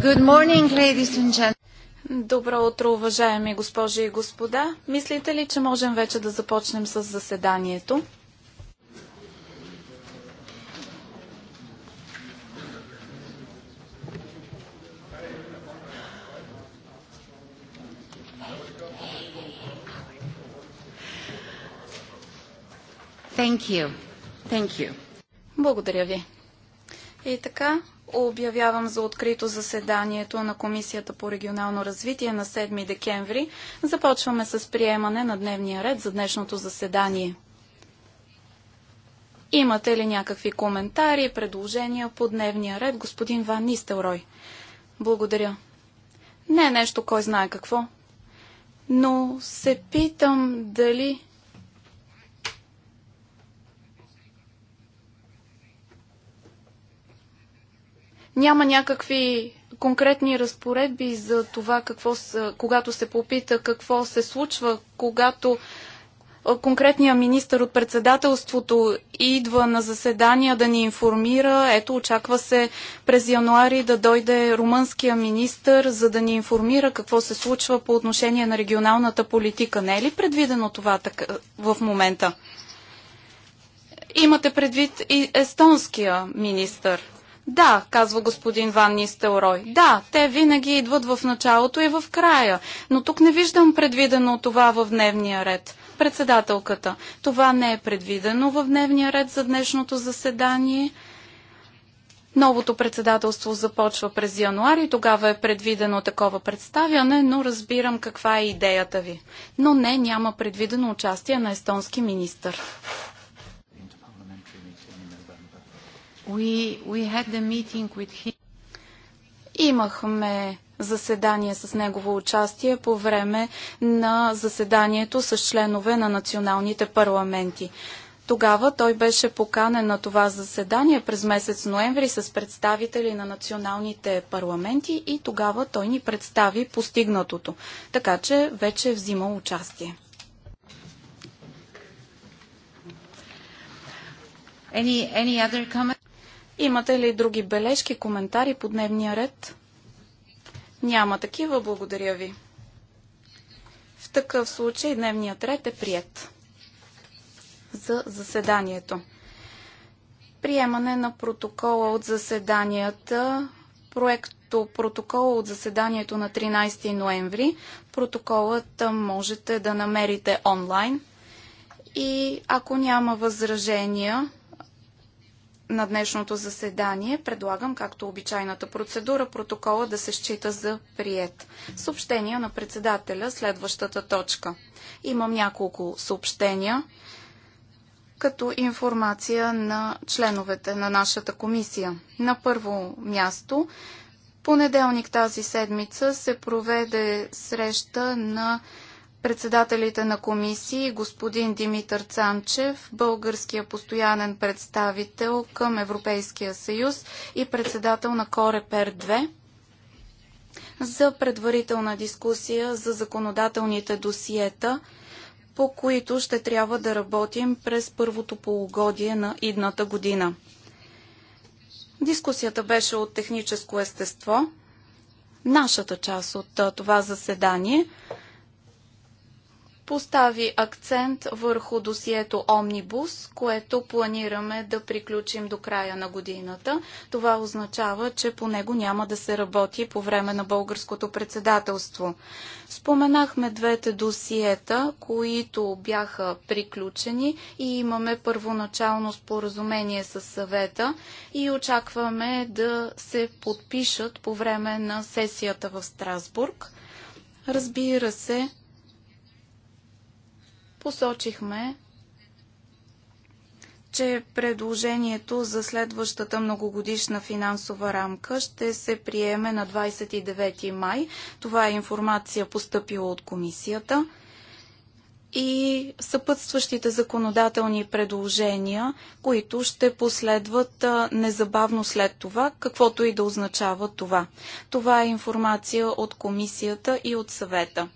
Good morning, ladies and gentlemen. Добро утро, уважаеми госпожи и господа. Мислите ли, че можем вече да започнем с заседанието? Thank you. Thank you. Благодаря ви. И така, обявявам за открито заседанието на Комисията по регионално развитие на 7 декември. Започваме с приемане на дневния ред за днешното заседание. Имате ли някакви коментари, предложения по дневния ред, господин Ван Нистелрой? Благодаря. Не е нещо, кой знае какво. Но се питам дали Няма някакви конкретни разпоредби за това, какво са, когато се попита какво се случва, когато конкретният министр от председателството идва на заседания да ни информира. Ето, очаква се през януари да дойде румънския министр, за да ни информира какво се случва по отношение на регионалната политика. Не е ли предвидено това така, в момента? Имате предвид и естонския министр. Да, казва господин Ван Нистелрой. Да, те винаги идват в началото и в края, но тук не виждам предвидено това в дневния ред. Председателката, това не е предвидено в дневния ред за днешното заседание. Новото председателство започва през януари, тогава е предвидено такова представяне, но разбирам каква е идеята ви. Но не, няма предвидено участие на естонски министър. We, we had the meeting with him. Имахме заседание с негово участие по време на заседанието с членове на националните парламенти. Тогава той беше поканен на това заседание през месец ноември с представители на националните парламенти и тогава той ни представи постигнатото. Така че вече е взимал участие. Any, any Имате ли други бележки, коментари по дневния ред? Няма такива, благодаря ви. В такъв случай дневният ред е прият за заседанието. Приемане на протокола от заседанията, проекто протокола от заседанието на 13 ноември. Протоколът можете да намерите онлайн. И ако няма възражения, на днешното заседание предлагам, както обичайната процедура, протокола да се счита за прият. Съобщения на председателя, следващата точка. Имам няколко съобщения като информация на членовете на нашата комисия. На първо място, понеделник тази седмица се проведе среща на председателите на комисии, господин Димитър Цанчев, българския постоянен представител към Европейския съюз и председател на Корепер 2 за предварителна дискусия за законодателните досиета, по които ще трябва да работим през първото полугодие на идната година. Дискусията беше от техническо естество. Нашата част от това заседание – постави акцент върху досието Омнибус, което планираме да приключим до края на годината. Това означава, че по него няма да се работи по време на българското председателство. Споменахме двете досиета, които бяха приключени и имаме първоначално споразумение с съвета и очакваме да се подпишат по време на сесията в Страсбург. Разбира се, посочихме, че предложението за следващата многогодишна финансова рамка ще се приеме на 29 май. Това е информация поступила от комисията. И съпътстващите законодателни предложения, които ще последват незабавно след това, каквото и да означава това. Това е информация от комисията и от съвета.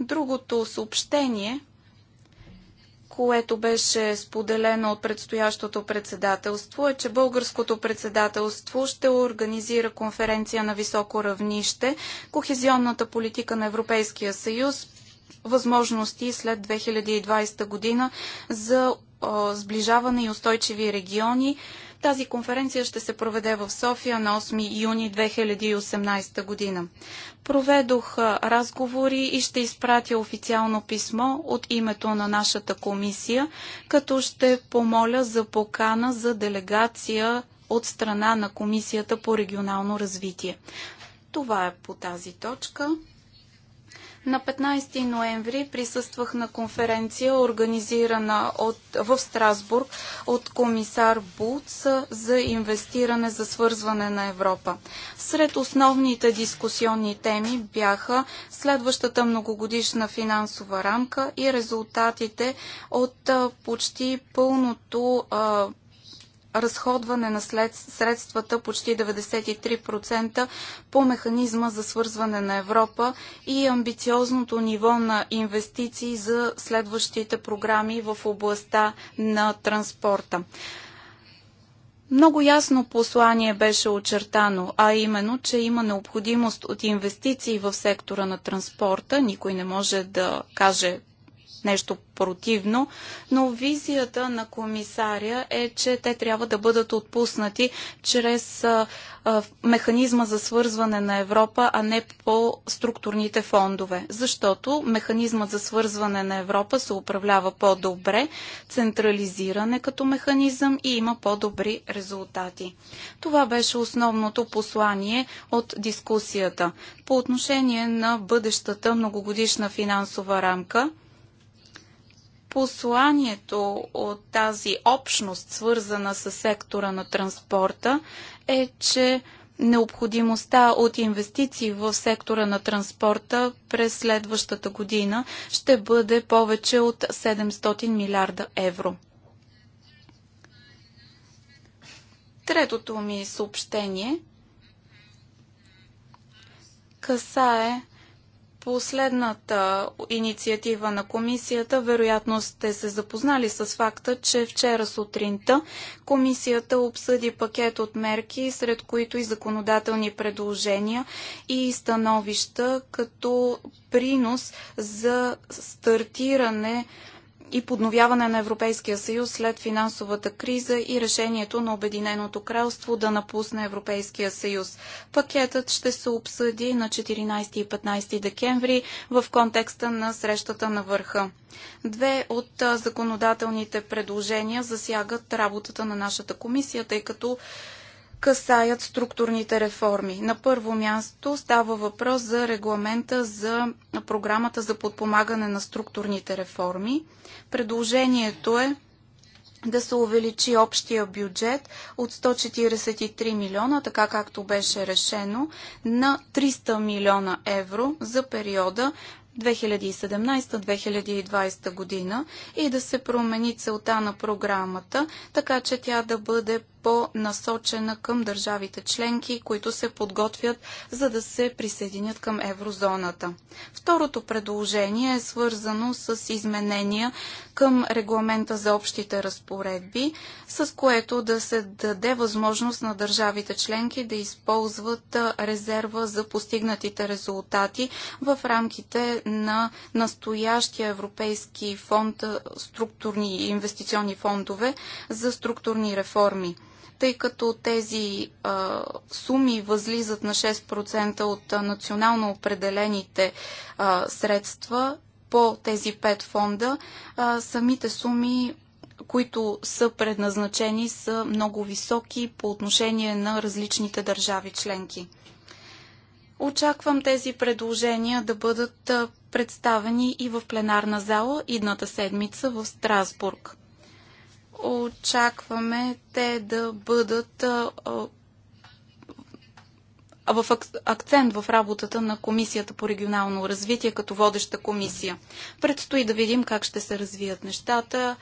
Другото съобщение, което беше споделено от предстоящото председателство, е, че българското председателство ще организира конференция на високо равнище Кохезионната политика на Европейския съюз възможности след 2020 година за сближаване и устойчиви региони тази конференция ще се проведе в София на 8 юни 2018 година. Проведох разговори и ще изпратя официално писмо от името на нашата комисия, като ще помоля за покана за делегация от страна на Комисията по регионално развитие. Това е по тази точка. На 15 ноември присъствах на конференция, организирана от, в Страсбург от комисар Буц за инвестиране за свързване на Европа. Сред основните дискусионни теми бяха следващата многогодишна финансова рамка и резултатите от почти пълното а, разходване на след, средствата почти 93% по механизма за свързване на Европа и амбициозното ниво на инвестиции за следващите програми в областта на транспорта. Много ясно послание беше очертано, а именно, че има необходимост от инвестиции в сектора на транспорта. Никой не може да каже нещо противно, но визията на комисаря е, че те трябва да бъдат отпуснати чрез механизма за свързване на Европа, а не по структурните фондове. Защото механизмът за свързване на Европа се управлява по-добре, централизиране като механизъм и има по-добри резултати. Това беше основното послание от дискусията. По отношение на бъдещата многогодишна финансова рамка, посланието от тази общност, свързана с сектора на транспорта, е, че необходимостта от инвестиции в сектора на транспорта през следващата година ще бъде повече от 700 милиарда евро. Третото ми съобщение касае последната инициатива на комисията, вероятно сте се запознали с факта, че вчера сутринта комисията обсъди пакет от мерки, сред които и законодателни предложения и становища като принос за стартиране и подновяване на Европейския съюз след финансовата криза и решението на Обединеното кралство да напусне Европейския съюз. Пакетът ще се обсъди на 14 и 15 декември в контекста на срещата на върха. Две от законодателните предложения засягат работата на нашата комисия, тъй като касаят структурните реформи. На първо място става въпрос за регламента за програмата за подпомагане на структурните реформи. Предложението е да се увеличи общия бюджет от 143 милиона, така както беше решено, на 300 милиона евро за периода 2017-2020 година и да се промени целта на програмата, така че тя да бъде по-насочена към държавите членки, които се подготвят за да се присъединят към еврозоната. Второто предложение е свързано с изменения към регламента за общите разпоредби, с което да се даде възможност на държавите членки да използват резерва за постигнатите резултати в рамките на настоящия Европейски фонд структурни и инвестиционни фондове за структурни реформи тъй като тези а, суми възлизат на 6% от а, национално определените а, средства по тези пет фонда, а, самите суми които са предназначени, са много високи по отношение на различните държави членки. Очаквам тези предложения да бъдат представени и в пленарна зала идната седмица в Страсбург очакваме те да бъдат в акцент в работата на Комисията по регионално развитие като водеща комисия. Предстои да видим как ще се развият нещата.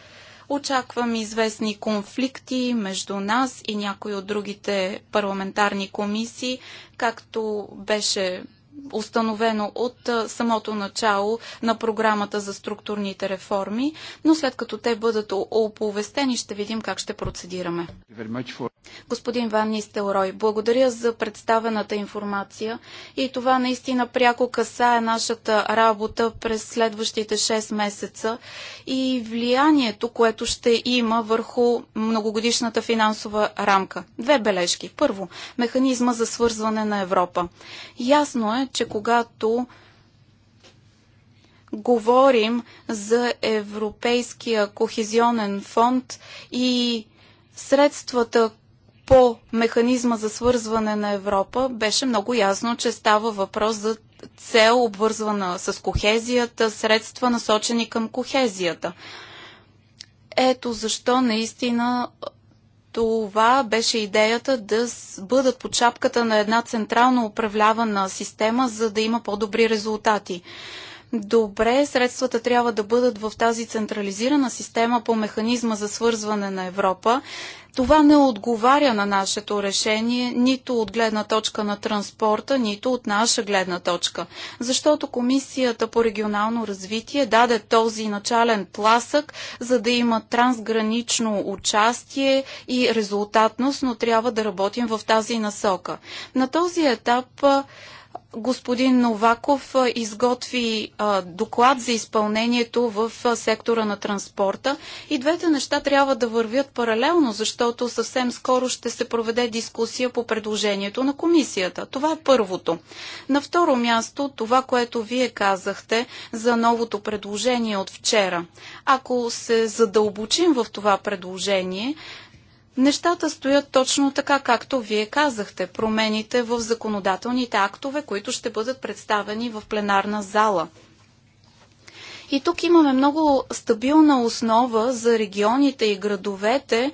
Очаквам известни конфликти между нас и някои от другите парламентарни комисии, както беше установено от самото начало на програмата за структурните реформи, но след като те бъдат оповестени, ще видим как ще процедираме. Господин Ван Нистелрой, благодаря за представената информация и това наистина пряко касае нашата работа през следващите 6 месеца и влиянието, което ще има върху многогодишната финансова рамка. Две бележки. Първо, механизма за свързване на Европа. Ясно е, че когато говорим за Европейския кохезионен фонд и средствата по механизма за свързване на Европа, беше много ясно, че става въпрос за цел, обвързвана с кохезията, средства насочени към кохезията. Ето защо наистина това беше идеята да бъдат под шапката на една централно управлявана система, за да има по-добри резултати добре, средствата трябва да бъдат в тази централизирана система по механизма за свързване на Европа. Това не отговаря на нашето решение нито от гледна точка на транспорта, нито от наша гледна точка. Защото Комисията по регионално развитие даде този начален тласък, за да има трансгранично участие и резултатност, но трябва да работим в тази насока. На този етап господин Новаков изготви доклад за изпълнението в сектора на транспорта и двете неща трябва да вървят паралелно, защото съвсем скоро ще се проведе дискусия по предложението на комисията. Това е първото. На второ място, това, което вие казахте за новото предложение от вчера. Ако се задълбочим в това предложение, Нещата стоят точно така, както вие казахте, промените в законодателните актове, които ще бъдат представени в пленарна зала. И тук имаме много стабилна основа за регионите и градовете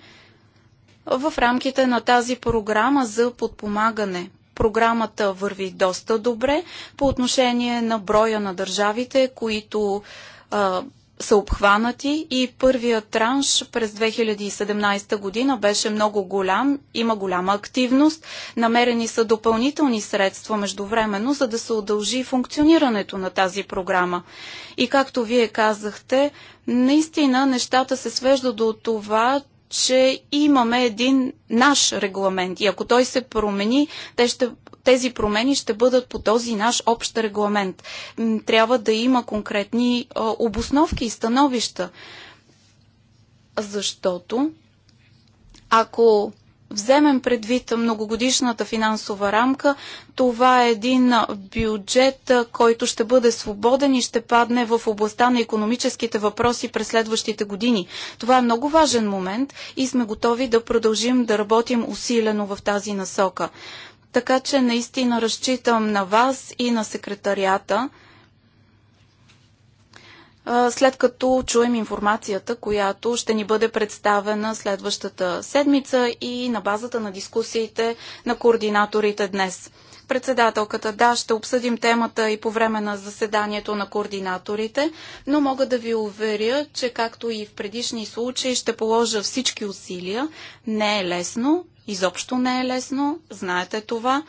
в рамките на тази програма за подпомагане. Програмата върви доста добре по отношение на броя на държавите, които а, са обхванати и първият транш през 2017 година беше много голям, има голяма активност. Намерени са допълнителни средства междувременно, за да се удължи функционирането на тази програма. И както вие казахте, наистина нещата се свеждат до това, че имаме един наш регламент и ако той се промени, те ще тези промени ще бъдат по този наш общ регламент. Трябва да има конкретни обосновки и становища, защото ако вземем предвид многогодишната финансова рамка, това е един бюджет, който ще бъде свободен и ще падне в областта на економическите въпроси през следващите години. Това е много важен момент и сме готови да продължим да работим усилено в тази насока. Така че наистина разчитам на вас и на секретарията, след като чуем информацията, която ще ни бъде представена следващата седмица и на базата на дискусиите на координаторите днес. Председателката, да, ще обсъдим темата и по време на заседанието на координаторите, но мога да ви уверя, че както и в предишни случаи ще положа всички усилия. Не е лесно, Изобщо не е лесно, знаете това,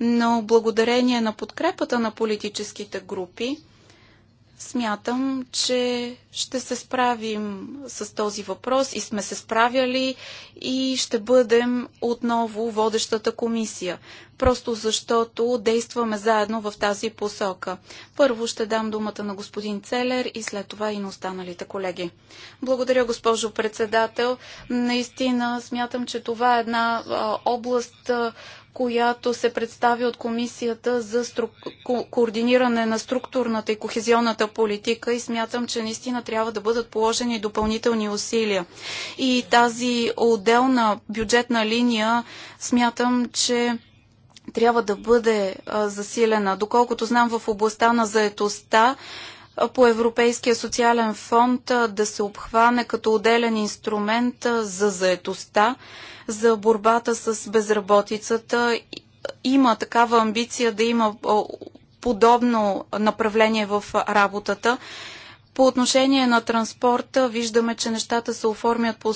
но благодарение на подкрепата на политическите групи, Смятам, че ще се справим с този въпрос и сме се справяли и ще бъдем отново водещата комисия. Просто защото действаме заедно в тази посока. Първо ще дам думата на господин Целер и след това и на останалите колеги. Благодаря, госпожо председател. Наистина смятам, че това е една област, която се представи от Комисията за стру... ко... координиране на структурната и кохезионната политика и смятам, че наистина трябва да бъдат положени допълнителни усилия. И тази отделна бюджетна линия смятам, че трябва да бъде а, засилена. Доколкото знам в областта на заетостта, по Европейския социален фонд да се обхване като отделен инструмент за заетостта за борбата с безработицата. Има такава амбиция да има подобно направление в работата по отношение на транспорта виждаме, че нещата се оформят по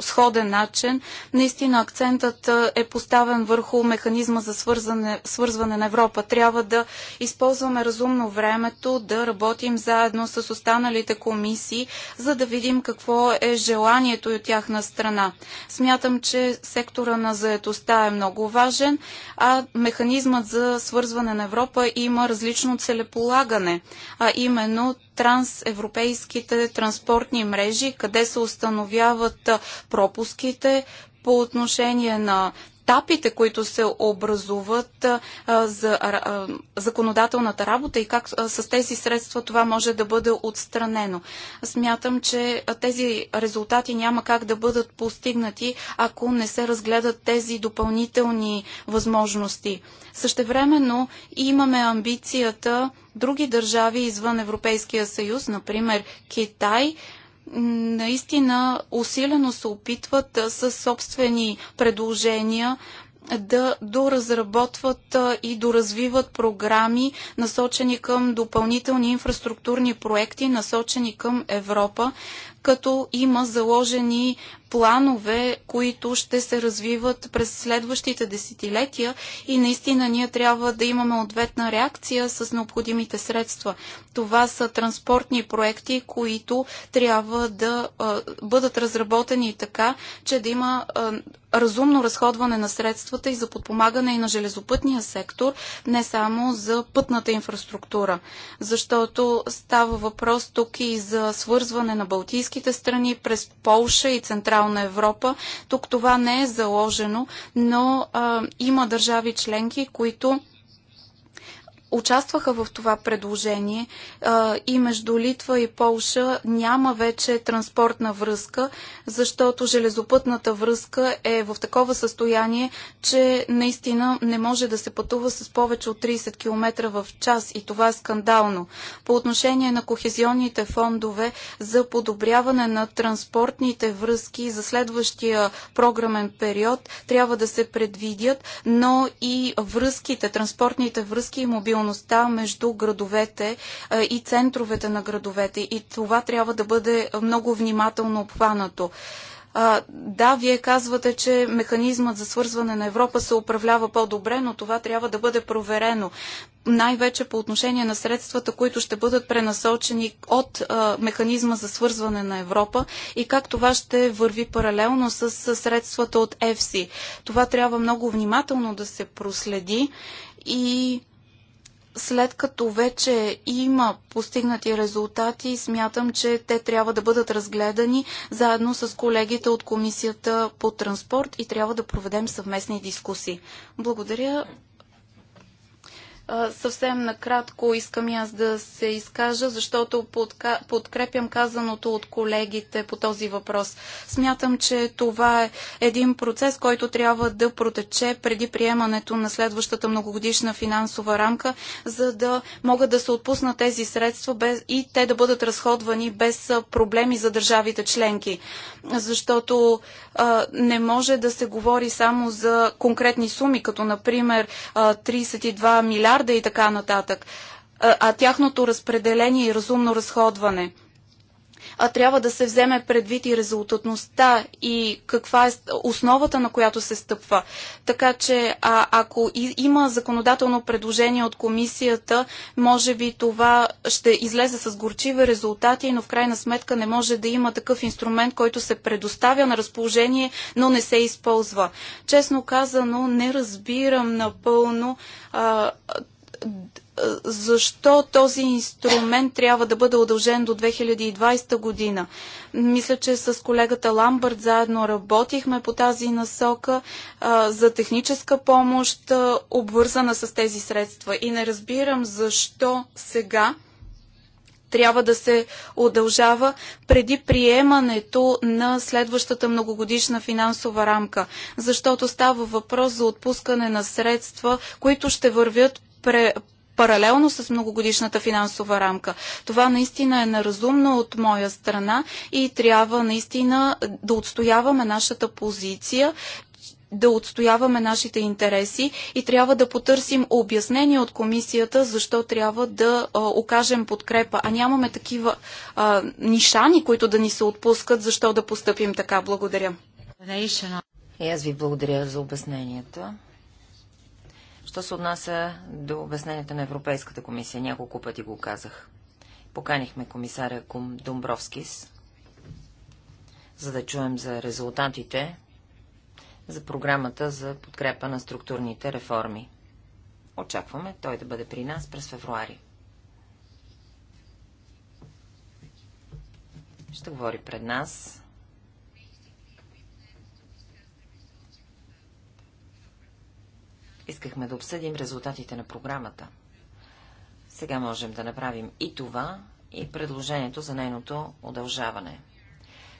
сходен начин. Наистина акцентът е, е поставен върху механизма за свързване, свързване на Европа. Трябва да използваме разумно времето, да работим заедно с останалите комисии, за да видим какво е желанието и от тяхна страна. Смятам, че сектора на заетостта е много важен, а механизмът за свързване на Европа има различно целеполагане, а именно транс европейските транспортни мрежи, къде се установяват пропуските по отношение на етапите, които се образуват за законодателната работа и как с тези средства това може да бъде отстранено. Смятам, че тези резултати няма как да бъдат постигнати, ако не се разгледат тези допълнителни възможности. Същевременно имаме амбицията други държави извън Европейския съюз, например Китай, наистина усилено се опитват със собствени предложения да доразработват и доразвиват програми, насочени към допълнителни инфраструктурни проекти, насочени към Европа, като има заложени планове, които ще се развиват през следващите десетилетия и наистина ние трябва да имаме ответна реакция с необходимите средства. Това са транспортни проекти, които трябва да а, бъдат разработени така, че да има а, разумно разходване на средствата и за подпомагане и на железопътния сектор, не само за пътната инфраструктура. Защото става въпрос тук и за свързване на Балтийските страни през Полша и Централната Централна Европа. Тук това не е заложено, но а, има държави членки, които участваха в това предложение и между Литва и Полша няма вече транспортна връзка, защото железопътната връзка е в такова състояние, че наистина не може да се пътува с повече от 30 км в час и това е скандално. По отношение на кохезионните фондове за подобряване на транспортните връзки за следващия програмен период трябва да се предвидят, но и връзките, транспортните връзки и мобилните мобилността между градовете и центровете на градовете. И това трябва да бъде много внимателно обхванато. да, вие казвате, че механизмът за свързване на Европа се управлява по-добре, но това трябва да бъде проверено. Най-вече по отношение на средствата, които ще бъдат пренасочени от механизма за свързване на Европа и как това ще върви паралелно с средствата от ЕФСИ. Това трябва много внимателно да се проследи и след като вече има постигнати резултати, смятам, че те трябва да бъдат разгледани заедно с колегите от Комисията по транспорт и трябва да проведем съвместни дискусии. Благодаря. Съвсем накратко искам и аз да се изкажа, защото подкрепям казаното от колегите по този въпрос. Смятам, че това е един процес, който трябва да протече преди приемането на следващата многогодишна финансова рамка, за да могат да се отпуснат тези средства без... и те да бъдат разходвани без проблеми за държавите членки. Защото а, не може да се говори само за конкретни суми, като например 32 милиарда милиарда и така нататък, а, а тяхното разпределение и разумно разходване – а трябва да се вземе предвид и резултатността и каква е основата, на която се стъпва. Така че а, ако и, има законодателно предложение от комисията, може би това ще излезе с горчиви резултати, но в крайна сметка не може да има такъв инструмент, който се предоставя на разположение, но не се използва. Честно казано, не разбирам напълно а, защо този инструмент трябва да бъде удължен до 2020 година. Мисля, че с колегата Ламбърт заедно работихме по тази насока а, за техническа помощ, а, обвързана с тези средства. И не разбирам защо сега трябва да се удължава преди приемането на следващата многогодишна финансова рамка, защото става въпрос за отпускане на средства, които ще вървят паралелно с многогодишната финансова рамка. Това наистина е неразумно от моя страна и трябва наистина да отстояваме нашата позиция, да отстояваме нашите интереси и трябва да потърсим обяснение от комисията, защо трябва да а, окажем подкрепа. А нямаме такива а, нишани, които да ни се отпускат, защо да поступим така. Благодаря. И аз ви благодаря за обясненията. Що се отнася до обясненията на Европейската комисия, няколко пъти го казах. Поканихме комисаря Кум Домбровскис, за да чуем за резултатите за програмата за подкрепа на структурните реформи. Очакваме той да бъде при нас през февруари. Ще говори пред нас Искахме да обсъдим резултатите на програмата. Сега можем да направим и това, и предложението за нейното удължаване.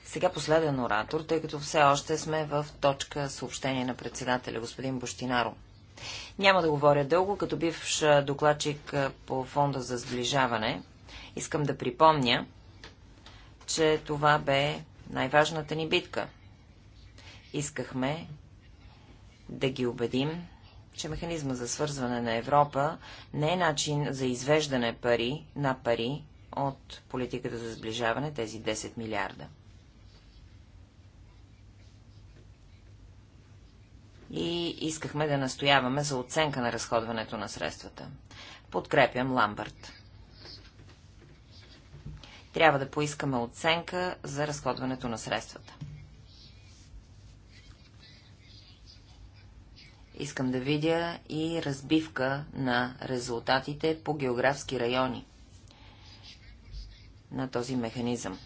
Сега последен оратор, тъй като все още сме в точка съобщение на председателя, господин Бощинаро. Няма да говоря дълго, като бивш докладчик по фонда за сближаване. Искам да припомня, че това бе най-важната ни битка. Искахме да ги убедим, че механизма за свързване на Европа не е начин за извеждане пари на пари от политиката за сближаване тези 10 милиарда. И искахме да настояваме за оценка на разходването на средствата. Подкрепям Ламбърт. Трябва да поискаме оценка за разходването на средствата. Искам да видя и разбивка на резултатите по географски райони на този механизъм.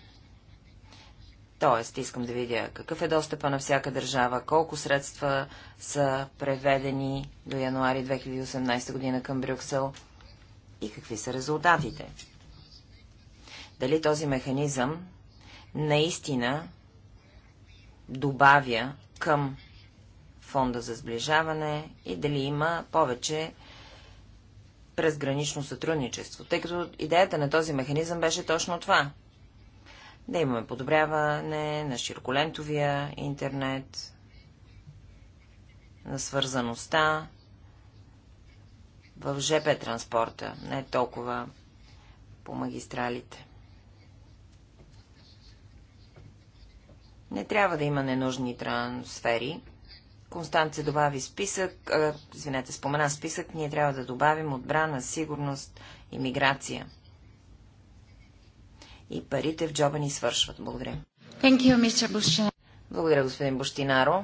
Тоест, искам да видя какъв е достъпа на всяка държава, колко средства са преведени до януари 2018 година към Брюксел и какви са резултатите. Дали този механизъм наистина добавя към фонда за сближаване и дали има повече презгранично сътрудничество, тъй като идеята на този механизъм беше точно това. Да имаме подобряване на широколентовия интернет, на свързаността в ЖП транспорта, не толкова по магистралите. Не трябва да има ненужни трансфери, Констанце добави списък, а, извинете, спомена списък, ние трябва да добавим отбрана, сигурност, миграция. И парите в джоба ни свършват. Благодаря. Thank you, Mr. Благодаря, господин Бощинаро.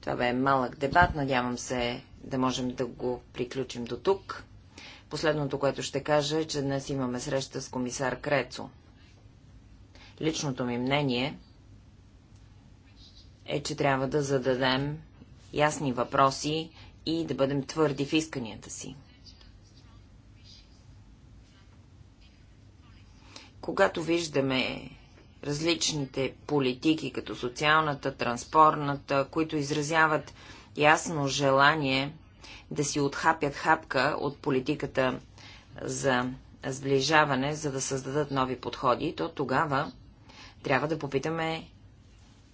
Това бе малък дебат. Надявам се да можем да го приключим до тук. Последното, което ще кажа е, че днес имаме среща с комисар Крецо. Личното ми мнение е, че трябва да зададем ясни въпроси и да бъдем твърди в исканията си. Когато виждаме различните политики, като социалната, транспортната, които изразяват ясно желание да си отхапят хапка от политиката за сближаване, за да създадат нови подходи, то тогава трябва да попитаме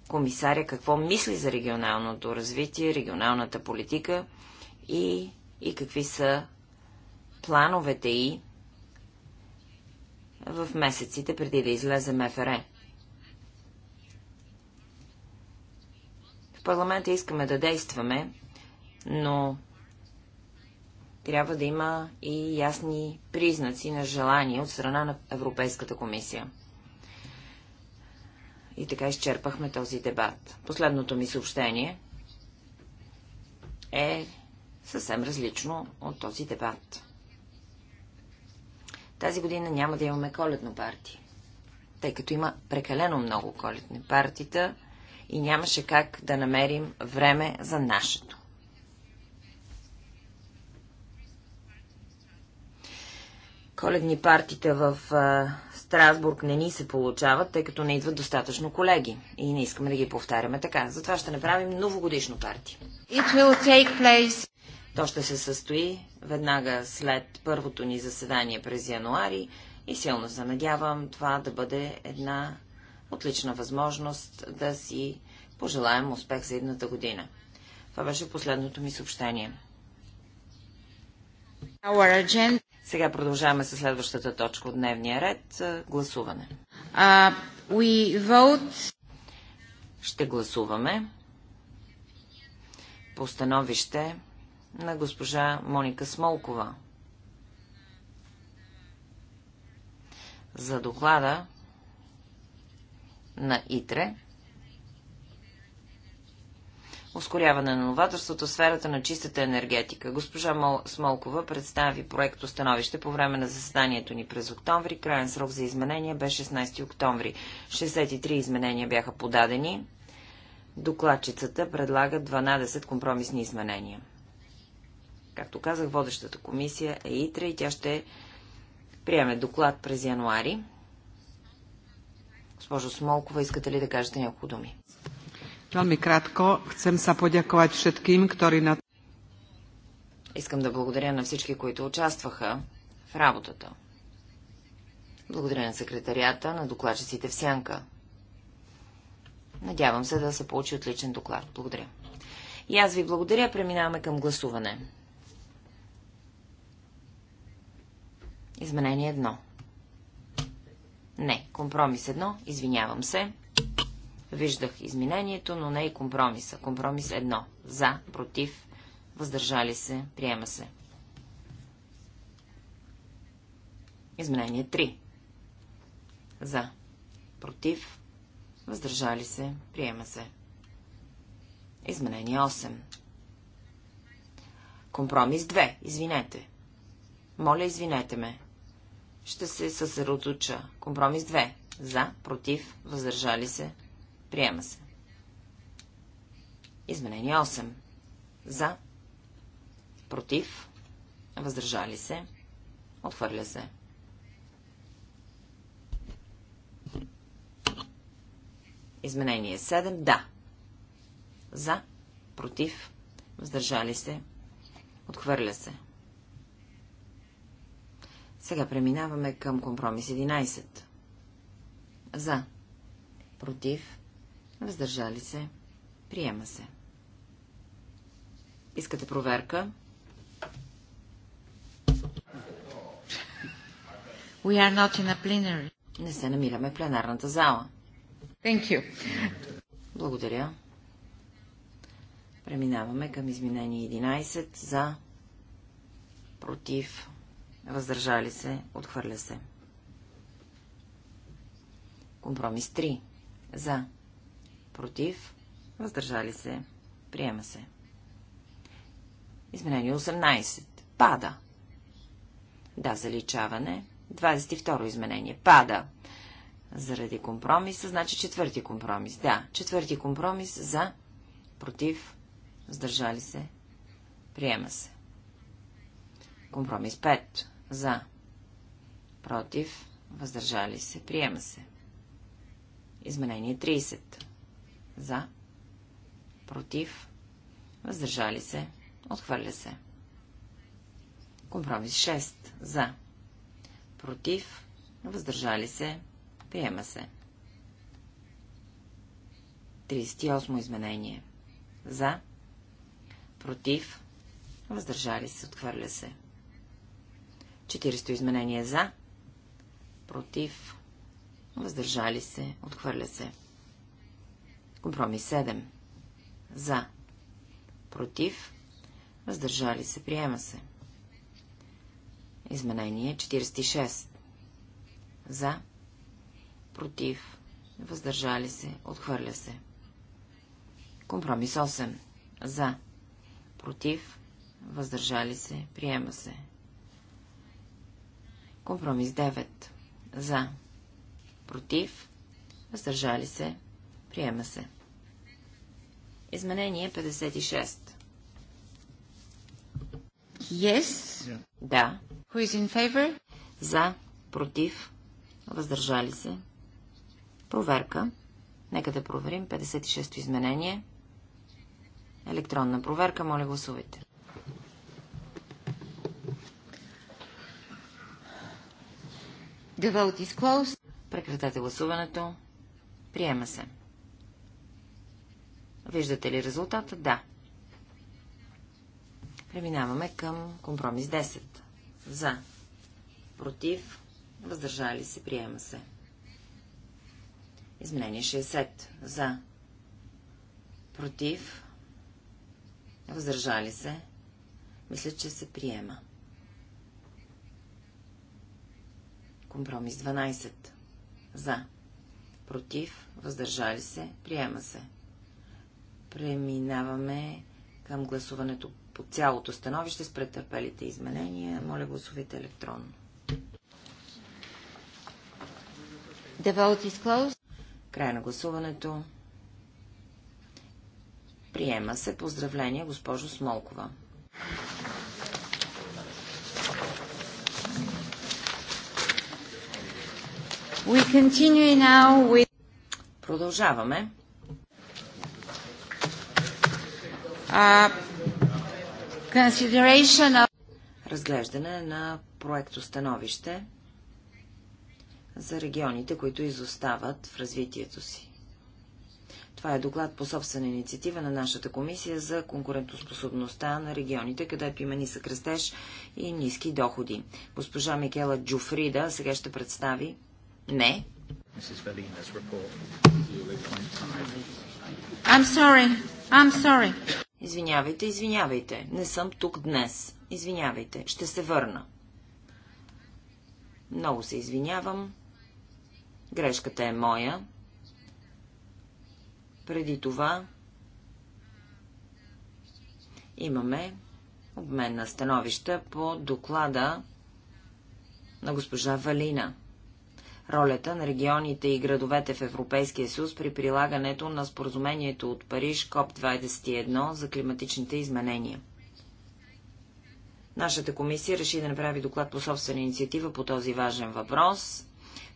комисаря какво мисли за регионалното развитие, регионалната политика и, и какви са плановете и в месеците преди да излезе МФР. В парламента искаме да действаме, но трябва да има и ясни признаци на желание от страна на Европейската комисия. И така изчерпахме този дебат. Последното ми съобщение е съвсем различно от този дебат. Тази година няма да имаме коледно парти, тъй като има прекалено много коледни партита и нямаше как да намерим време за нашето. Коледни партита в Страсбург не ни се получават, тъй като не идват достатъчно колеги. И не искаме да ги повтаряме така. Затова ще направим новогодишно парти. It will take place. То ще се състои веднага след първото ни заседание през януари и силно се надявам това да бъде една отлична възможност да си пожелаем успех за едната година. Това беше последното ми съобщение. Сега продължаваме с следващата точка от дневния ред. Гласуване. Uh, we vote... Ще гласуваме по становище на госпожа Моника Смолкова. За доклада на ИТРЕ ускоряване на новаторството в сферата на чистата енергетика. Госпожа Мол... Смолкова представи проект становище по време на заседанието ни през октомври. Крайен срок за изменения бе 16 октомври. 63 изменения бяха подадени. Докладчицата предлага 12 компромисни изменения. Както казах, водещата комисия е ИТРА и тя ще приеме доклад през януари. Госпожо Смолкова, искате ли да кажете няколко думи? Veľmi krátko chcem sa poďakovať všetkým, ktorí na... Искам да благодаря на всички, които участваха в работата. Благодаря на секретарията, на докладчиците в Сянка. Надявам се да се получи отличен доклад. Благодаря. И аз ви благодаря. Преминаваме към гласуване. Изменение едно. Не, компромис едно. Извинявам се. Виждах изменението, но не и компромиса. Компромис едно. За, против, въздържали се, приема се. Изменение 3. За, против, въздържали се, приема се. Изменение 8. Компромис 2. Извинете. Моля, извинете ме. Ще се съсредоточа. Компромис 2. За, против, въздържали се, Приема се. Изменение 8. За. Против. Въздържали се. Отхвърля се. Изменение 7. Да. За. Против. Въздържали се. Отхвърля се. Сега преминаваме към компромис 11. За. Против. Въздържали се. Приема се. Искате проверка? We are not in a plenary. Не се намираме в пленарната зала. Thank you. Благодаря. Преминаваме към изменение 11 за против, въздържали се, отхвърля се. Компромис 3 за Против. Въздържали се. Приема се. Изменение 18. Пада. Да, заличаване. 22 изменение. Пада. Заради компромиса, значи четвърти компромис. Да, четвърти компромис за, против, въздържали се, приема се. Компромис 5. За, против, въздържали се, приема се. Изменение 30. За. Против. Въздържали се. Отхвърля се. Компромис 6. За. Против. Въздържали се. Приема се. 38 изменение. За. Против. Въздържали се. Отхвърля се. 40 изменение. За. Против. Въздържали се. Отхвърля се. Компромис 7. За. Против. Въздържали се. Приема се. Изменение 46. За. Против. Въздържали се. Отхвърля се. Компромис 8. За. Против. Въздържали се. Приема се. Компромис 9. За. Против. Въздържали се. Приема се. Изменение 56. Yes. Да. Who is in favor? За, против, въздържали се. Проверка. Нека да проверим 56-то изменение. Електронна проверка. Моля гласувайте. The vote is closed. Прекратете гласуването. Приема се. Виждате ли резултата? Да. Преминаваме към компромис 10. За. Против. Въздържали се. Приема се. Изменение 60. За. Против. Въздържали се. Мисля, че се приема. Компромис 12. За. Против. Въздържали се. Приема се. Преминаваме към гласуването по цялото становище с претърпелите изменения. Моля гласувайте електронно. The vote is closed. Край на гласуването. Приема се. Поздравление, госпожо Смолкова. We continue now with... Продължаваме Разглеждане на проекто становище за регионите, които изостават в развитието си. Това е доклад по собствена инициатива на нашата комисия за конкурентоспособността на регионите, където има нисък растеж и ниски доходи. Госпожа Микела Джуфрида сега ще представи... Не. I'm sorry. I'm sorry. Извинявайте, извинявайте. Не съм тук днес. Извинявайте. Ще се върна. Много се извинявам. Грешката е моя. Преди това имаме обмен на становища по доклада на госпожа Валина ролята на регионите и градовете в Европейския съюз при прилагането на споразумението от Париж КОП-21 за климатичните изменения. Нашата комисия реши да направи доклад по собствена инициатива по този важен въпрос.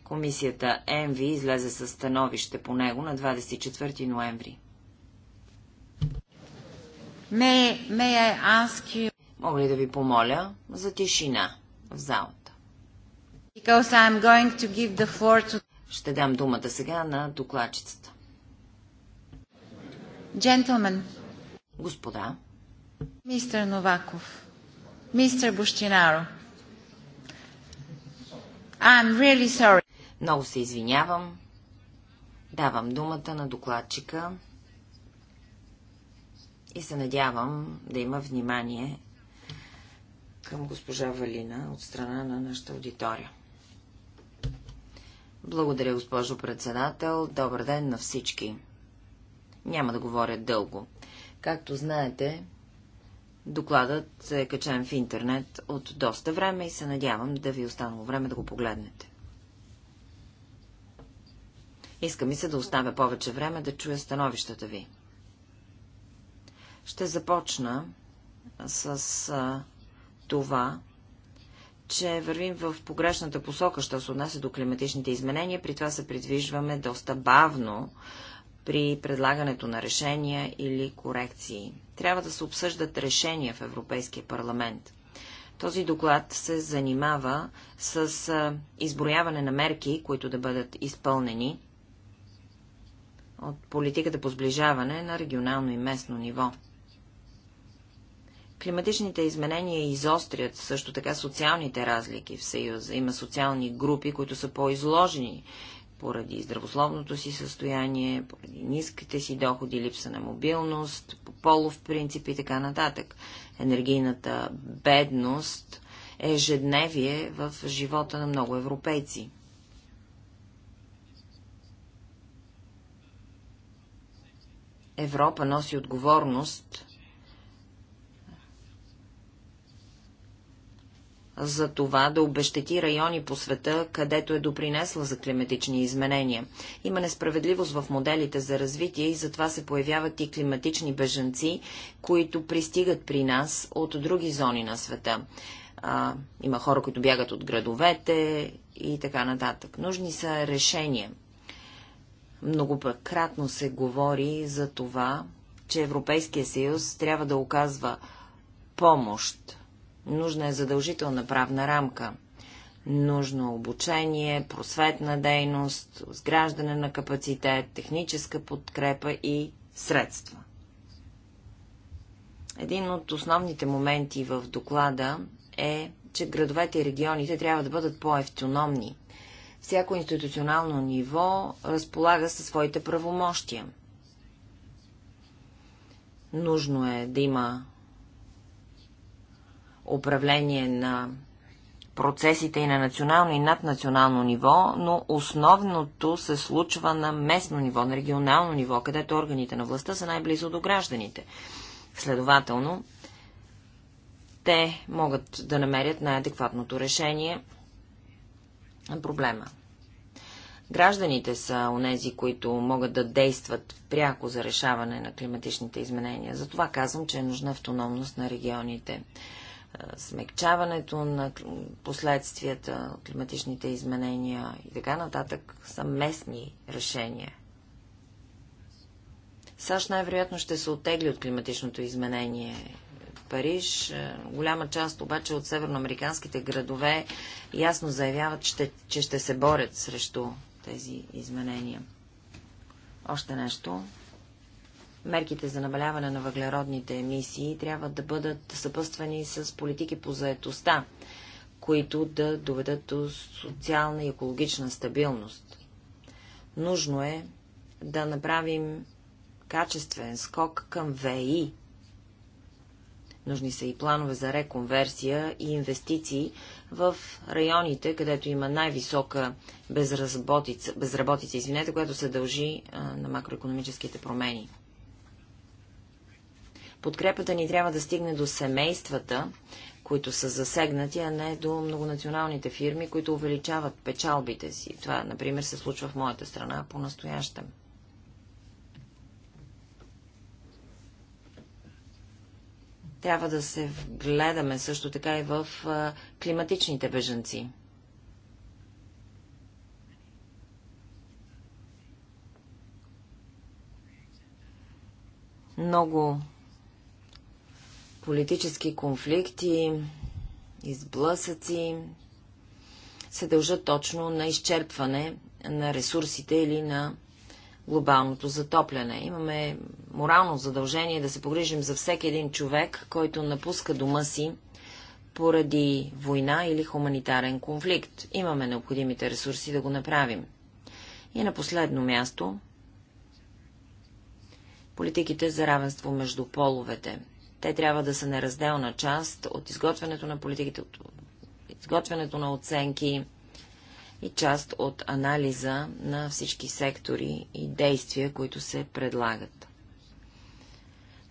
Комисията ЕМВИ излезе със становище по него на 24 ноември. May, may you... Мога ли да ви помоля за тишина в залата? To... Ще дам думата сега на докладчицата. Джентълмен. Господа. Мистер Новаков. Мистер Бущинаро. I'm really sorry. Много се извинявам. Давам думата на докладчика и се надявам да има внимание към госпожа Валина от страна на нашата аудитория. Благодаря, госпожо председател. Добър ден на всички. Няма да говоря дълго. Както знаете, докладът е качен в интернет от доста време и се надявам да ви е останало време да го погледнете. Иска ми се да оставя повече време да чуя становищата ви. Ще започна с това, че вървим в погрешната посока, що се отнася до климатичните изменения, при това се придвижваме доста бавно при предлагането на решения или корекции. Трябва да се обсъждат решения в Европейския парламент. Този доклад се занимава с изброяване на мерки, които да бъдат изпълнени от политиката по сближаване на регионално и местно ниво. Климатичните изменения изострят също така социалните разлики в Съюза. Има социални групи, които са по-изложени поради здравословното си състояние, поради ниските си доходи, липса на мобилност, по полов принцип и така нататък. Енергийната бедност е ежедневие в живота на много европейци. Европа носи отговорност за това да обещети райони по света, където е допринесла за климатични изменения. Има несправедливост в моделите за развитие и затова се появяват и климатични бежанци, които пристигат при нас от други зони на света. А, има хора, които бягат от градовете и така нататък. Нужни са решения. Многократно се говори за това, че Европейския съюз трябва да оказва помощ Нужна е задължителна правна рамка. Нужно обучение, просветна дейност, сграждане на капацитет, техническа подкрепа и средства. Един от основните моменти в доклада е, че градовете и регионите трябва да бъдат по-автономни. Всяко институционално ниво разполага със своите правомощия. Нужно е да има управление на процесите и на национално и наднационално ниво, но основното се случва на местно ниво, на регионално ниво, където органите на властта са най-близо до гражданите. Следователно, те могат да намерят най-адекватното решение на проблема. Гражданите са онези, които могат да действат пряко за решаване на климатичните изменения. Затова казвам, че е нужна автономност на регионите смекчаването на последствията от климатичните изменения и така нататък са местни решения. САЩ най-вероятно ще се отегли от климатичното изменение. Париж, е, голяма част обаче от северноамериканските градове ясно заявяват, че, че ще се борят срещу тези изменения. Още нещо мерките за намаляване на въглеродните емисии трябва да бъдат съпъствани с политики по заетостта, които да доведат до социална и екологична стабилност. Нужно е да направим качествен скок към ВИ. Нужни са и планове за реконверсия и инвестиции в районите, където има най-висока безработица, безработица извинете, която се дължи а, на макроекономическите промени. Подкрепата ни трябва да стигне до семействата, които са засегнати, а не до многонационалните фирми, които увеличават печалбите си. Това, например, се случва в моята страна по-настоящем. Трябва да се вгледаме също така и в климатичните бежанци. Много политически конфликти, изблъсъци се дължат точно на изчерпване на ресурсите или на глобалното затопляне. Имаме морално задължение да се погрижим за всеки един човек, който напуска дома си поради война или хуманитарен конфликт. Имаме необходимите ресурси да го направим. И на последно място политиките за равенство между половете. Те трябва да са неразделна част от изготвянето на политиките, от изготвянето на оценки и част от анализа на всички сектори и действия, които се предлагат.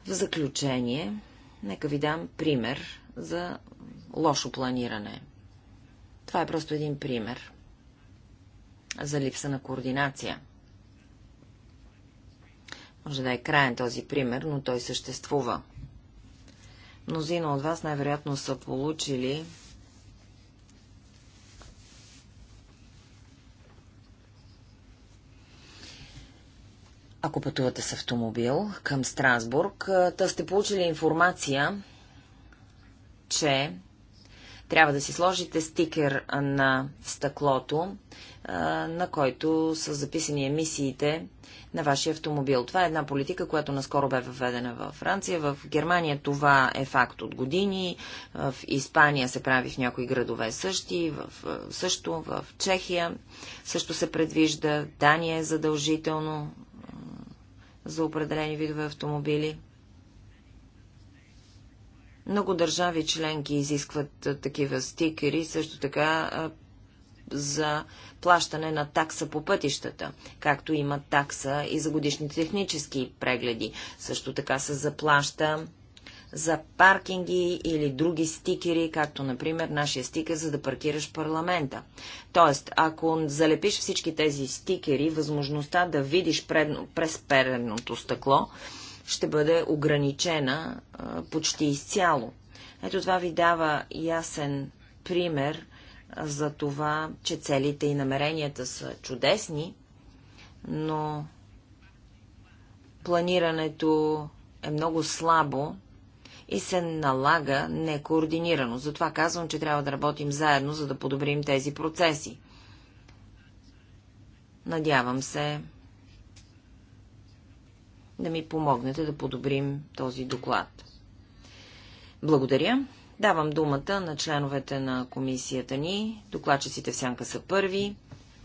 В заключение, нека ви дам пример за лошо планиране. Това е просто един пример за липса на координация. Може да е краен този пример, но той съществува. Мнозина от вас най-вероятно са получили ако пътувате с автомобил към Страсбург, та сте получили информация, че трябва да си сложите стикер на стъклото, на който са записани емисиите на вашия автомобил. Това е една политика, която наскоро бе въведена във Франция. В Германия това е факт от години, в Испания се прави в някои градове същи, в, също в Чехия също се предвижда, Дания е задължително за определени видове автомобили. Много държави членки изискват такива стикери, също така за плащане на такса по пътищата, както има такса и за годишни технически прегледи. Също така се заплаща за паркинги или други стикери, както например нашия стикер, за да паркираш парламента. Тоест, ако залепиш всички тези стикери, възможността да видиш предно, през переното стъкло ще бъде ограничена а, почти изцяло. Ето това ви дава ясен пример за това, че целите и намеренията са чудесни, но планирането е много слабо и се налага некоординирано. Затова казвам, че трябва да работим заедно, за да подобрим тези процеси. Надявам се, да ми помогнете да подобрим този доклад. Благодаря. Давам думата на членовете на комисията ни. Докладчиците в сянка са първи.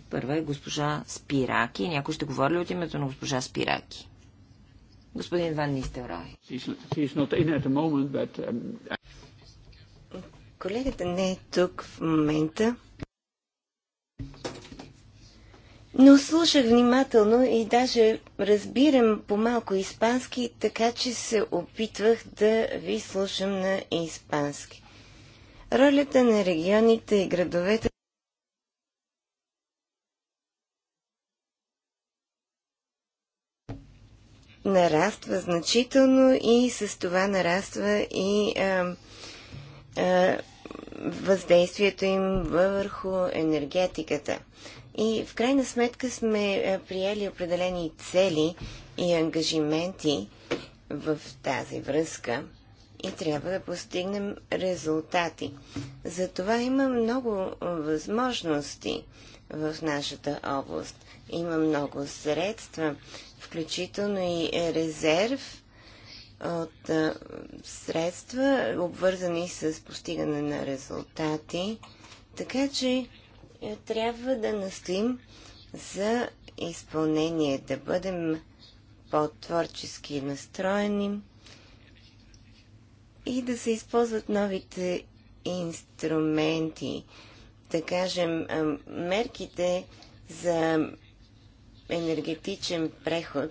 Първа е госпожа Спираки. Някой ще говори ли от името на госпожа Спираки? Господин Ван Нистелрой. Um, Колегата не е тук в момента. Но слушах внимателно и даже разбирам по-малко испански, така че се опитвах да ви слушам на испански. Ролята на регионите и градовете нараства значително и с това нараства и а, а, въздействието им върху енергетиката. И в крайна сметка сме е, приели определени цели и ангажименти в тази връзка и трябва да постигнем резултати. Затова има много е, възможности в нашата област. Има много средства, включително и е, резерв от средства, обвързани с постигане на резултати. Така че е, трябва да настоим за изпълнение, да бъдем по-творчески настроени и да се използват новите инструменти. Да кажем, мерките за енергетичен преход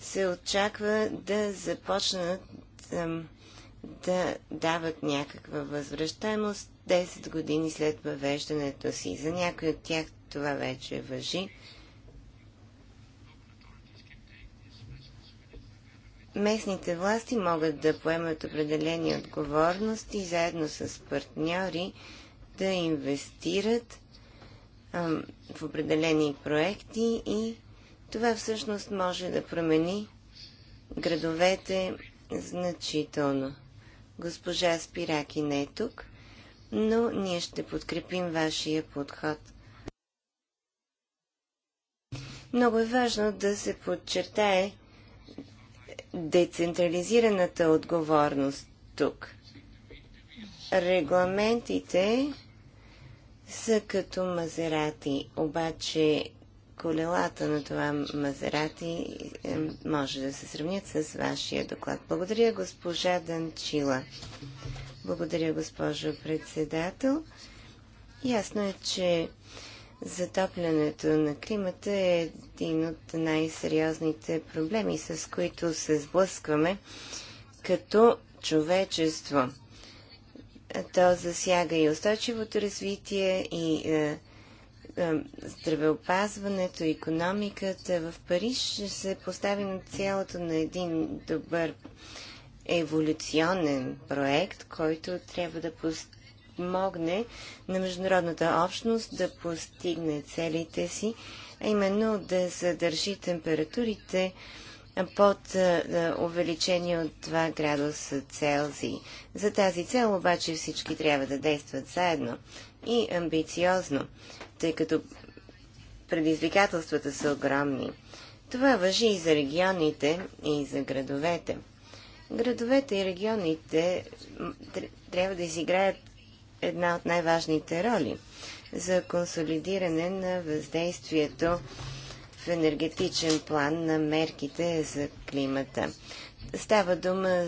се очаква да започнат да дават някаква възвръщаемост 10 години след въвеждането си. За някои от тях това вече въжи. Местните власти могат да поемат определени отговорности заедно с партньори да инвестират а, в определени проекти и това всъщност може да промени градовете значително. Госпожа Спираки не е тук, но ние ще подкрепим вашия подход. Много е важно да се подчертае децентрализираната отговорност тук. Регламентите са като мазерати, обаче колелата на това Мазерати е, може да се сравнят с вашия доклад. Благодаря, госпожа Данчила. Благодаря, госпожо председател. Ясно е, че затоплянето на климата е един от най-сериозните проблеми, с които се сблъскваме като човечество. То засяга и устойчивото развитие, и е, е, здравеопазването, економиката в Париж ще се постави на цялото на един добър еволюционен проект, който трябва да помогне на международната общност да постигне целите си, а именно да задържи температурите под увеличение от 2 градуса Целзий. За тази цел обаче всички трябва да действат заедно и амбициозно, тъй като предизвикателствата са огромни. Това въжи и за регионите, и за градовете. Градовете и регионите трябва да изиграят една от най-важните роли за консолидиране на въздействието в енергетичен план на мерките за климата. Става дума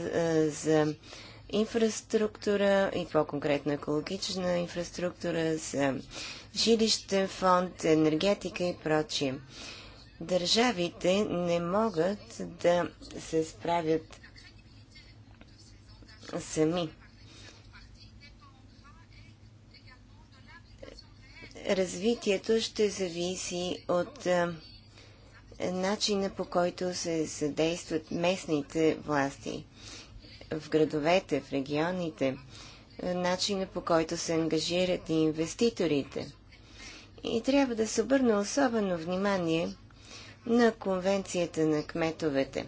за инфраструктура и по-конкретно екологична инфраструктура, за жилищен фонд, енергетика и прочие. Държавите не могат да се справят сами. Развитието ще зависи от начина по който се съдействат местните власти в градовете, в регионите, начина по който се ангажират и инвеститорите. И трябва да се обърне особено внимание на конвенцията на кметовете.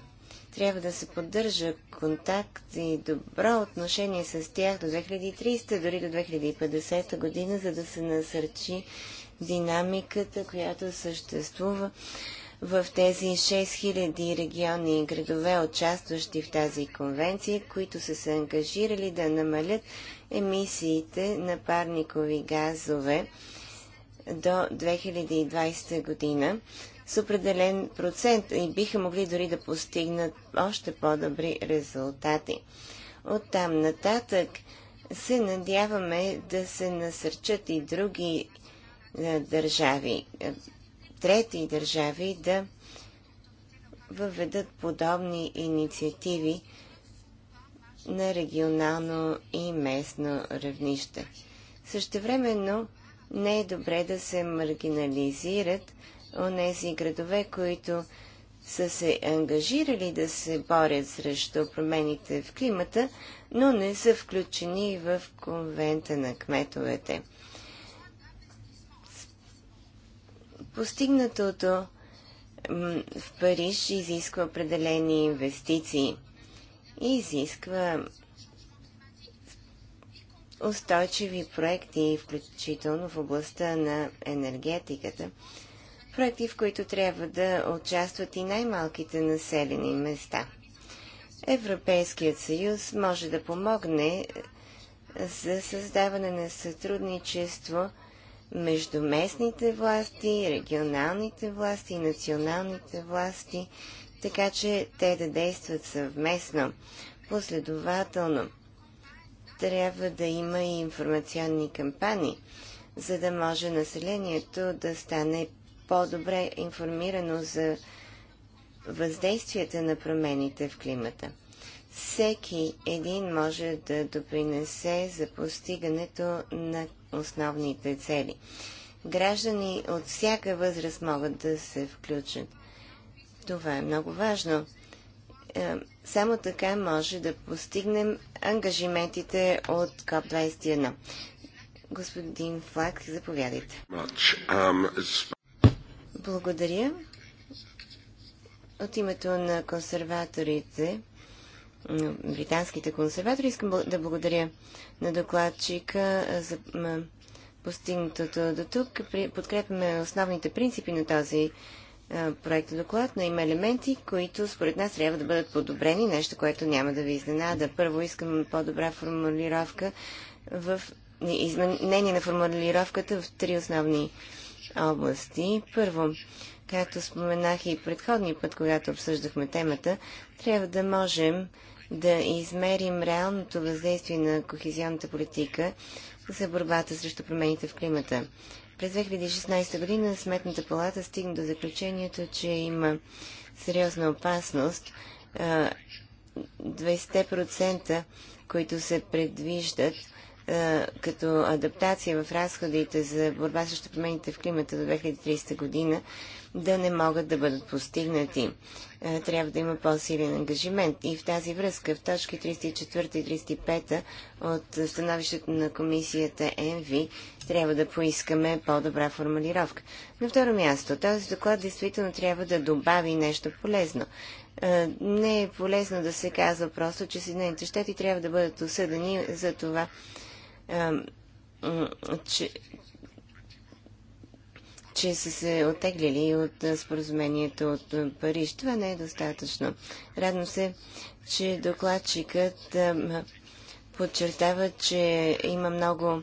Трябва да се поддържа контакт и добро отношение с тях до 2030, дори до 2050 година, за да се насърчи динамиката, която съществува в тези 6000 региони и градове, участващи в тази конвенция, които са се ангажирали да намалят емисиите на парникови газове до 2020 година с определен процент и биха могли дори да постигнат още по-добри резултати. От там нататък се надяваме да се насърчат и други е, държави трети държави да въведат подобни инициативи на регионално и местно равнище. Същевременно не е добре да се маргинализират онези градове, които са се ангажирали да се борят срещу промените в климата, но не са включени в конвента на кметовете. Постигнатото в Париж изисква определени инвестиции и изисква устойчиви проекти, включително в областта на енергетиката. Проекти, в които трябва да участват и най-малките населени места. Европейският съюз може да помогне за създаване на сътрудничество между местните власти, регионалните власти и националните власти, така че те да действат съвместно, последователно. Трябва да има и информационни кампании, за да може населението да стане по-добре информирано за въздействията на промените в климата. Всеки един може да допринесе за постигането на основните цели. Граждани от всяка възраст могат да се включат. Това е много важно. Е, само така може да постигнем ангажиментите от КОП-21. Господин Флаг, заповядайте. Um, Благодаря. От името на консерваторите британските консерватори. Искам да благодаря на докладчика за постигнатото до тук. Подкрепяме основните принципи на този проект доклад, но има елементи, които според нас трябва да бъдат подобрени, нещо, което няма да ви изненада. Първо искам по-добра формулировка в изменение на формулировката в три основни области. Първо, както споменах и предходния път, когато обсъждахме темата, трябва да можем да измерим реалното въздействие на кохезионната политика за борбата срещу промените в климата. През 2016 година Сметната палата стигна до заключението, че има сериозна опасност 20%, които се предвиждат като адаптация в разходите за борба срещу промените в климата до 2030 година, да не могат да бъдат постигнати. Е, трябва да има по-силен ангажимент. И в тази връзка, в точки 34 и 35 от становището на комисията МВ, трябва да поискаме по-добра формулировка. На второ място, този доклад действително трябва да добави нещо полезно е, не е полезно да се казва просто, че Съединените щати трябва да бъдат осъдени за това, че, че са се отеглили от споразумението от Париж. Това не е достатъчно. Радвам се, че докладчикът подчертава, че има много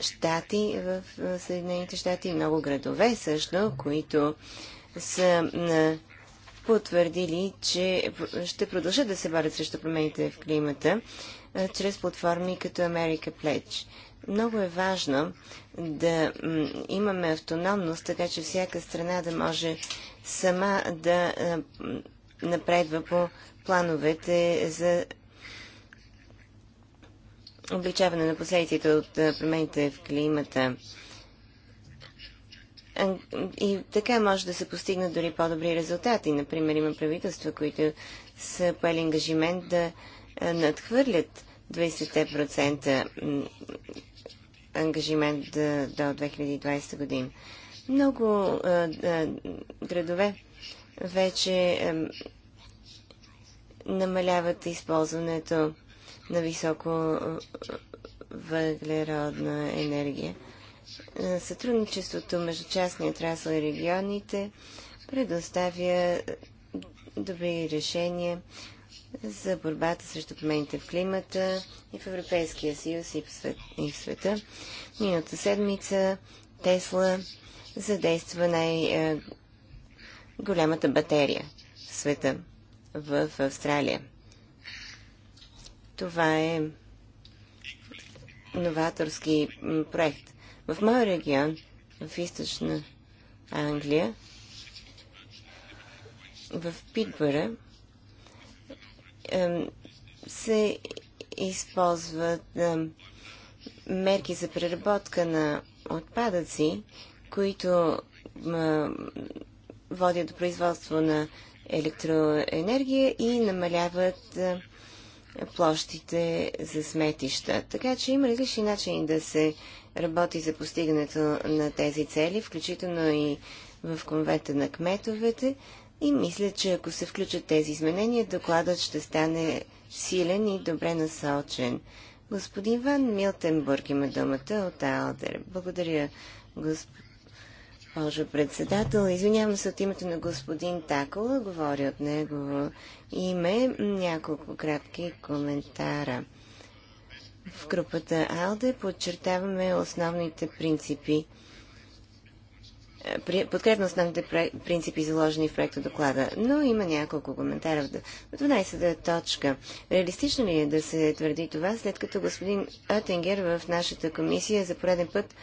щати в Съединените щати, много градове също, които са потвърдили, че ще продължат да се борят срещу промените в климата чрез платформи като America Pledge много е важно да имаме автономност, така че всяка страна да може сама да напредва по плановете за обличаване на последиците от промените в климата. И така може да се постигнат дори по-добри резултати. Например, има правителства, които са поели ангажимент да надхвърлят 20% ангажимент до 2020 година. Много а, градове вече а, намаляват използването на високо въглеродна енергия. Сътрудничеството между частния трасъл и регионите предоставя добри решения за борбата срещу промените в климата и в Европейския съюз и в, свет, и в света. Миналата седмица Тесла задейства най-голямата батерия в света в Австралия. Това е новаторски проект. В моя регион, в източна Англия, в Питбъра, се използват мерки за преработка на отпадъци, които водят до производство на електроенергия и намаляват е, площите за сметища. Така че има различни начини да се работи за постигането на тези цели, включително и в конвента на кметовете, и мисля, че ако се включат тези изменения, докладът ще стане силен и добре насочен. Господин Ван Милтенбург има думата от Алдер. Благодаря, госпожо председател. Извинявам се от името на господин Такола, говоря от негово име. Няколко кратки коментара. В групата Алде подчертаваме основните принципи е, подкрепно основните принципи, заложени в проекта доклада, но има няколко коментара в 12-та точка. Реалистично ли е да се твърди това, след като господин Атенгер в нашата комисия за пореден път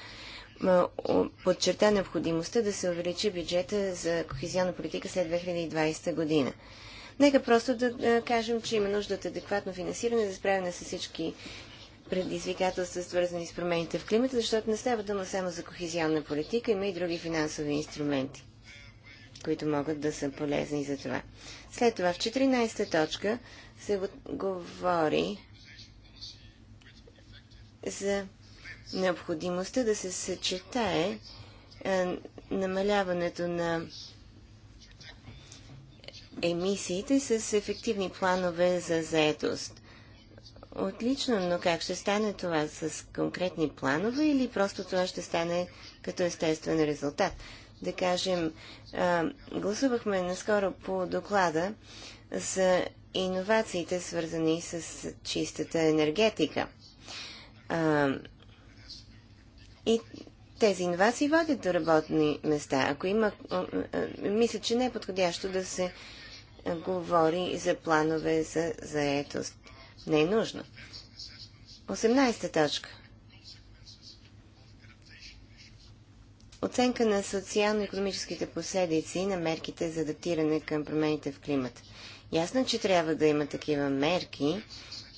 подчерта необходимостта да се увеличи бюджета за кохезионна политика след 2020 година? Нека просто да кажем, че има нужда от адекватно финансиране за справяне с всички предизвикателства, свързани с промените в климата, защото не става дума само за кохезионна политика, има и други финансови инструменти, които могат да са полезни за това. След това в 14-та точка се говори за необходимостта да се съчетае намаляването на емисиите с ефективни планове за заетост. Отлично, но как ще стане това? С конкретни планове или просто това ще стане като естествен резултат? Да кажем, гласувахме наскоро по доклада за иновациите, свързани с чистата енергетика. и тези иновации водят до работни места. Ако има, мисля, че не е подходящо да се говори за планове за заетост. Не е нужно. 18 точка. Оценка на социално-економическите последици на мерките за адаптиране към промените в климата. Ясно, че трябва да има такива мерки,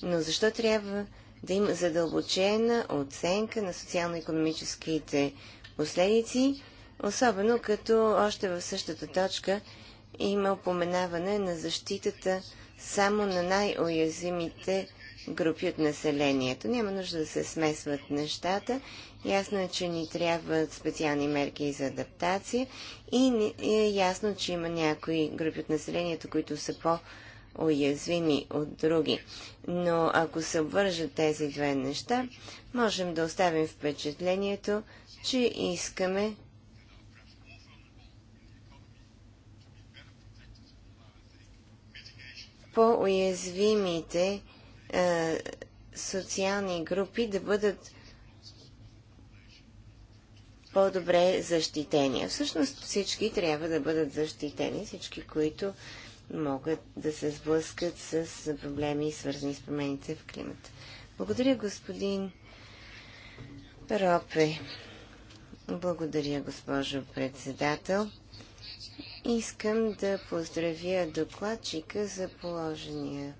но защо трябва да има задълбочена оценка на социално-економическите последици, особено като още в същата точка има упоменаване на защитата само на най-уязвимите групи от населението. Няма нужда да се смесват нещата. Ясно е, че ни трябват специални мерки за адаптация и е ясно, че има някои групи от населението, които са по- уязвими от други. Но ако се обвържат тези две неща, можем да оставим впечатлението, че искаме по-уязвимите е, социални групи да бъдат по-добре защитени. Всъщност всички трябва да бъдат защитени, всички, които могат да се сблъскат с проблеми, свързани с промените в климата. Благодаря, господин Ропе. Благодаря, госпожо председател. Искам да поздравя докладчика за положения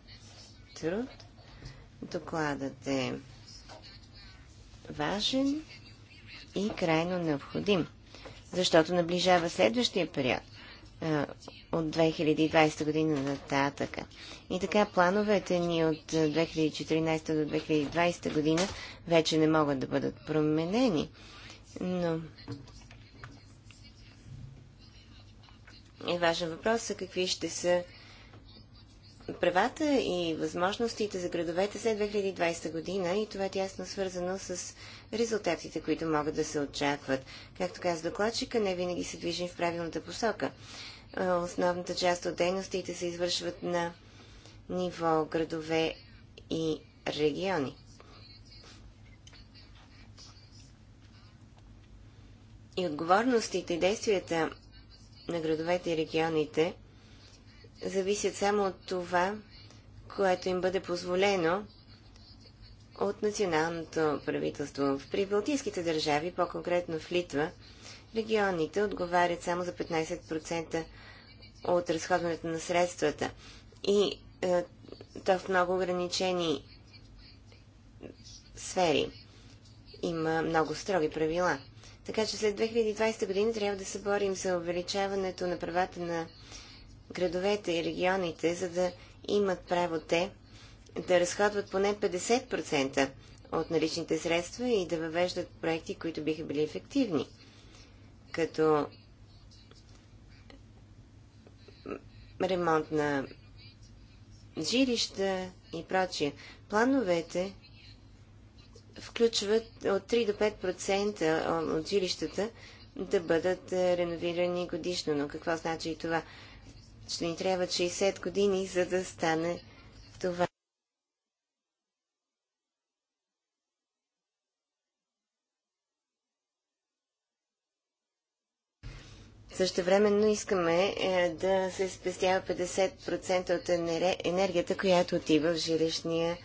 труд. Докладът е важен и крайно необходим, защото наближава следващия период от 2020 година нататъка. И така плановете ни от 2014 до 2020 година вече не могат да бъдат променени. Но е важен въпрос, е. какви ще са правата и възможностите за градовете след 2020 година и това е тясно свързано с резултатите, които могат да се очакват. Както каза докладчика, не винаги се движим в правилната посока. Основната част от дейностите се извършват на ниво градове и региони. И отговорностите и действията на градовете и регионите зависят само от това, което им бъде позволено от националното правителство. В прибалтийските държави, по-конкретно в Литва, регионите отговарят само за 15% от разходването на средствата. И е, то в много ограничени сфери. Има много строги правила. Така че след 2020 година трябва да се борим за увеличаването на правата на градовете и регионите, за да имат право те да разходват поне 50% от наличните средства и да въвеждат проекти, които биха били ефективни. Като ремонт на жилища и прочие. Плановете включват от 3 до 5% от жилищата да бъдат е, реновирани годишно. Но какво значи и това? Ще ни трябва 60 години, за да стане това. Също времено искаме е, да се спестява 50% от енергията, която отива в жилищния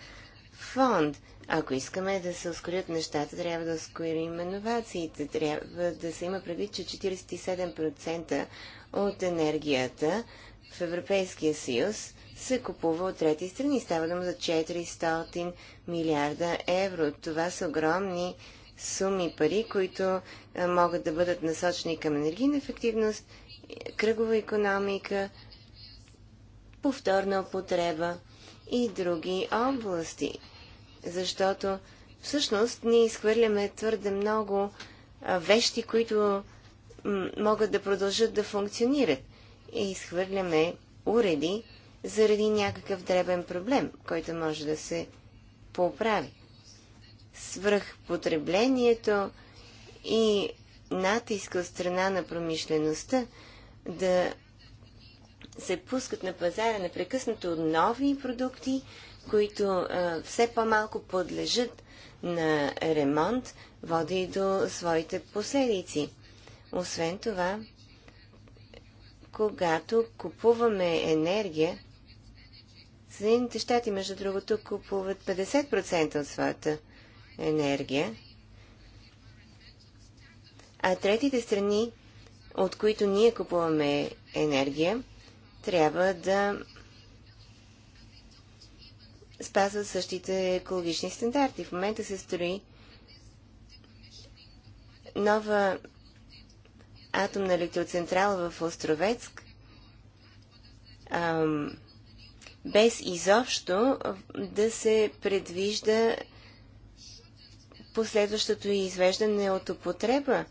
фонд. Ако искаме да се ускорят нещата, трябва да ускорим иновациите. Трябва да се има предвид, че 47% от енергията в Европейския съюз се купува от трети страни. Става дума за 400 милиарда евро. Това са огромни суми пари, които могат да бъдат насочени към енергийна ефективност, кръгова економика, повторна употреба и други области защото всъщност ние изхвърляме твърде много вещи, които могат да продължат да функционират. И изхвърляме уреди заради някакъв дребен проблем, който може да се поправи. Свръхпотреблението и натиска от страна на промишлеността да се пускат на пазара непрекъснато нови продукти, които а, все по-малко подлежат на ремонт, води и до своите последици. Освен това, когато купуваме енергия, Съединените щати, между другото, купуват 50% от своята енергия, а третите страни, от които ние купуваме енергия, трябва да спазват същите екологични стандарти. В момента се строи нова атомна електроцентрала в Островецк, без изобщо да се предвижда последващото извеждане от употреба.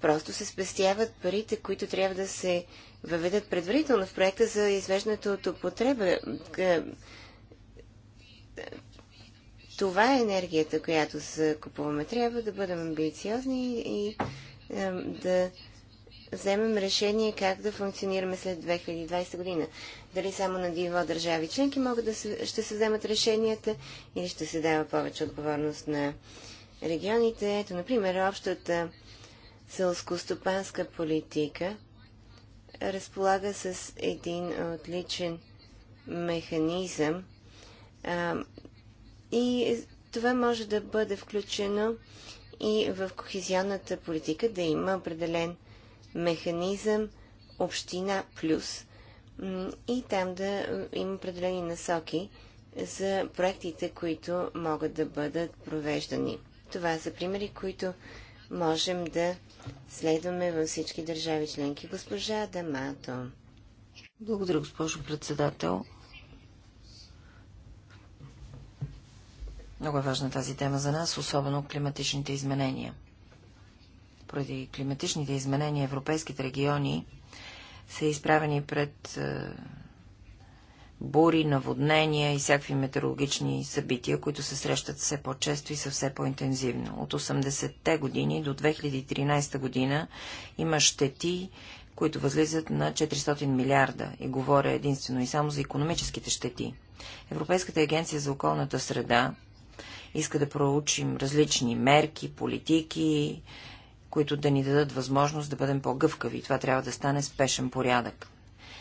просто се спестяват парите, които трябва да се въведат предварително в проекта за извеждането от употреба това е енергията, която се купуваме. Трябва да бъдем амбициозни и е, да вземем решение как да функционираме след 2020 година. Дали само на диво държави членки могат да се, ще се вземат решенията или ще се дава повече отговорност на регионите. Ето, например, общата селскостопанска политика разполага с един отличен механизъм, и това може да бъде включено и в кохезионната политика да има определен механизъм община плюс и там да има определени насоки за проектите, които могат да бъдат провеждани. Това са примери, които можем да следваме във всички държави членки. Госпожа Дамато. Благодаря, госпожо председател. Много е важна тази тема за нас, особено климатичните изменения. Поради климатичните изменения европейските региони са изправени пред е, бури, наводнения и всякакви метеорологични събития, които се срещат все по-често и са все по-интензивно. От 80-те години до 2013 година има щети, които възлизат на 400 милиарда и говоря единствено и само за економическите щети. Европейската агенция за околната среда иска да проучим различни мерки, политики, които да ни дадат възможност да бъдем по-гъвкави. Това трябва да стане спешен порядък.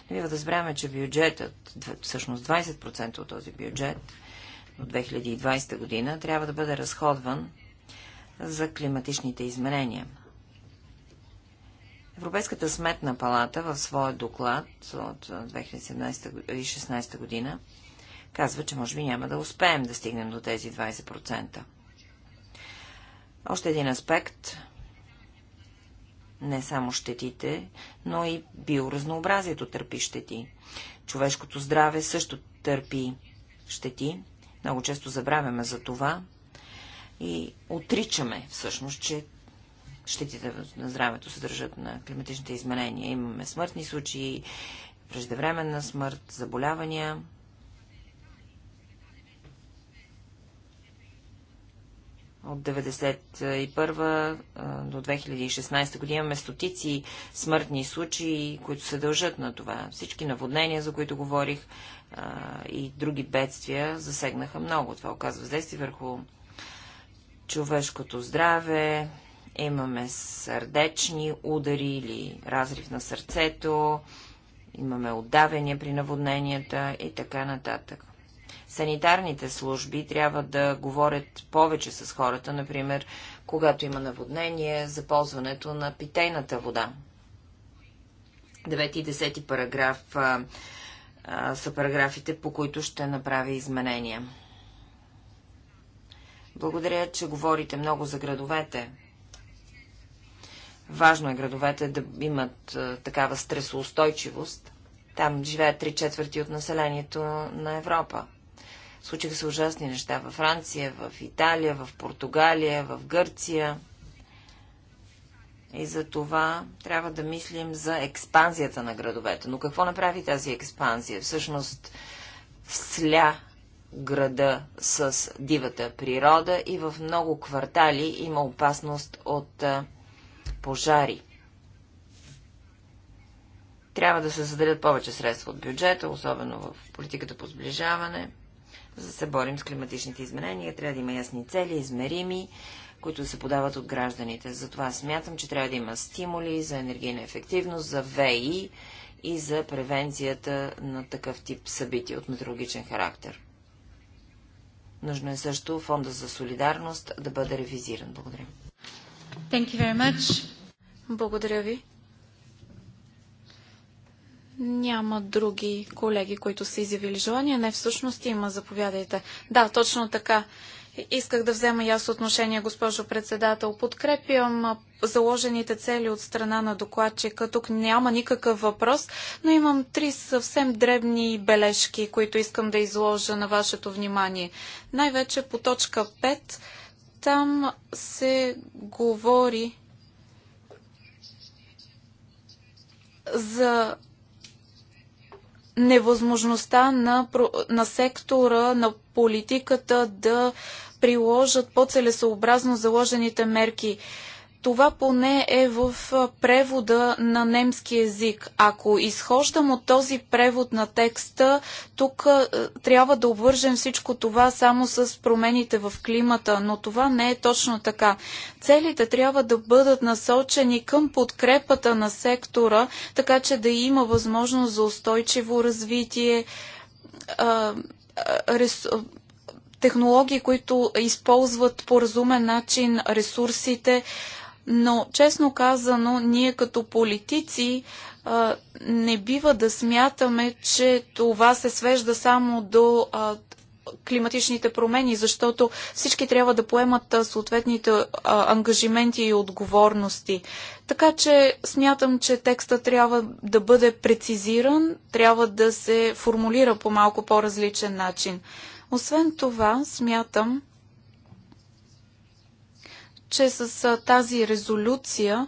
Не бива да забравяме, че бюджетът, всъщност 20% от този бюджет от 2020 година, трябва да бъде разходван за климатичните изменения. Европейската сметна палата в своя доклад от 2016 година казва, че може би няма да успеем да стигнем до тези 20%. Още един аспект не само щетите, но и биоразнообразието търпи щети. Човешкото здраве също търпи щети. Много често забравяме за това и отричаме всъщност, че щетите на здравето се държат на климатичните изменения. Имаме смъртни случаи, преждевременна смърт, заболявания, От 1991 до 2016 година имаме стотици смъртни случаи, които се дължат на това. Всички наводнения, за които говорих, и други бедствия засегнаха много. Това оказва въздействие върху човешкото здраве, имаме сърдечни удари или разрив на сърцето, имаме отдавяния при наводненията и така нататък санитарните служби трябва да говорят повече с хората, например, когато има наводнение, за ползването на питейната вода. 9 и 10 параграф а, а, са параграфите, по които ще направя изменения. Благодаря, че говорите много за градовете. Важно е градовете да имат а, такава стресоустойчивост. Там живеят три четвърти от населението на Европа. Случиха се ужасни неща във Франция, в Италия, в Португалия, в Гърция. И за това трябва да мислим за експанзията на градовете. Но какво направи тази експанзия? Всъщност всля града с дивата природа и в много квартали има опасност от пожари. Трябва да се заделят повече средства от бюджета, особено в политиката по сближаване за да се борим с климатичните изменения. Трябва да има ясни цели, измерими, които се подават от гражданите. Затова смятам, че трябва да има стимули за енергийна ефективност, за ВИ и за превенцията на такъв тип събития от метеорологичен характер. Нужно е също Фонда за солидарност да бъде ревизиран. Благодаря. Thank you very much. Благодаря ви. Няма други колеги, които са изявили желание. Не, всъщност има. Заповядайте. Да, точно така. Исках да взема и аз отношение, госпожо председател. Подкрепям заложените цели от страна на докладчика. Тук няма никакъв въпрос, но имам три съвсем дребни бележки, които искам да изложа на вашето внимание. Най-вече по точка 5. Там се говори за невъзможността на, на сектора, на политиката да приложат по-целесообразно заложените мерки. Това поне е в превода на немски язик. Ако изхождам от този превод на текста, тук трябва да обвържем всичко това само с промените в климата, но това не е точно така. Целите трябва да бъдат насочени към подкрепата на сектора, така че да има възможност за устойчиво развитие, технологии, които използват по разумен начин ресурсите, но честно казано, ние като политици а, не бива да смятаме, че това се свежда само до а, климатичните промени, защото всички трябва да поемат съответните а, ангажименти и отговорности. Така че смятам, че текста трябва да бъде прецизиран, трябва да се формулира по малко по-различен начин. Освен това, смятам, че с тази резолюция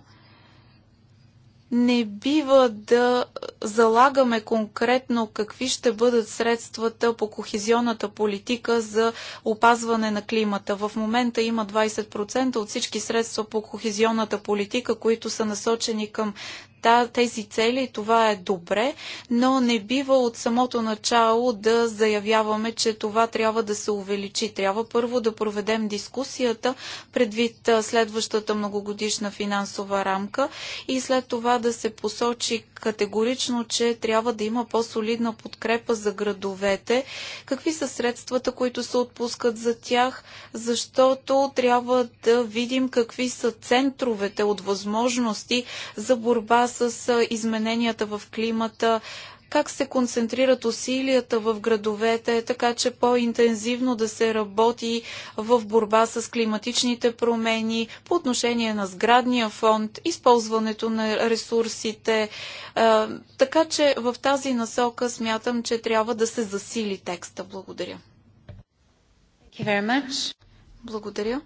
не бива да залагаме конкретно какви ще бъдат средствата по кохезионната политика за опазване на климата. В момента има 20% от всички средства по кохезионната политика, които са насочени към да, тези цели, това е добре, но не бива от самото начало да заявяваме, че това трябва да се увеличи. Трябва първо да проведем дискусията предвид следващата многогодишна финансова рамка и след това да се посочи категорично, че трябва да има по-солидна подкрепа за градовете. Какви са средствата, които се отпускат за тях, защото трябва да видим какви са центровете от възможности за борба с измененията в климата, как се концентрират усилията в градовете, така че по-интензивно да се работи в борба с климатичните промени по отношение на сградния фонд, използването на ресурсите. Така че в тази насока смятам, че трябва да се засили текста. Благодаря. Благодаря.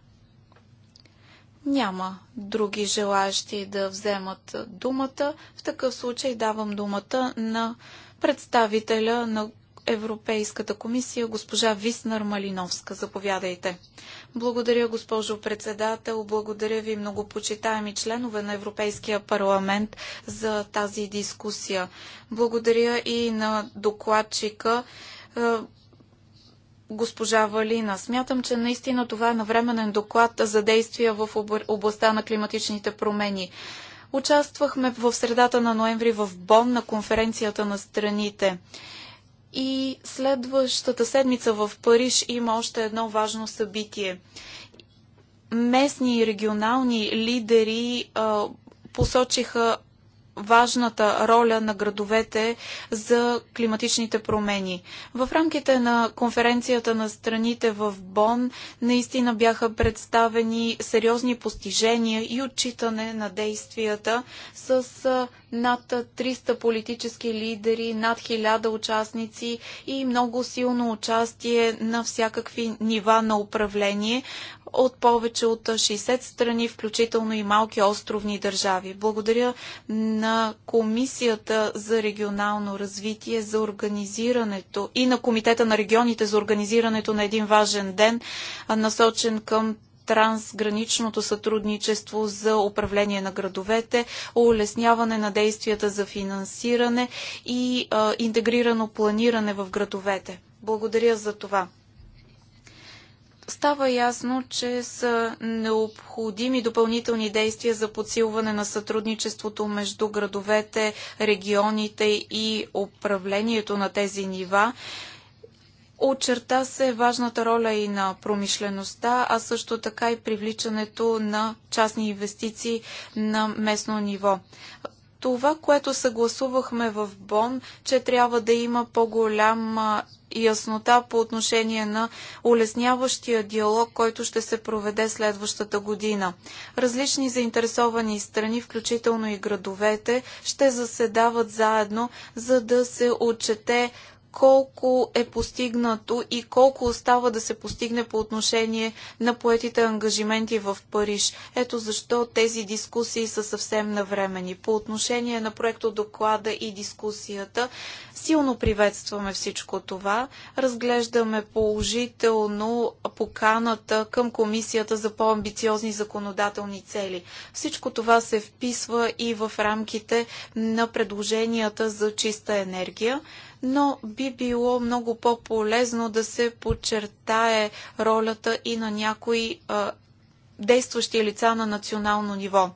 Няма други желащи да вземат думата. В такъв случай давам думата на представителя на Европейската комисия, госпожа Виснар Малиновска. Заповядайте. Благодаря, госпожо председател. Благодаря ви, многопочитаеми членове на Европейския парламент, за тази дискусия. Благодаря и на докладчика госпожа Валина. Смятам, че наистина това е навременен доклад за действия в областта на климатичните промени. Участвахме в средата на ноември в Бон на конференцията на страните. И следващата седмица в Париж има още едно важно събитие. Местни и регионални лидери а, посочиха важната роля на градовете за климатичните промени. В рамките на конференцията на страните в Бон наистина бяха представени сериозни постижения и отчитане на действията с над 300 политически лидери, над 1000 участници и много силно участие на всякакви нива на управление от повече от 60 страни, включително и малки островни държави. Благодаря на Комисията за регионално развитие за организирането и на Комитета на регионите за организирането на един важен ден, насочен към трансграничното сътрудничество за управление на градовете, улесняване на действията за финансиране и а, интегрирано планиране в градовете. Благодаря за това става ясно, че са необходими допълнителни действия за подсилване на сътрудничеството между градовете, регионите и управлението на тези нива Очерта се важната роля и на промишлеността, а също така и привличането на частни инвестиции на местно ниво. Това, което съгласувахме в Бон, че трябва да има по-голяма яснота по отношение на улесняващия диалог, който ще се проведе следващата година. Различни заинтересовани страни, включително и градовете, ще заседават заедно, за да се отчете колко е постигнато и колко остава да се постигне по отношение на поетите ангажименти в Париж. Ето защо тези дискусии са съвсем навремени. По отношение на проекто доклада и дискусията, силно приветстваме всичко това. Разглеждаме положително поканата към Комисията за по-амбициозни законодателни цели. Всичко това се вписва и в рамките на предложенията за чиста енергия но би било много по-полезно да се подчертае ролята и на някои а, действащи лица на национално ниво.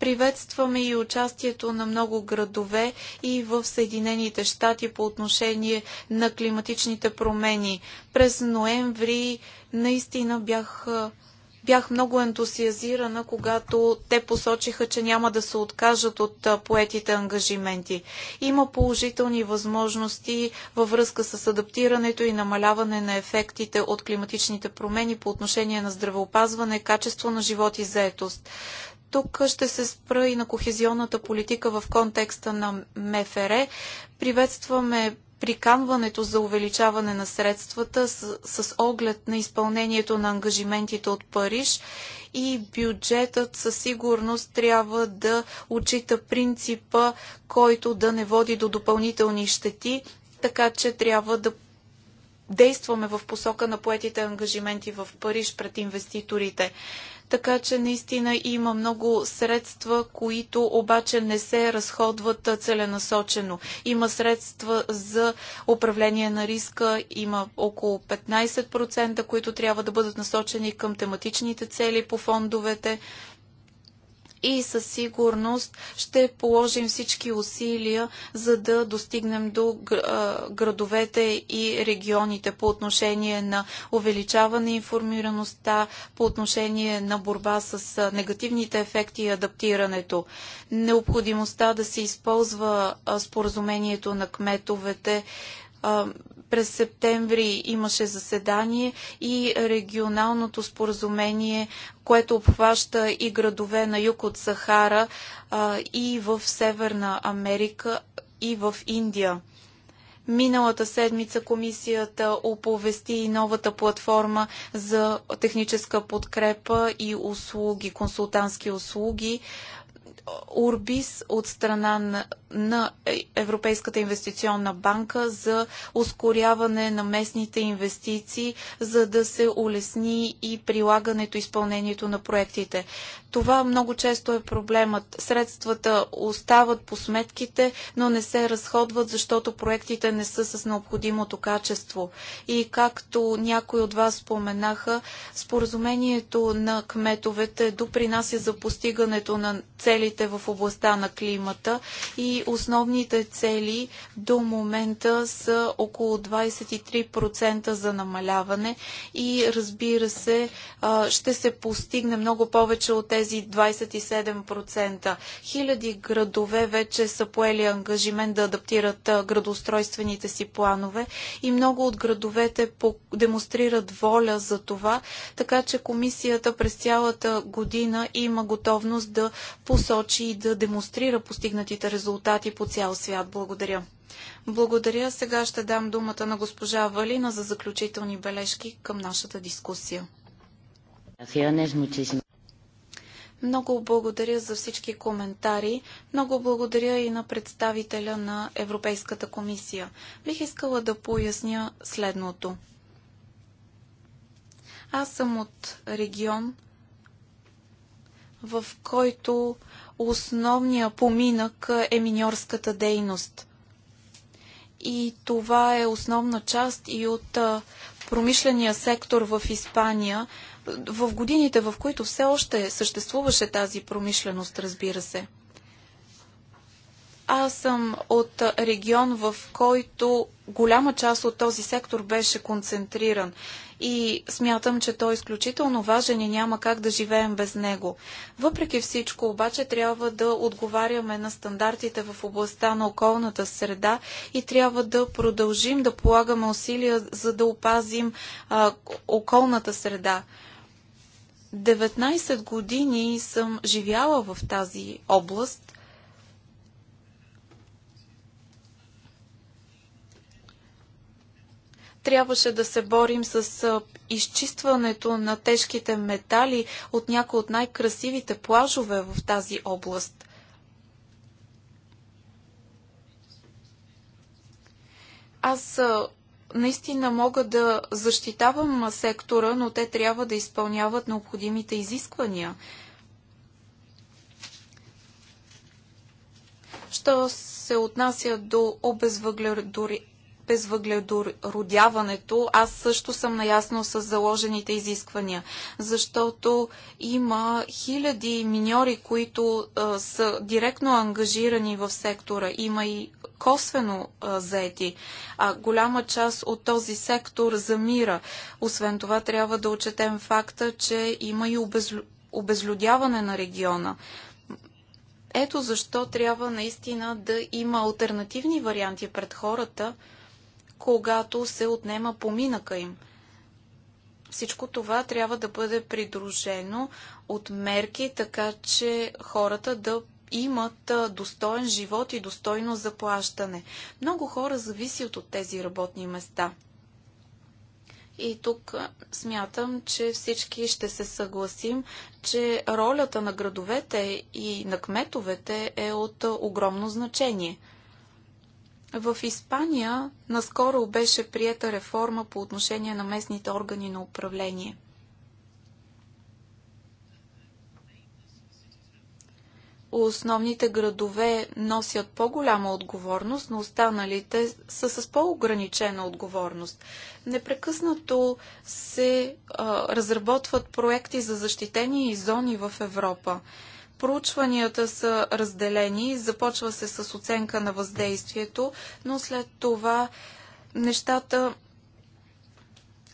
Приветстваме и участието на много градове и в Съединените щати по отношение на климатичните промени. През ноември наистина бях Бях много ентусиазирана, когато те посочиха, че няма да се откажат от поетите ангажименти. Има положителни възможности във връзка с адаптирането и намаляване на ефектите от климатичните промени по отношение на здравеопазване, качество на живот и заетост. Тук ще се спра и на кохезионната политика в контекста на МФР. Приветстваме приканването за увеличаване на средствата с, с оглед на изпълнението на ангажиментите от Париж и бюджетът със сигурност трябва да отчита принципа, който да не води до допълнителни щети, така че трябва да действаме в посока на поетите ангажименти в Париж пред инвеститорите така че наистина има много средства, които обаче не се разходват целенасочено. Има средства за управление на риска, има около 15%, които трябва да бъдат насочени към тематичните цели по фондовете, и със сигурност ще положим всички усилия, за да достигнем до градовете и регионите по отношение на увеличаване информираността, по отношение на борба с негативните ефекти и адаптирането. Необходимостта да се използва споразумението на кметовете през септември имаше заседание и регионалното споразумение, което обхваща и градове на юг от Сахара и в Северна Америка и в Индия. Миналата седмица комисията оповести и новата платформа за техническа подкрепа и услуги, консултантски услуги Урбис от страна на, на Европейската инвестиционна банка за ускоряване на местните инвестиции, за да се улесни и прилагането, изпълнението на проектите. Това много често е проблемът. Средствата остават по сметките, но не се разходват, защото проектите не са с необходимото качество. И както някои от вас споменаха, споразумението на кметовете допринася за постигането на целите в областта на климата и основните цели до момента са около 23% за намаляване и разбира се, ще се постигне много повече от тези тези 27%. Хиляди градове вече са поели ангажимент да адаптират градоустройствените си планове и много от градовете демонстрират воля за това, така че комисията през цялата година има готовност да посочи и да демонстрира постигнатите резултати по цял свят. Благодаря. Благодаря. Сега ще дам думата на госпожа Валина за заключителни бележки към нашата дискусия. Много благодаря за всички коментари. Много благодаря и на представителя на Европейската комисия. Бих искала да поясня следното. Аз съм от регион, в който основния поминък е миньорската дейност. И това е основна част и от промишления сектор в Испания – в годините, в които все още съществуваше тази промишленост, разбира се. Аз съм от регион, в който голяма част от този сектор беше концентриран и смятам, че той е изключително важен и няма как да живеем без него. Въпреки всичко, обаче, трябва да отговаряме на стандартите в областта на околната среда и трябва да продължим да полагаме усилия, за да опазим а, околната среда. 19 години съм живяла в тази област. Трябваше да се борим с изчистването на тежките метали от някои от най-красивите плажове в тази област. Аз наистина мога да защитавам сектора, но те трябва да изпълняват необходимите изисквания. Що се отнася до обезвъгледори безвъгледородяването, аз също съм наясно с заложените изисквания, защото има хиляди миньори, които а, са директно ангажирани в сектора. Има и косвено а, заети. А голяма част от този сектор замира. Освен това, трябва да отчетем факта, че има и обезлю... обезлюдяване на региона. Ето защо трябва наистина да има альтернативни варианти пред хората, когато се отнема поминъка им. Всичко това трябва да бъде придружено от мерки, така че хората да имат достоен живот и достойно заплащане. Много хора зависят от тези работни места. И тук смятам, че всички ще се съгласим, че ролята на градовете и на кметовете е от огромно значение – в Испания наскоро беше приета реформа по отношение на местните органи на управление. Основните градове носят по-голяма отговорност, но останалите са с по-ограничена отговорност. Непрекъснато се а, разработват проекти за защитени зони в Европа. Проучванията са разделени, започва се с оценка на въздействието, но след това нещата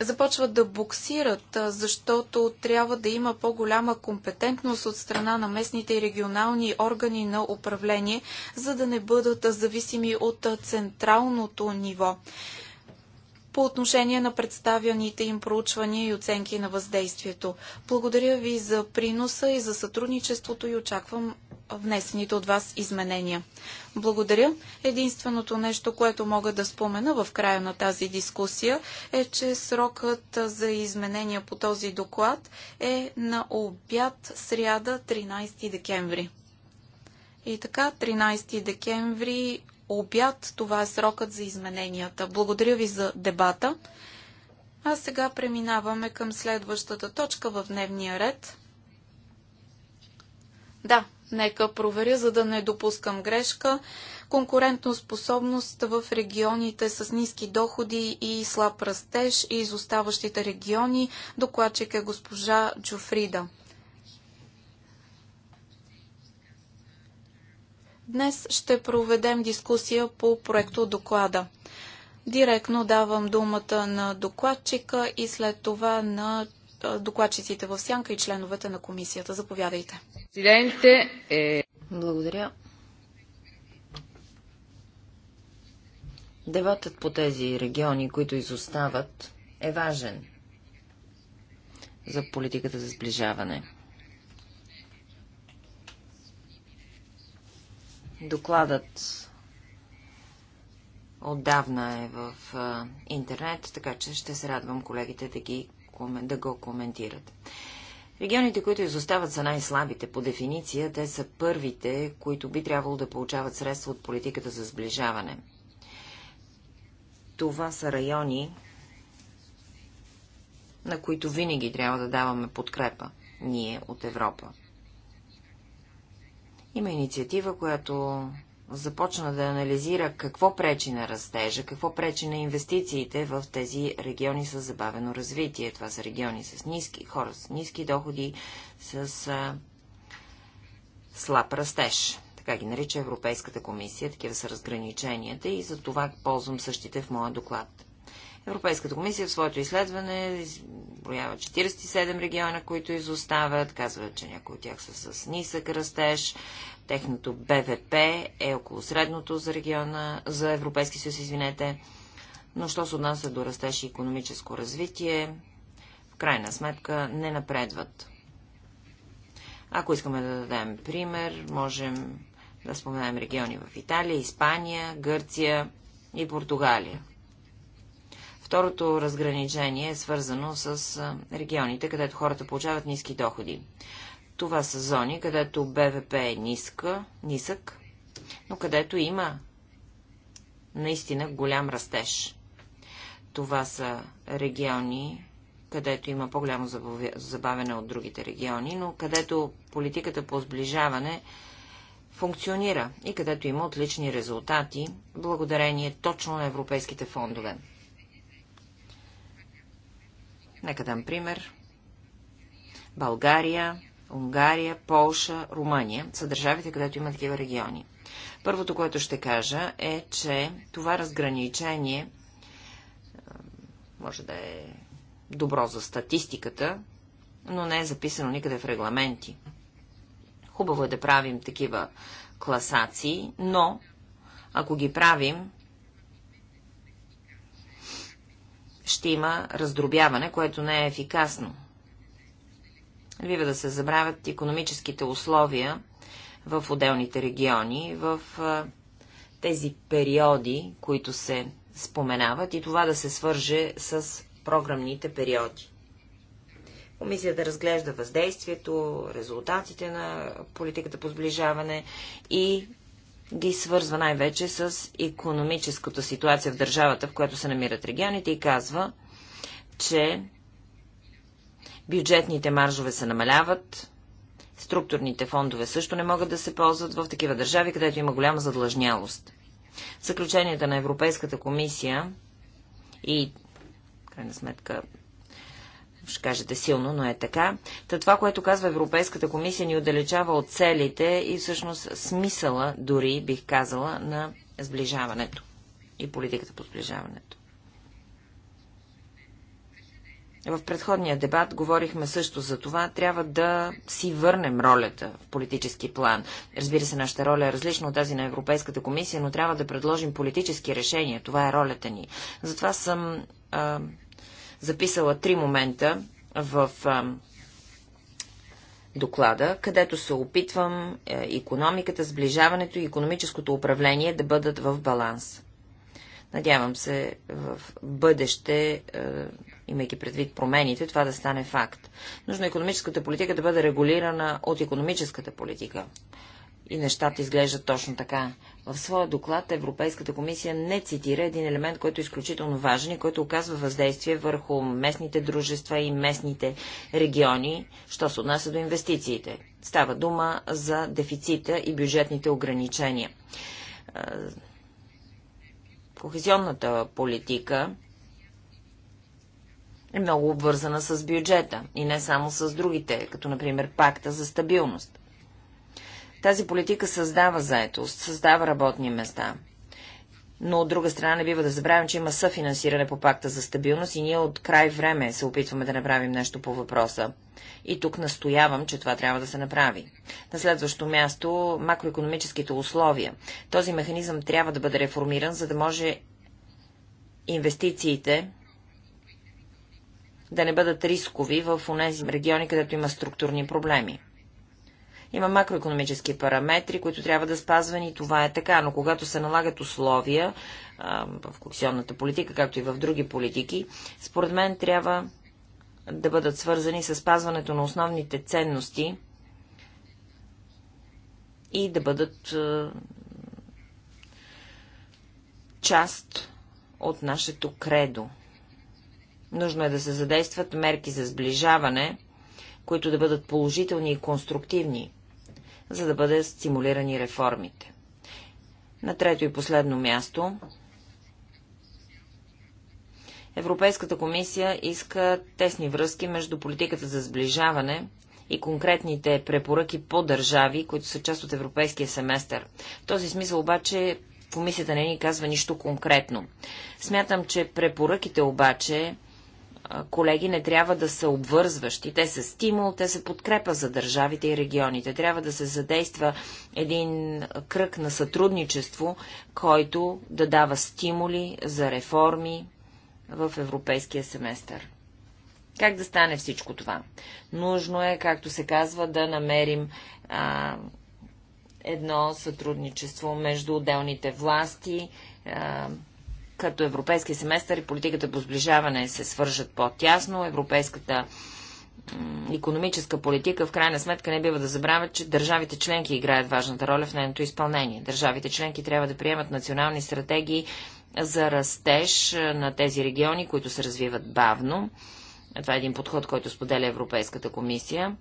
започват да буксират, защото трябва да има по-голяма компетентност от страна на местните и регионални органи на управление, за да не бъдат зависими от централното ниво по отношение на представяните им проучвания и оценки на въздействието. Благодаря ви за приноса и за сътрудничеството и очаквам внесените от вас изменения. Благодаря. Единственото нещо, което мога да спомена в края на тази дискусия е, че срокът за изменения по този доклад е на обяд сряда 13 декември. И така, 13 декември обяд. Това е срокът за измененията. Благодаря ви за дебата. А сега преминаваме към следващата точка в дневния ред. Да, нека проверя, за да не допускам грешка. способност в регионите с ниски доходи и слаб растеж и изоставащите региони. Докладчик е госпожа Джофрида. Днес ще проведем дискусия по проекто доклада. Директно давам думата на докладчика и след това на докладчиците в сянка и членовете на комисията. Заповядайте. Е- Благодаря. Дебатът по тези региони, които изостават, е важен за политиката за сближаване. Докладът отдавна е в интернет, така че ще се радвам колегите да, ги, да го коментират. Регионите, които изостават, са най-слабите. По дефиниция, те са първите, които би трябвало да получават средства от политиката за сближаване. Това са райони, на които винаги трябва да даваме подкрепа ние от Европа. Има инициатива, която започна да анализира какво пречи на растежа, какво пречи на инвестициите в тези региони с забавено развитие. Това са региони с ниски, хора с ниски доходи, с а, слаб растеж. Така ги нарича Европейската комисия. Такива са разграниченията и за това ползвам същите в моя доклад. Европейската комисия в своето изследване изброява 47 региона, които изоставят. Казва, че някои от тях са с нисък растеж. Техното БВП е около средното за региона, за Европейски съюз, извинете. Но що се отнася до растеж и економическо развитие, в крайна сметка не напредват. Ако искаме да дадем пример, можем да споменем региони в Италия, Испания, Гърция и Португалия. Второто разграничение е свързано с регионите, където хората получават ниски доходи. Това са зони, където БВП е ниска, нисък, но където има наистина голям растеж. Това са региони, където има по-голямо забавяне от другите региони, но където политиката по сближаване функционира и където има отлични резултати, благодарение точно на европейските фондове. Нека дам пример. България, Унгария, Полша, Румъния са държавите, където има такива региони. Първото, което ще кажа е, че това разграничение може да е добро за статистиката, но не е записано никъде в регламенти. Хубаво е да правим такива класации, но ако ги правим, ще има раздробяване, което не е ефикасно. Вива да се забравят економическите условия в отделните региони, в тези периоди, които се споменават и това да се свърже с програмните периоди. Комисията разглежда въздействието, резултатите на политиката по сближаване и ги свързва най-вече с економическата ситуация в държавата, в която се намират регионите и казва, че бюджетните маржове се намаляват, структурните фондове също не могат да се ползват в такива държави, където има голяма задлъжнялост. Съключенията на Европейската комисия и, крайна сметка, ще кажете силно, но е така. Та това, което казва Европейската комисия, ни отдалечава от целите и всъщност смисъла, дори бих казала, на сближаването и политиката по сближаването. В предходния дебат говорихме също за това, трябва да си върнем ролята в политически план. Разбира се, нашата роля е различна от тази на Европейската комисия, но трябва да предложим политически решения. Това е ролята ни. Затова съм а, записала три момента в а, доклада, където се опитвам економиката, сближаването и економическото управление да бъдат в баланс. Надявам се в бъдеще, е, имайки предвид промените, това да стане факт. Нужно економическата политика да бъде регулирана от економическата политика. И нещата изглеждат точно така. В своя доклад Европейската комисия не цитира един елемент, който е изключително важен и който оказва въздействие върху местните дружества и местните региони, що се отнася до инвестициите. Става дума за дефицита и бюджетните ограничения. Кохезионната политика е много обвързана с бюджета и не само с другите, като например пакта за стабилност. Тази политика създава заетост, създава работни места. Но от друга страна не бива да забравим, че има съфинансиране по пакта за стабилност и ние от край време се опитваме да направим нещо по въпроса. И тук настоявам, че това трябва да се направи. На следващо място макроекономическите условия. Този механизъм трябва да бъде реформиран, за да може инвестициите да не бъдат рискови в тези региони, където има структурни проблеми. Има макроекономически параметри, които трябва да спазвани. Това е така. Но когато се налагат условия а, в коксионната политика, както и в други политики, според мен трябва да бъдат свързани с спазването на основните ценности и да бъдат а, част от нашето кредо. Нужно е да се задействат мерки за сближаване, които да бъдат положителни и конструктивни за да бъдат стимулирани реформите. На трето и последно място Европейската комисия иска тесни връзки между политиката за сближаване и конкретните препоръки по държави, които са част от европейския семестър. В този смисъл обаче комисията не ни казва нищо конкретно. Смятам, че препоръките обаче колеги не трябва да са обвързващи. Те са стимул, те са подкрепа за държавите и регионите. Трябва да се задейства един кръг на сътрудничество, който да дава стимули за реформи в европейския семестър. Как да стане всичко това? Нужно е, както се казва, да намерим а, едно сътрудничество между отделните власти, а, като европейски семестър и политиката по сближаване се свържат по-тясно, европейската економическа политика, в крайна сметка не бива да забравят, че държавите членки играят важната роля в нейното изпълнение. Държавите членки трябва да приемат национални стратегии за растеж на тези региони, които се развиват бавно. Това е един подход, който споделя Европейската комисия.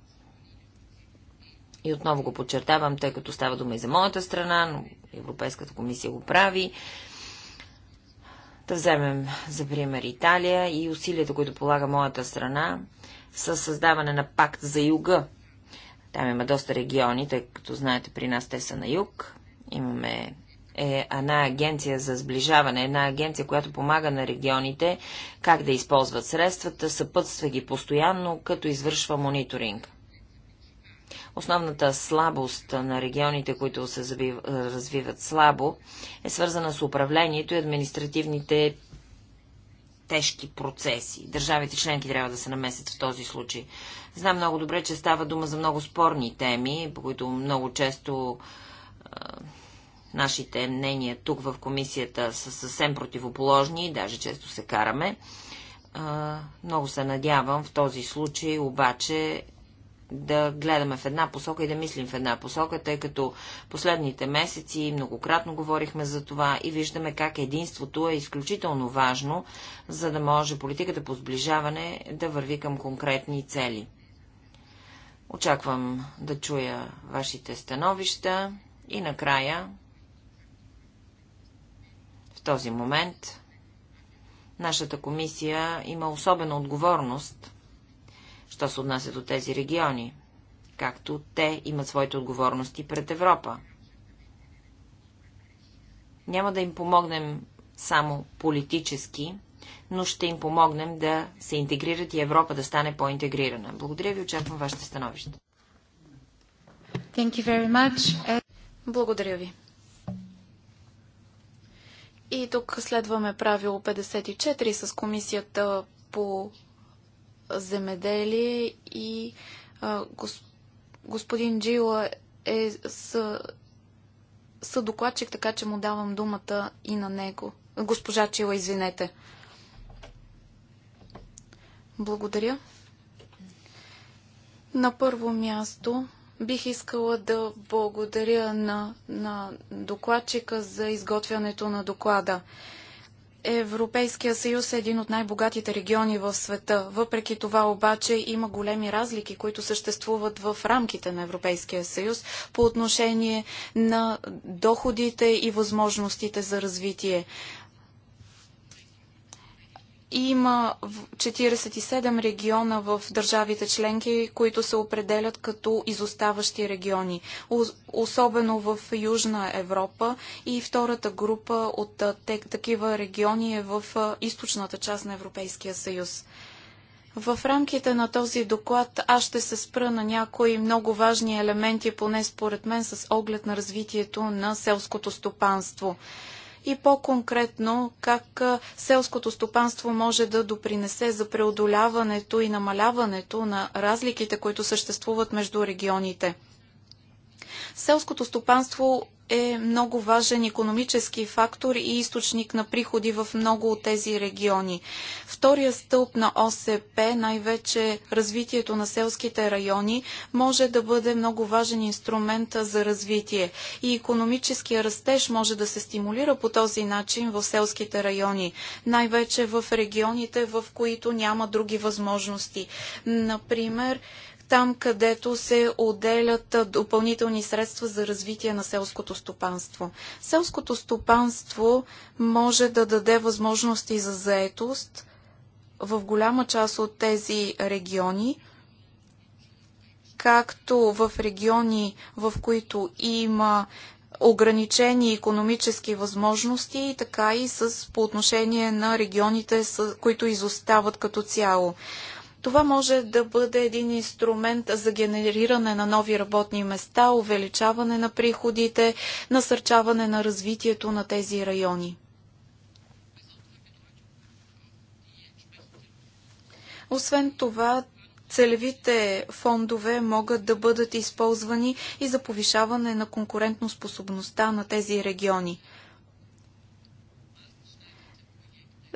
И отново го подчертавам, тъй като става дума и за моята страна, но Европейската комисия го прави. Да вземем за пример Италия и усилията, които полага моята страна с създаване на пакт за юга. Там има доста региони, тъй като знаете, при нас те са на юг. Имаме е една агенция за сближаване, една агенция, която помага на регионите как да използват средствата, съпътства ги постоянно, като извършва мониторинг. Основната слабост на регионите, които се е, развиват слабо, е свързана с управлението и административните тежки процеси. Държавите членки трябва да се намесят в този случай. Знам много добре, че става дума за много спорни теми, по които много често е, нашите мнения тук в комисията са съвсем противоположни, даже често се караме. Е, много се надявам в този случай обаче да гледаме в една посока и да мислим в една посока, тъй като последните месеци многократно говорихме за това и виждаме как единството е изключително важно, за да може политиката по сближаване да върви към конкретни цели. Очаквам да чуя вашите становища и накрая в този момент нашата комисия има особена отговорност – що се отнася до тези региони, както те имат своите отговорности пред Европа. Няма да им помогнем само политически, но ще им помогнем да се интегрират и Европа да стане по-интегрирана. Благодаря ви, очаквам вашите становище. Thank you very much. Благодаря ви. И тук следваме правило 54 с комисията по земеделие и а, гос, господин Джила е съдокладчик, така че му давам думата и на него. Госпожа Чила, извинете. Благодаря. На първо място бих искала да благодаря на, на докладчика за изготвянето на доклада. Европейския съюз е един от най-богатите региони в света. Въпреки това обаче има големи разлики, които съществуват в рамките на Европейския съюз по отношение на доходите и възможностите за развитие. Има 47 региона в държавите членки, които се определят като изоставащи региони, особено в Южна Европа и втората група от такива региони е в източната част на Европейския съюз. В рамките на този доклад аз ще се спра на някои много важни елементи, поне според мен, с оглед на развитието на селското стопанство и по-конкретно как селското стопанство може да допринесе за преодоляването и намаляването на разликите, които съществуват между регионите. Селското стопанство е много важен економически фактор и източник на приходи в много от тези региони. Втория стълб на ОСП, най-вече развитието на селските райони, може да бъде много важен инструмент за развитие. И економическия растеж може да се стимулира по този начин в селските райони, най-вече в регионите, в които няма други възможности. Например, там където се отделят допълнителни средства за развитие на селското стопанство. Селското стопанство може да даде възможности за заетост в голяма част от тези региони, както в региони, в които има ограничени економически възможности, така и с, по отношение на регионите, с, които изостават като цяло. Това може да бъде един инструмент за генериране на нови работни места, увеличаване на приходите, насърчаване на развитието на тези райони. Освен това, целевите фондове могат да бъдат използвани и за повишаване на конкурентноспособността на тези региони.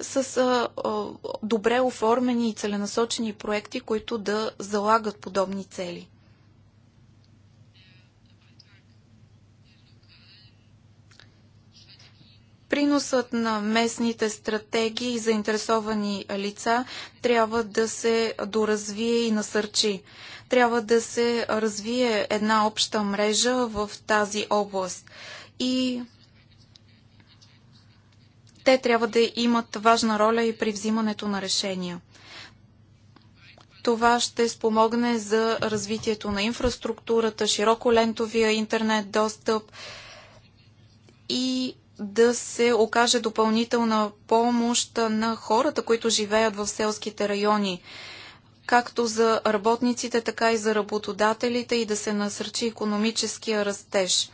с а, а, добре оформени и целенасочени проекти, които да залагат подобни цели. Приносът на местните стратегии и заинтересовани лица трябва да се доразвие и насърчи. Трябва да се развие една обща мрежа в тази област. И те трябва да имат важна роля и при взимането на решения. Това ще спомогне за развитието на инфраструктурата, широколентовия интернет достъп и да се окаже допълнителна помощ на хората, които живеят в селските райони, както за работниците, така и за работодателите и да се насърчи економическия растеж.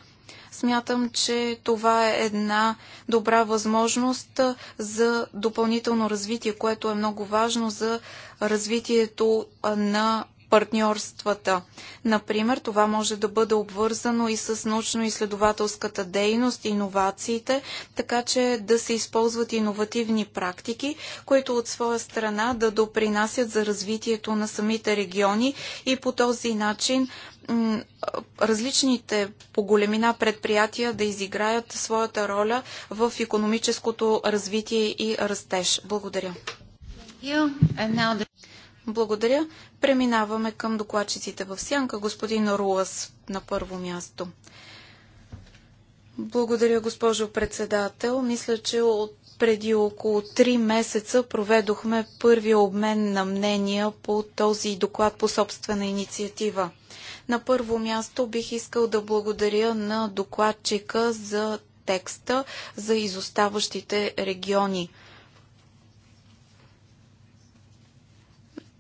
Смятам, че това е една добра възможност за допълнително развитие, което е много важно за развитието на партньорствата. Например, това може да бъде обвързано и с научно-изследователската дейност, иновациите, така че да се използват иновативни практики, които от своя страна да допринасят за развитието на самите региони и по този начин различните по големина предприятия да изиграят своята роля в економическото развитие и растеж. Благодаря. Благодаря. Преминаваме към докладчиците в сянка. Господин Руас на първо място. Благодаря, госпожо председател. Мисля, че от преди около 3 месеца проведохме първия обмен на мнения по този доклад по собствена инициатива. На първо място бих искал да благодаря на докладчика за текста за изоставащите региони.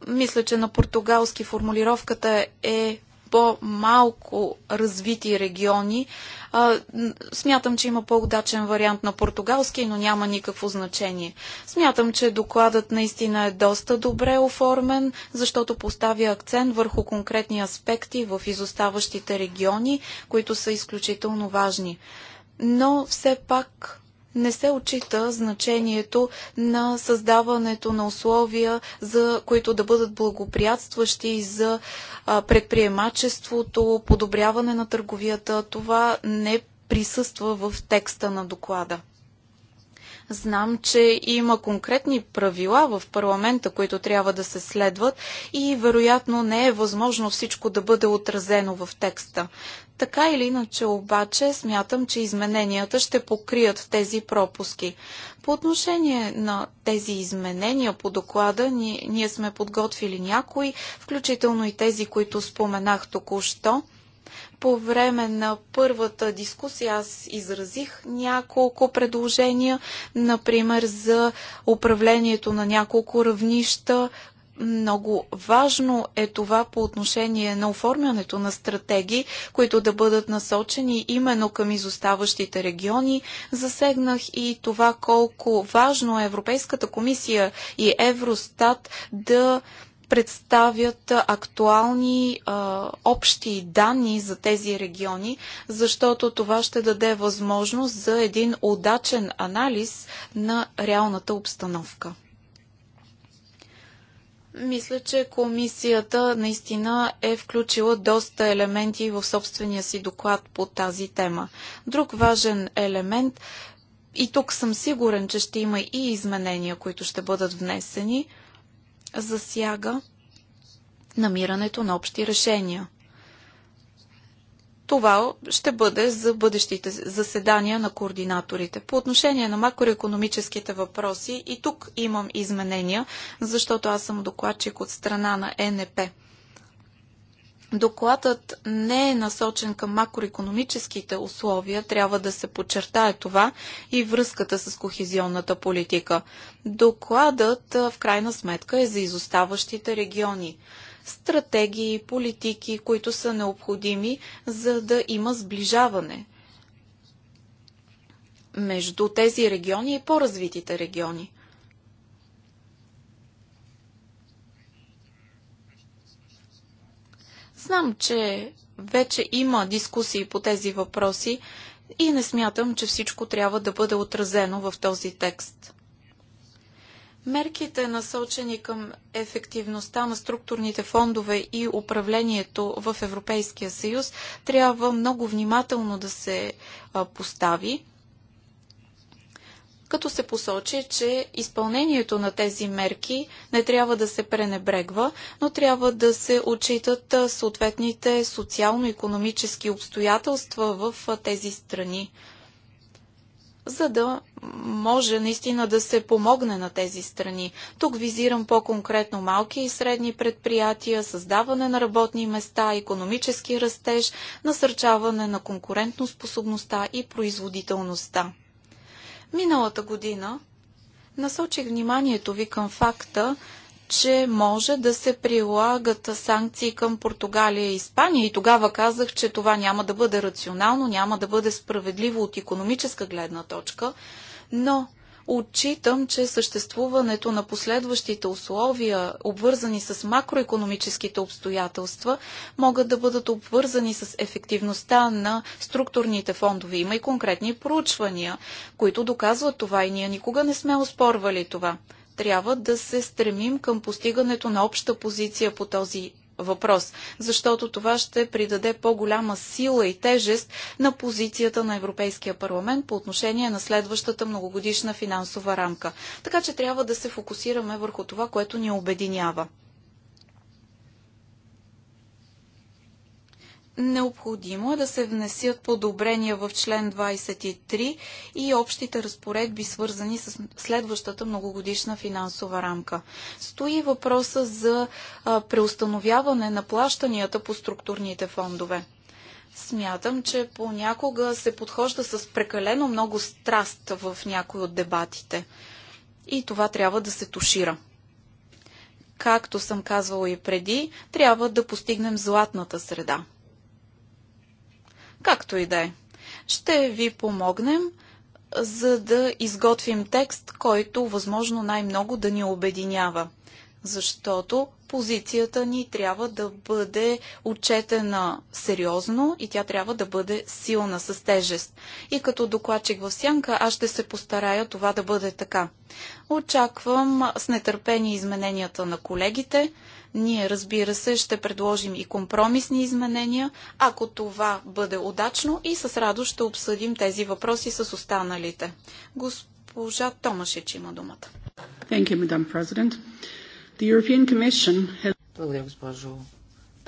Мисля, че на португалски формулировката е по-малко развити региони. А, смятам, че има по-удачен вариант на португалски, но няма никакво значение. Смятам, че докладът наистина е доста добре оформен, защото поставя акцент върху конкретни аспекти в изоставащите региони, които са изключително важни. Но все пак не се отчита значението на създаването на условия, за които да бъдат благоприятстващи за предприемачеството, подобряване на търговията. Това не присъства в текста на доклада. Знам, че има конкретни правила в парламента, които трябва да се следват и вероятно не е възможно всичко да бъде отразено в текста. Така или иначе обаче смятам, че измененията ще покрият тези пропуски. По отношение на тези изменения по доклада, ние, ние сме подготвили някои, включително и тези, които споменах току-що. По време на първата дискусия аз изразих няколко предложения, например за управлението на няколко равнища. Много важно е това по отношение на оформянето на стратегии, които да бъдат насочени именно към изоставащите региони. Засегнах и това колко важно е Европейската комисия и Евростат да представят актуални а, общи данни за тези региони, защото това ще даде възможност за един удачен анализ на реалната обстановка. Мисля, че комисията наистина е включила доста елементи в собствения си доклад по тази тема. Друг важен елемент, и тук съм сигурен, че ще има и изменения, които ще бъдат внесени – засяга намирането на общи решения. Това ще бъде за бъдещите заседания на координаторите. По отношение на макроекономическите въпроси и тук имам изменения, защото аз съм докладчик от страна на ЕНП. Докладът не е насочен към макроекономическите условия, трябва да се подчертае това и връзката с кохезионната политика. Докладът в крайна сметка е за изоставащите региони. Стратегии, политики, които са необходими, за да има сближаване между тези региони и по-развитите региони. Знам, че вече има дискусии по тези въпроси и не смятам, че всичко трябва да бъде отразено в този текст. Мерките, насочени към ефективността на структурните фондове и управлението в Европейския съюз, трябва много внимателно да се постави като се посочи, че изпълнението на тези мерки не трябва да се пренебрегва, но трябва да се отчитат съответните социално-економически обстоятелства в тези страни, за да може наистина да се помогне на тези страни. Тук визирам по-конкретно малки и средни предприятия, създаване на работни места, економически растеж, насърчаване на конкурентоспособността и производителността. Миналата година насочих вниманието ви към факта, че може да се прилагат санкции към Португалия и Испания и тогава казах, че това няма да бъде рационално, няма да бъде справедливо от економическа гледна точка, но Отчитам, че съществуването на последващите условия, обвързани с макроекономическите обстоятелства, могат да бъдат обвързани с ефективността на структурните фондове. Има и конкретни проучвания, които доказват това и ние никога не сме оспорвали това. Трябва да се стремим към постигането на обща позиция по този въпрос, защото това ще придаде по-голяма сила и тежест на позицията на Европейския парламент по отношение на следващата многогодишна финансова рамка. Така че трябва да се фокусираме върху това, което ни обединява. Необходимо е да се внесят подобрения в член 23 и общите разпоредби, свързани с следващата многогодишна финансова рамка. Стои въпроса за преустановяване на плащанията по структурните фондове. Смятам, че понякога се подхожда с прекалено много страст в някои от дебатите. И това трябва да се тушира както съм казвала и преди, трябва да постигнем златната среда. Както и да е. Ще ви помогнем, за да изготвим текст, който възможно най-много да ни обединява. Защото позицията ни трябва да бъде отчетена сериозно и тя трябва да бъде силна с тежест. И като докладчик в сянка, аз ще се постарая това да бъде така. Очаквам с нетърпение измененията на колегите. Ние, разбира се, ще предложим и компромисни изменения, ако това бъде удачно и с радост ще обсъдим тези въпроси с останалите. Госпожа Томашич има думата. Thank you, Madam President. The European Commission has... Благодаря, госпожо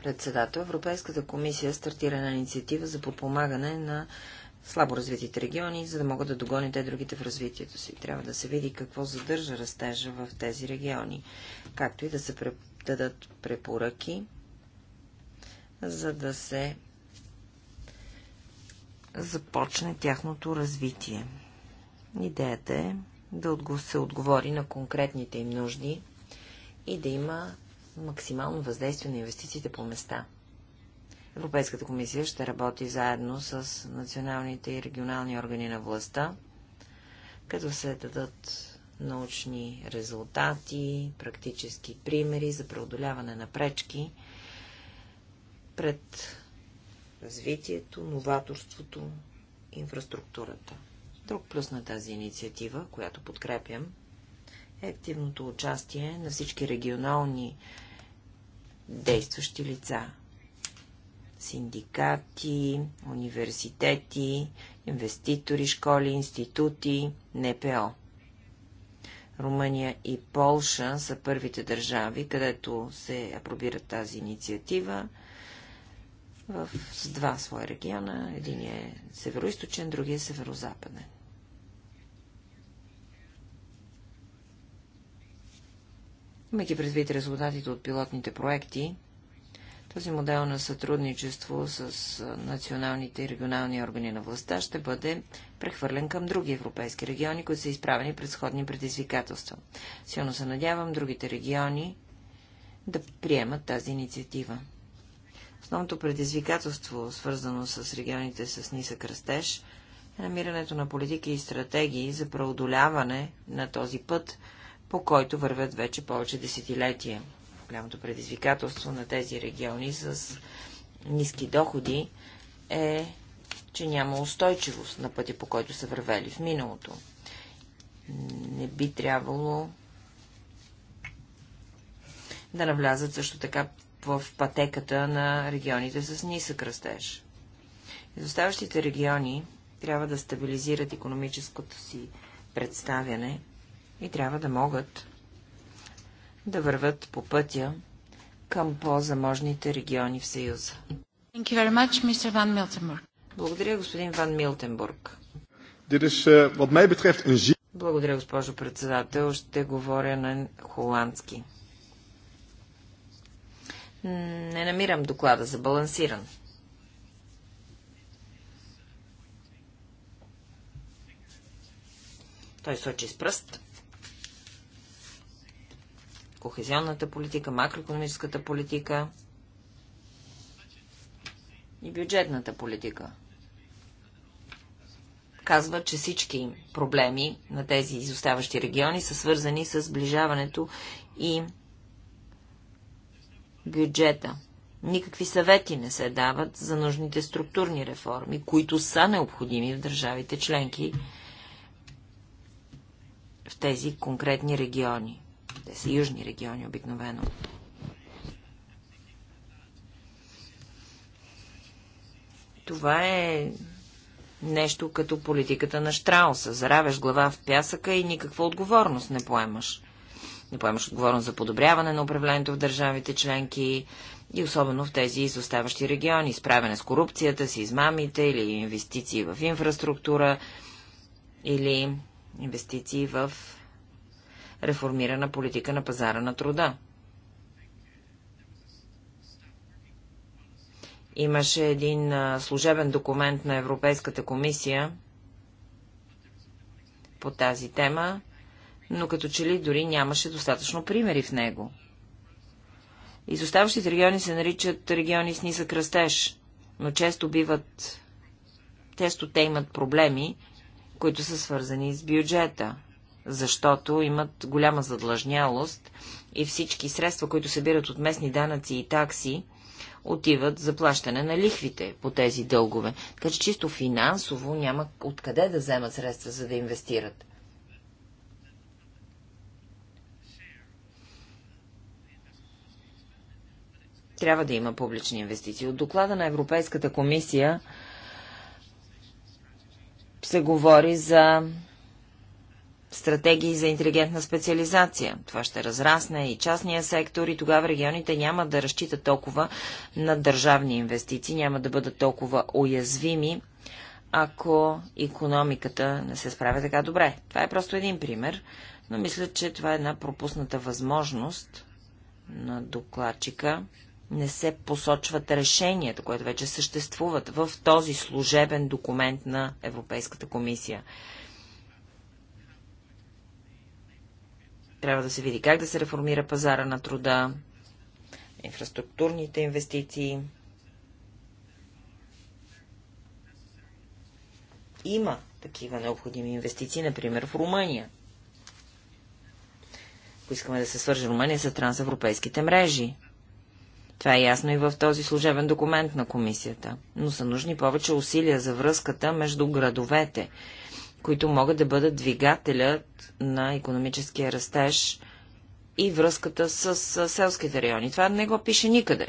председател. Европейската комисия стартира на инициатива за подпомагане на слабо развитите региони, за да могат да догонят те другите в развитието си. Трябва да се види какво задържа растежа в тези региони, както и да се дадат препоръки, за да се започне тяхното развитие. Идеята е да се отговори на конкретните им нужди и да има максимално въздействие на инвестициите по места. Европейската комисия ще работи заедно с националните и регионални органи на властта, като се дадат научни резултати, практически примери за преодоляване на пречки пред развитието, новаторството, инфраструктурата. Друг плюс на тази инициатива, която подкрепям, е активното участие на всички регионални действащи лица. Синдикати, университети, инвеститори, школи, институти, НПО. Румъния и Полша са първите държави, където се апробира тази инициатива в с два своя региона. Един е северо-источен, другия е северо-западен. Имайки предвид резултатите от пилотните проекти, този модел на сътрудничество с националните и регионални органи на властта ще бъде прехвърлен към други европейски региони, които са изправени пред сходни предизвикателства. Силно се надявам другите региони да приемат тази инициатива. Основното предизвикателство, свързано с регионите с нисък растеж, е намирането на политики и стратегии за преодоляване на този път, по който вървят вече повече десетилетия. Голямото предизвикателство на тези региони с ниски доходи е, че няма устойчивост на пътя, по който са вървели в миналото. Не би трябвало да навлязат също така в пътеката на регионите с нисък растеж. Изоставащите региони трябва да стабилизират економическото си представяне и трябва да могат да върват по пътя към по-заможните региони в Съюза. Much, Благодаря, господин Ван Милтенбург. Eh, Благодаря, госпожо председател. Ще говоря на холандски. Не намирам доклада за балансиран. Той сочи с пръст кохезионната политика, макроекономическата политика и бюджетната политика. Казва, че всички проблеми на тези изоставащи региони са свързани с сближаването и бюджета. Никакви съвети не се дават за нужните структурни реформи, които са необходими в държавите членки в тези конкретни региони. Те са южни региони обикновено. Това е нещо като политиката на Штрауса. Заравяш глава в пясъка и никаква отговорност не поемаш. Не поемаш отговорност за подобряване на управлението в държавите членки и особено в тези изоставащи региони. Справяне с корупцията, с измамите или инвестиции в инфраструктура или инвестиции в реформирана политика на пазара на труда. Имаше един служебен документ на Европейската комисия по тази тема, но като че ли дори нямаше достатъчно примери в него. Изоставащите региони се наричат региони с нисък растеж, но често биват... Често те имат проблеми, които са свързани с бюджета защото имат голяма задлъжнялост и всички средства, които събират от местни данъци и такси, отиват за плащане на лихвите по тези дългове. Така че чисто финансово няма откъде да вземат средства, за да инвестират. Трябва да има публични инвестиции. От доклада на Европейската комисия се говори за стратегии за интелигентна специализация. Това ще разрасне и частния сектор и тогава регионите няма да разчитат толкова на държавни инвестиции, няма да бъдат толкова уязвими, ако економиката не се справя така добре. Това е просто един пример, но мисля, че това е една пропусната възможност на докладчика. Не се посочват решенията, които вече съществуват в този служебен документ на Европейската комисия. Трябва да се види как да се реформира пазара на труда, инфраструктурните инвестиции. Има такива необходими инвестиции, например в Румъния. Ако искаме да се свържи Румъния с трансевропейските мрежи. Това е ясно и в този служебен документ на комисията. Но са нужни повече усилия за връзката между градовете които могат да бъдат двигателят на економическия растеж и връзката с, селските райони. Това не го пише никъде.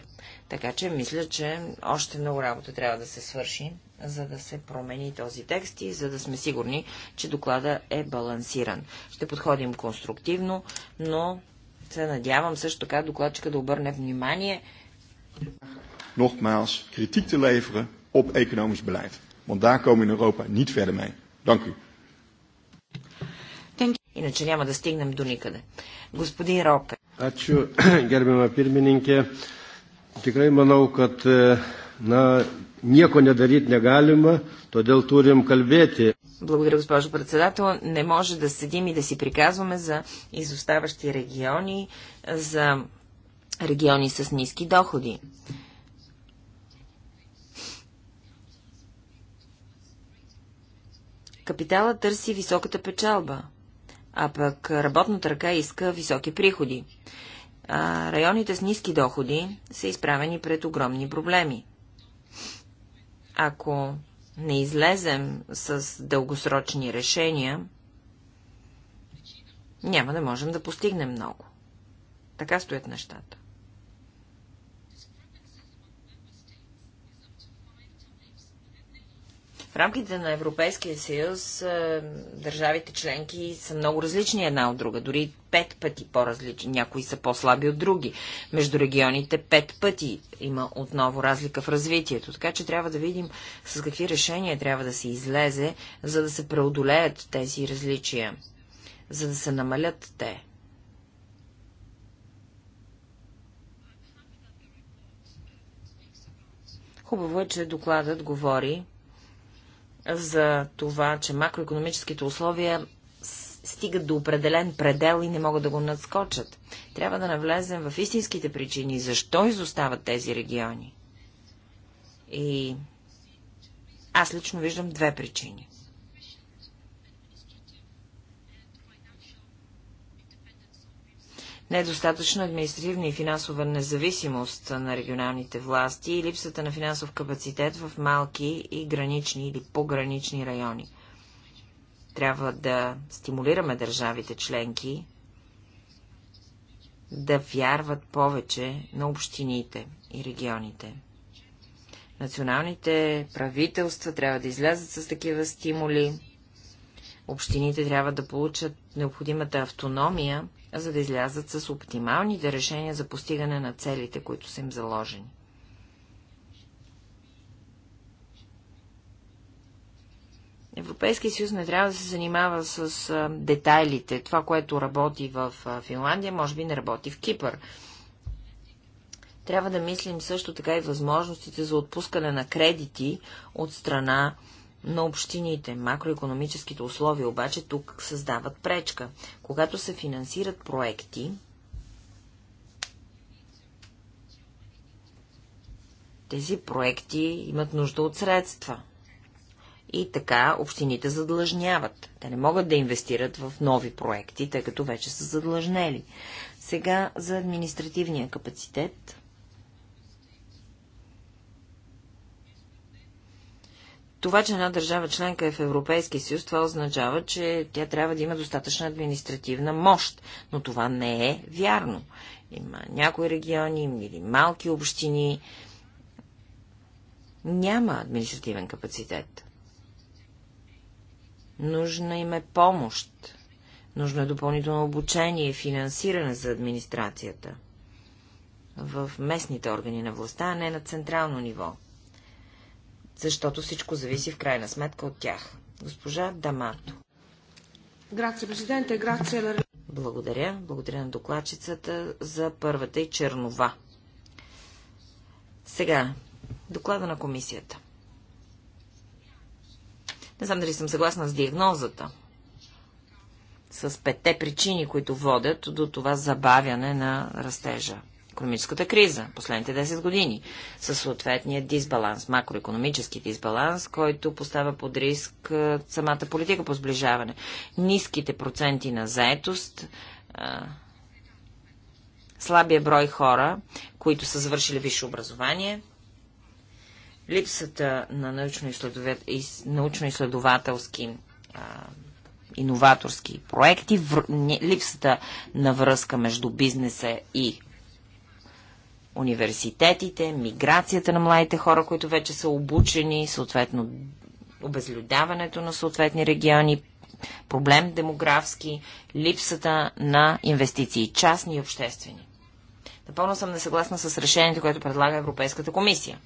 Така че мисля, че още много работа трябва да се свърши, за да се промени този текст и за да сме сигурни, че доклада е балансиран. Ще подходим конструктивно, но се надявам също така докладчика да обърне внимание. Nogmaals, kritiek te leveren op economisch beleid. Want daar komen in Europa niet verder mee. Dank u. Иначе няма да стигнем до никъде. Господин Ропе. Ačiū, gerbiamą pirmininkę. Tikrai manau, kad na, nieko nedaryti negalima, todėl turim kalbėti. Благодаря, госпожо председател. Не може да седим и да си приказваме за изоставащи региони, за региони с ниски доходи. Капитала търси високата печалба, а пък работната ръка иска високи приходи. А районите с ниски доходи са изправени пред огромни проблеми. Ако не излезем с дългосрочни решения, няма да можем да постигнем много. Така стоят нещата. В рамките на Европейския съюз е, държавите членки са много различни една от друга, дори пет пъти по-различни. Някои са по-слаби от други. Между регионите пет пъти има отново разлика в развитието. Така че трябва да видим с какви решения трябва да се излезе, за да се преодолеят тези различия, за да се намалят те. Хубаво е, че докладът говори за това, че макроекономическите условия стигат до определен предел и не могат да го надскочат. Трябва да навлезем в истинските причини, защо изостават тези региони. И аз лично виждам две причини. недостатъчна административна и финансова независимост на регионалните власти и липсата на финансов капацитет в малки и гранични или погранични райони. Трябва да стимулираме държавите членки да вярват повече на общините и регионите. Националните правителства трябва да излязат с такива стимули. Общините трябва да получат необходимата автономия, за да излязат с оптималните решения за постигане на целите, които са им заложени. Европейския съюз не трябва да се занимава с а, детайлите. Това, което работи в а, Финландия, може би не работи в Кипър. Трябва да мислим също така и възможностите за отпускане на кредити от страна на общините. Макроекономическите условия обаче тук създават пречка. Когато се финансират проекти, тези проекти имат нужда от средства. И така общините задлъжняват. Те не могат да инвестират в нови проекти, тъй като вече са задлъжнели. Сега за административния капацитет. Това, че една държава членка е в Европейския съюз, това означава, че тя трябва да има достатъчна административна мощ. Но това не е вярно. Има някои региони или малки общини. Няма административен капацитет. Нужна им е помощ. Нужно е допълнително обучение и финансиране за администрацията. В местните органи на властта, а не на централно ниво защото всичко зависи в крайна сметка от тях. Госпожа Дамато. Благодаря. Благодаря на докладчицата за първата и чернова. Сега, доклада на комисията. Не знам дали съм съгласна с диагнозата. С петте причини, които водят до това забавяне на растежа економическата криза, последните 10 години, със съответния дисбаланс, макроекономически дисбаланс, който поставя под риск самата политика по сближаване. Ниските проценти на заетост, слабия брой хора, които са завършили висше образование, липсата на научно-изследователски иноваторски проекти, липсата на връзка между бизнеса и университетите, миграцията на младите хора, които вече са обучени, съответно обезлюдаването на съответни региони, проблем демографски, липсата на инвестиции, частни и обществени. Напълно съм несъгласна с решението, което предлага Европейската комисия.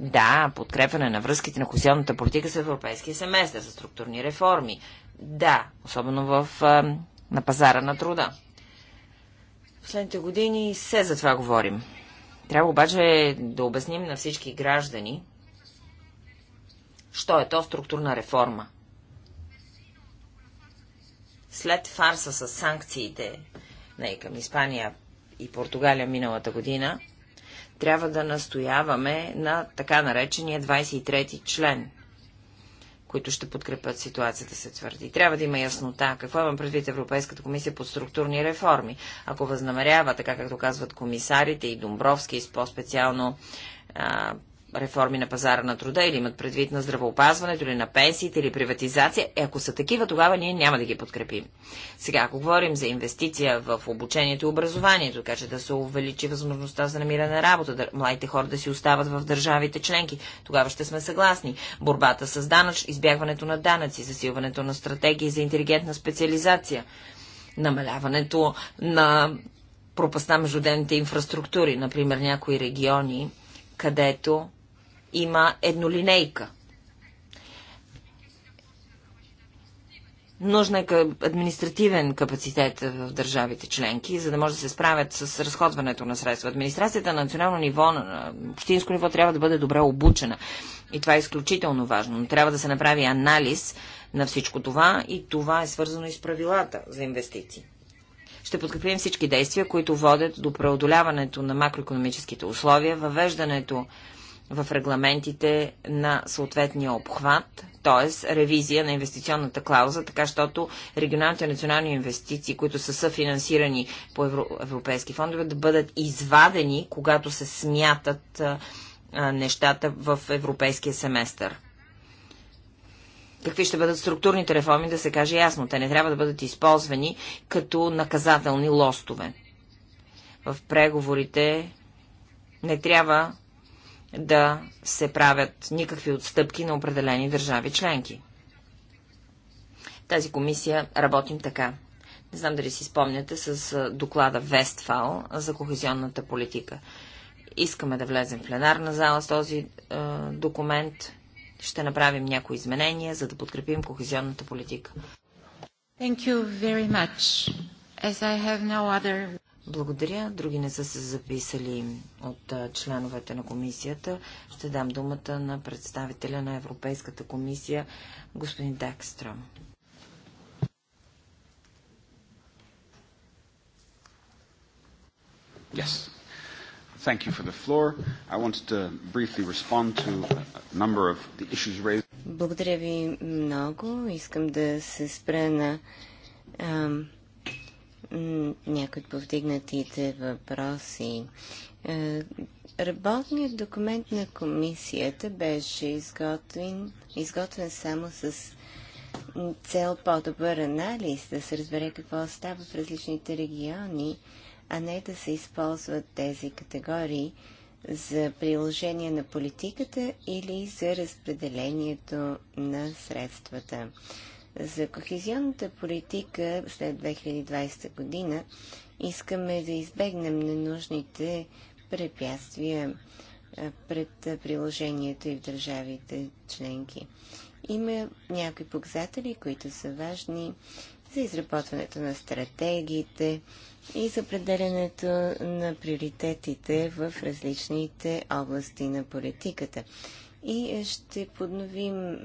Да, подкрепване на връзките на косионната политика с европейския семестър, за структурни реформи. Да, особено в, на пазара на труда последните години се за това говорим. Трябва обаче да обясним на всички граждани, що е то структурна реформа. След фарса с санкциите не, към Испания и Португалия миналата година, трябва да настояваме на така наречения 23 ти член които ще подкрепят ситуацията, се твърди. Трябва да има яснота. Какво имам предвид Европейската комисия под структурни реформи? Ако възнамерява, така както казват комисарите и Домбровски, и по-специално реформи на пазара на труда или имат предвид на здравеопазването или на пенсиите или приватизация. Е, ако са такива, тогава ние няма да ги подкрепим. Сега, ако говорим за инвестиция в обучението и образованието, така че да се увеличи възможността за намиране на работа, да, младите хора да си остават в държавите членки, тогава ще сме съгласни. Борбата с данъч, избягването на данъци, засилването на стратегии за интелигентна специализация, намаляването на пропаста между инфраструктури, например някои региони, където има еднолинейка. Нужна е административен капацитет в държавите членки, за да може да се справят с разходването на средства. Администрацията на национално ниво, на общинско ниво трябва да бъде добре обучена. И това е изключително важно. Но трябва да се направи анализ на всичко това и това е свързано и с правилата за инвестиции. Ще подкрепим всички действия, които водят до преодоляването на макроекономическите условия, въвеждането в регламентите на съответния обхват, т.е. ревизия на инвестиционната клауза, така щото регионалните и национални инвестиции, които са съфинансирани по европейски фондове, да бъдат извадени, когато се смятат нещата в европейския семестър. Какви ще бъдат структурните реформи, да се каже ясно. Те не трябва да бъдат използвани като наказателни лостове. В преговорите не трябва да се правят никакви отстъпки на определени държави членки. Тази комисия работим така. Не знам дали си спомняте с доклада Вестфал за кохезионната политика. Искаме да влезем в пленарна зала с този е, документ. Ще направим някои изменения, за да подкрепим кохезионната политика. Thank you very much. As I have no other... Благодаря. Други не са се записали от членовете на комисията. Ще дам думата на представителя на Европейската комисия, господин Дакстрам. Yes. Thank you for the floor. I wanted to briefly respond to a number of the issues raised. Благодаря ви много. Искам да се спре на някои повдигнатите въпроси. Е, работният документ на комисията беше изготвен, изготвен само с цел по-добър анализ, да се разбере какво става в различните региони, а не да се използват тези категории за приложение на политиката или за разпределението на средствата. За кохезионната политика след 2020 година искаме да избегнем ненужните препятствия пред приложението и в държавите членки. Има някои показатели, които са важни за изработването на стратегиите и за определенето на приоритетите в различните области на политиката. И ще подновим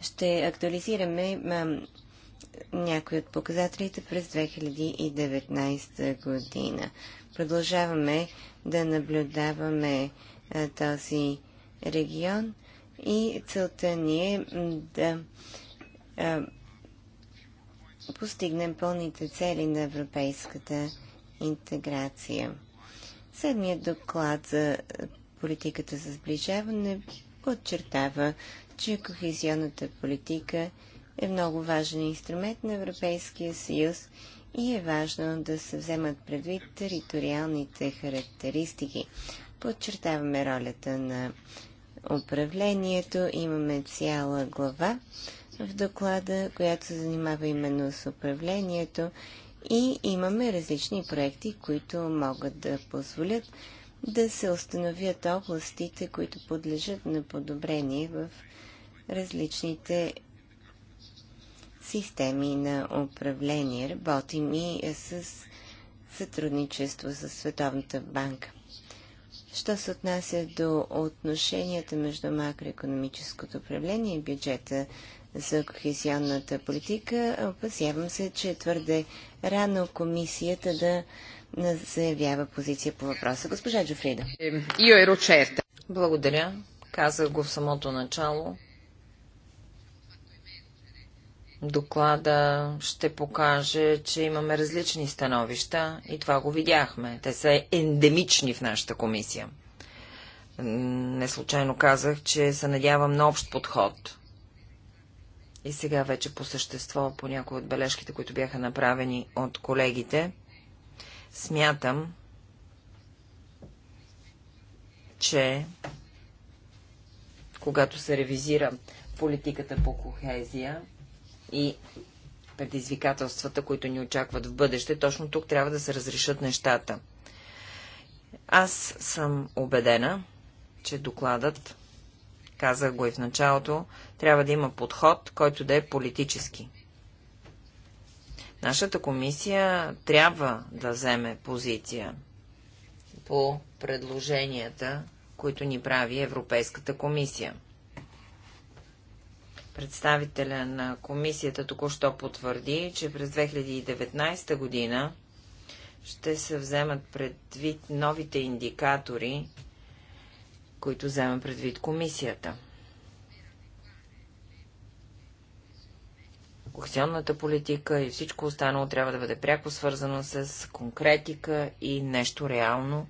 ще актуализираме някои от показателите през 2019 година. Продължаваме да наблюдаваме този регион и целта ни е да постигнем пълните цели на европейската интеграция. Седмият доклад за политиката за сближаване подчертава че кохезионната политика е много важен инструмент на Европейския съюз и е важно да се вземат предвид териториалните характеристики. Подчертаваме ролята на управлението. Имаме цяла глава в доклада, която се занимава именно с управлението и имаме различни проекти, които могат да позволят да се установят областите, които подлежат на подобрение в различните системи на управление. Работим и с сътрудничество с Световната банка. Що се отнася до отношенията между макроекономическото управление и бюджета за кохезионната политика, опасявам се, че е твърде рано комисията да заявява позиция по въпроса. Госпожа Джофрида. Благодаря. Казах го в самото начало доклада ще покаже, че имаме различни становища и това го видяхме. Те са ендемични в нашата комисия. Не случайно казах, че се надявам на общ подход. И сега вече по същество, по някои от бележките, които бяха направени от колегите, смятам, че когато се ревизира политиката по кохезия, и предизвикателствата, които ни очакват в бъдеще. Точно тук трябва да се разрешат нещата. Аз съм убедена, че докладът, казах го и в началото, трябва да има подход, който да е политически. Нашата комисия трябва да вземе позиция по предложенията, които ни прави Европейската комисия. Представителя на комисията току-що потвърди, че през 2019 година ще се вземат предвид новите индикатори, които взема предвид комисията. Кохесионната политика и всичко останало трябва да бъде пряко свързано с конкретика и нещо реално,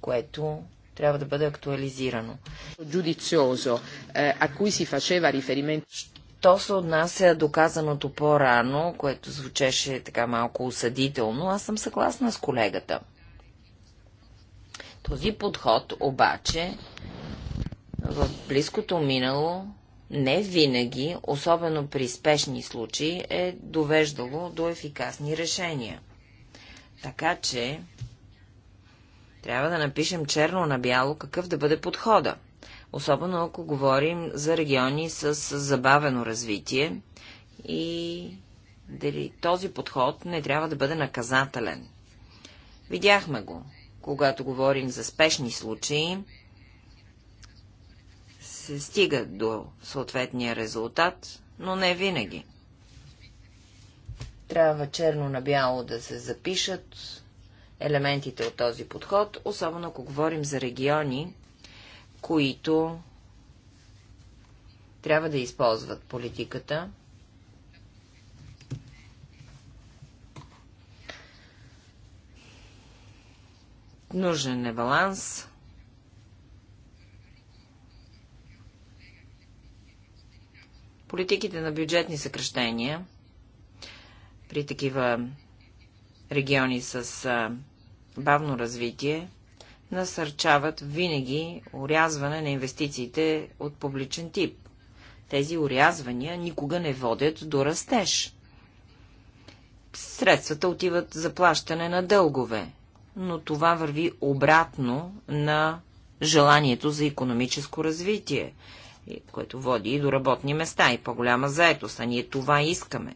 което трябва да бъде актуализирано. Е, Що се отнася до казаното по-рано, което звучеше така малко осъдително, аз съм съгласна с колегата. Този подход обаче в близкото минало не винаги, особено при спешни случаи, е довеждало до ефикасни решения. Така че трябва да напишем черно на бяло какъв да бъде подхода, особено ако говорим за региони с забавено развитие и дали този подход не трябва да бъде наказателен. Видяхме го, когато говорим за спешни случаи, се стига до съответния резултат, но не винаги. Трябва черно на бяло да се запишат елементите от този подход, особено ако говорим за региони, които трябва да използват политиката. Нужен е баланс. Политиките на бюджетни съкръщения при такива региони с бавно развитие насърчават винаги урязване на инвестициите от публичен тип. Тези урязвания никога не водят до растеж. Средствата отиват за плащане на дългове, но това върви обратно на желанието за економическо развитие, което води и до работни места и по-голяма заетост, а ние това искаме.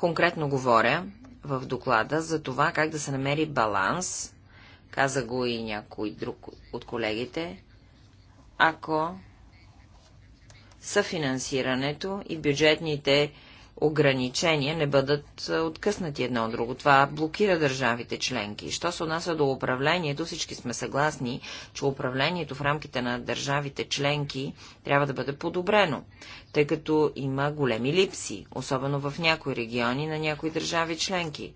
Конкретно говоря в доклада за това как да се намери баланс, каза го и някой друг от колегите, ако съфинансирането и бюджетните ограничения не бъдат е, откъснати едно от друго. Това блокира държавите членки. Що се отнася до управлението, всички сме съгласни, че управлението в рамките на държавите членки трябва да бъде подобрено, тъй като има големи липси, особено в някои региони на някои държави членки.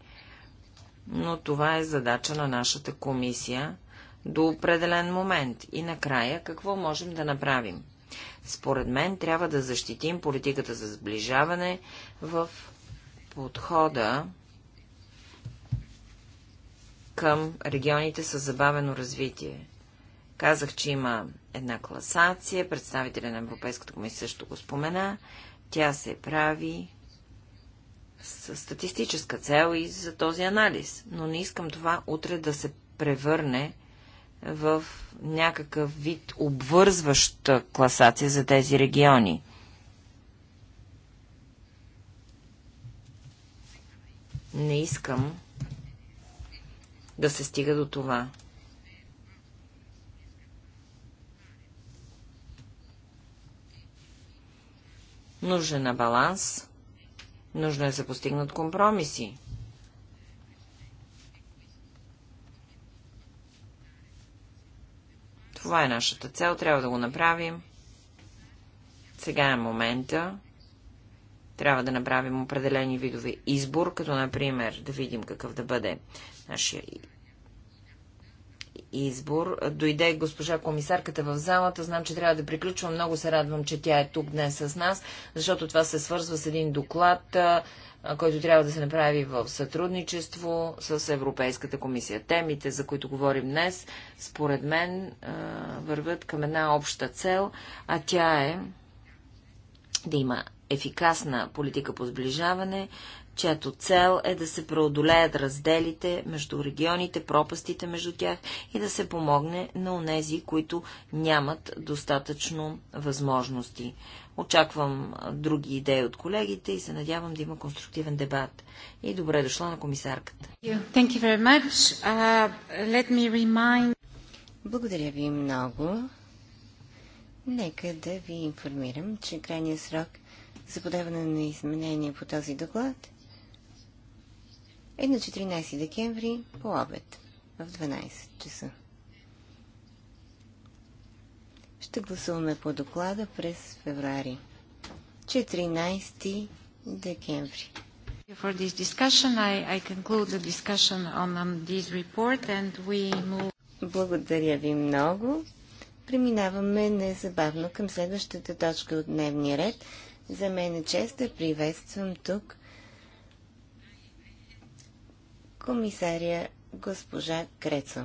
Но това е задача на нашата комисия до определен момент. И накрая какво можем да направим? Според мен трябва да защитим политиката за сближаване в подхода към регионите с забавено развитие. Казах, че има една класация, представителя на Европейската комисия също го спомена. Тя се прави с статистическа цел и за този анализ, но не искам това утре да се превърне в някакъв вид обвързваща класация за тези региони. Не искам да се стига до това. Нужен е баланс, нужно е да се постигнат компромиси. Това е нашата цел, трябва да го направим. Сега е момента. Трябва да направим определени видове избор, като например да видим какъв да бъде нашия избор. Дойде госпожа комисарката в залата. Знам, че трябва да приключвам. Много се радвам, че тя е тук днес с нас, защото това се свързва с един доклад, който трябва да се направи в сътрудничество с Европейската комисия. Темите, за които говорим днес, според мен върват към една обща цел, а тя е да има ефикасна политика по сближаване, чиято цел е да се преодолеят разделите между регионите, пропастите между тях и да се помогне на онези, които нямат достатъчно възможности. Очаквам други идеи от колегите и се надявам да има конструктивен дебат. И добре дошла на комисарката. Uh, remind... Благодаря ви много. Нека да ви информирам, че крайният срок за подаване на изменения по този доклад е на 14 декември по обед в 12 часа. Ще гласуваме по доклада през феврари. 14 декември. For this discussion, I, I conclude the discussion on, on this report and we move... Благодаря ви много. Преминаваме незабавно към следващата точка от дневния ред. За мен е чест да приветствам тук комисария госпожа Крецо.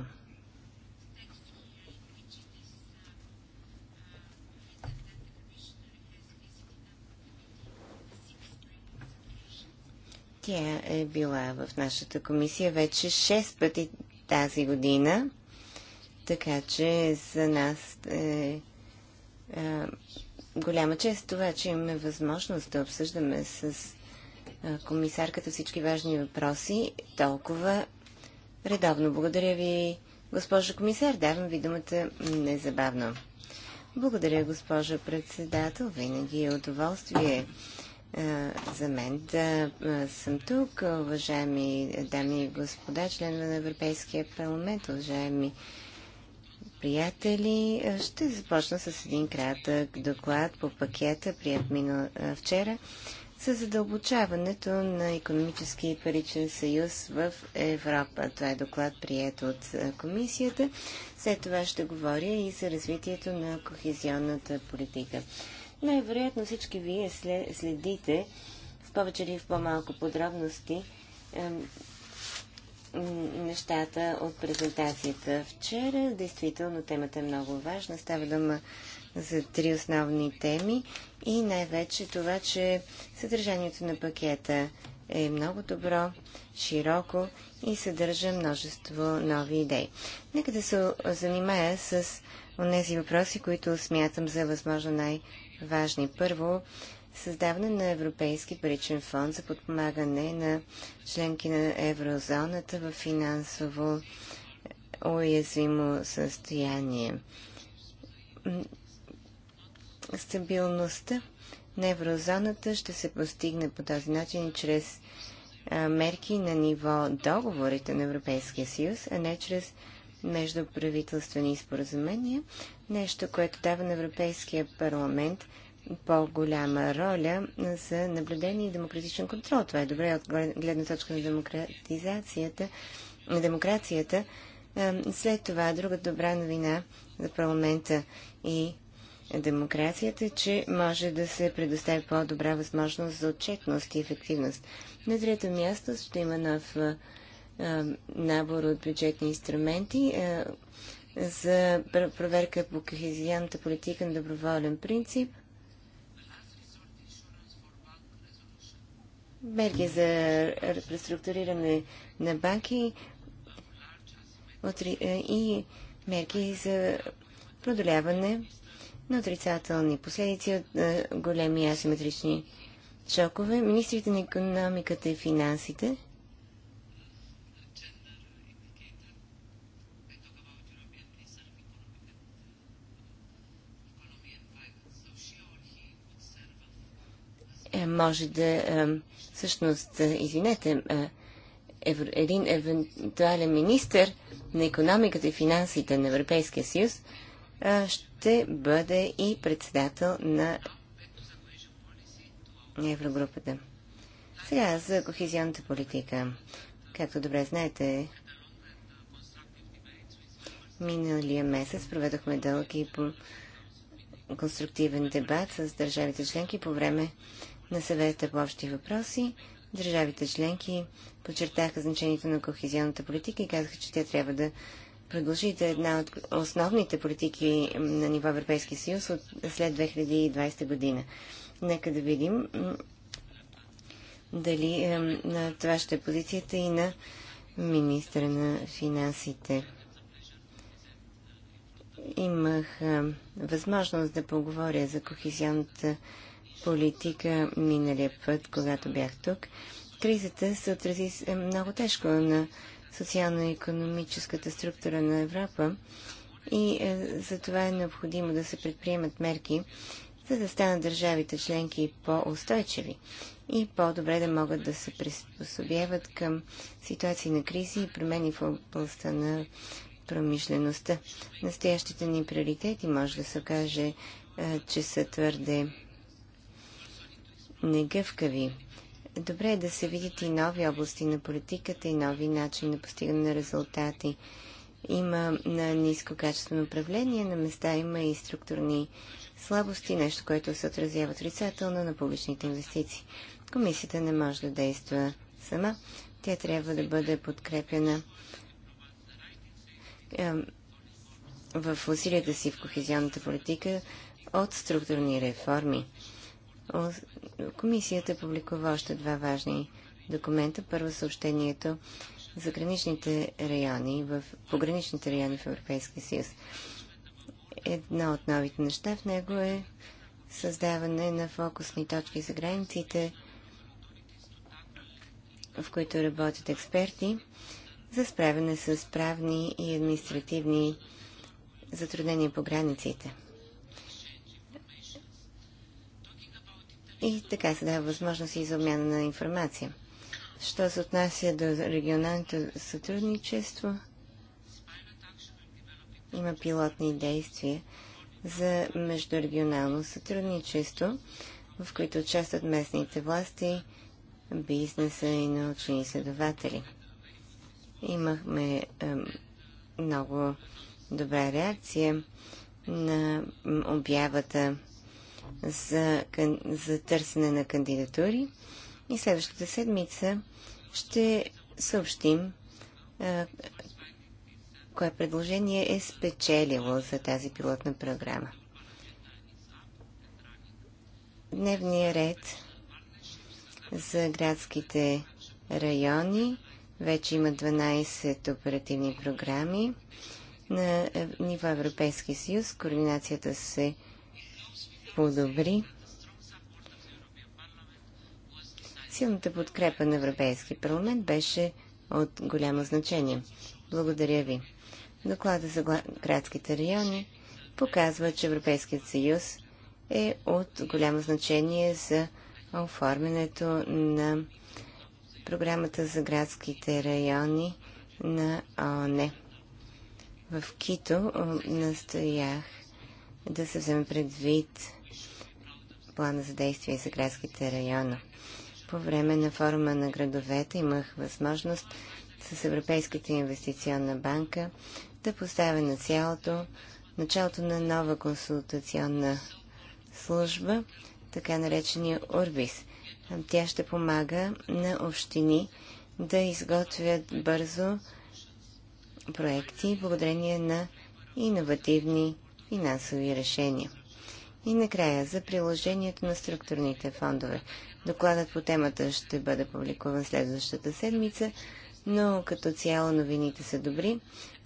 Тя е била в нашата комисия вече 6 пъти тази година, така че за нас е, е голяма чест това, че имаме възможност да обсъждаме с е, комисарката всички важни въпроси толкова редовно. Благодаря ви, госпожо комисар. Давам ви думата незабавно. Благодаря, госпожо председател. Винаги е удоволствие е, за мен да е, съм тук, уважаеми дами и господа, членове на Европейския парламент, уважаеми приятели. Е, ще започна с един кратък доклад по пакета, прият минал вчера, за задълбочаването на економически и паричен съюз в Европа. Това е доклад, прият от комисията. След това ще говоря и за развитието на кохезионната политика. Най-вероятно всички вие следите в повече или в по-малко подробности нещата от презентацията вчера. Действително темата е много важна. Става дума за три основни теми и най-вече това, че съдържанието на пакета е много добро, широко и съдържа множество нови идеи. Нека да се занимая с тези въпроси, които смятам за възможно най- важни. Първо, създаване на Европейски паричен фонд за подпомагане на членки на еврозоната в финансово уязвимо състояние. Стабилността на еврозоната ще се постигне по този начин чрез мерки на ниво договорите на Европейския съюз, а не чрез междуправителствени споразумения, нещо, което дава на Европейския парламент по-голяма роля за наблюдение и демократичен контрол. Това е добре от гледна точка на демократизацията, на демокрацията. След това, друга добра новина за парламента и демокрацията е, че може да се предостави по-добра възможност за отчетност и ефективност. На трето място ще има нов набор от бюджетни инструменти за проверка по кохезионната политика на доброволен принцип. Мерки за преструктуриране на банки и мерки за продоляване на отрицателни последици от големи асиметрични шокове. Министрите на економиката и финансите – Е, може да... Е, всъщност, е, извинете, един евентуален министр на економиката и финансите на Европейския съюз ще бъде и председател на Еврогрупата. Сега за кохезионната политика. Както добре знаете, миналия месец проведохме дълги по конструктивен дебат с държавите членки по време на съвета по общи въпроси, държавите членки подчертаха значението на кохезионната политика и казаха, че тя трябва да продължи да е една от основните политики на ниво Европейски съюз от, след 2020 година. Нека да видим дали на това ще е позицията и на министра на финансите. Имах възможност да поговоря за кохезионната политика политика миналия път, когато бях тук. Кризата се отрази е, много тежко на социално-економическата структура на Европа и е, за това е необходимо да се предприемат мерки, за да станат държавите членки по-устойчиви и по-добре да могат да се приспособяват към ситуации на кризи и промени в областта на промишлеността. Настоящите ни приоритети може да се окаже, е, че са твърде негъвкави. Добре е да се видят и нови области на политиката и нови начини на постигане на резултати. Има на ниско качествено управление, на места има и структурни слабости, нещо, което се отразява отрицателно на публичните инвестиции. Комисията не може да действа сама. Тя трябва да бъде подкрепена в усилията си в кохезионната политика от структурни реформи. Комисията публикува още два важни документа. Първо съобщението за граничните райони, в пограничните райони в Европейския съюз. Едно от новите неща в него е създаване на фокусни точки за границите, в които работят експерти, за справяне с правни и административни затруднения по границите. и така се дава възможност и за обмяна на информация. Що се отнася до регионалното сътрудничество, има пилотни действия за междурегионално сътрудничество, в които участват местните власти, бизнеса и научни изследователи. Имахме много добра реакция на обявата за, за търсене на кандидатури и следващата седмица ще съобщим а, кое предложение е спечелило за тази пилотна програма. Дневният ред за градските райони вече има 12 оперативни програми на е, ниво Европейски съюз. Координацията се подобри силната подкрепа на Европейски парламент беше от голямо значение. Благодаря ви. Доклада за градските райони показва, че Европейският съюз е от голямо значение за оформянето на програмата за градските райони на ООН. В Кито настоях да се вземе предвид плана за действие за градските района. По време на форума на градовете имах възможност с Европейската инвестиционна банка да поставя на цялото, началото на нова консултационна служба, така наречения Урбис. Тя ще помага на общини да изготвят бързо проекти благодарение на иновативни финансови решения. И накрая, за приложението на структурните фондове. Докладът по темата ще бъде публикуван следващата седмица, но като цяло новините са добри.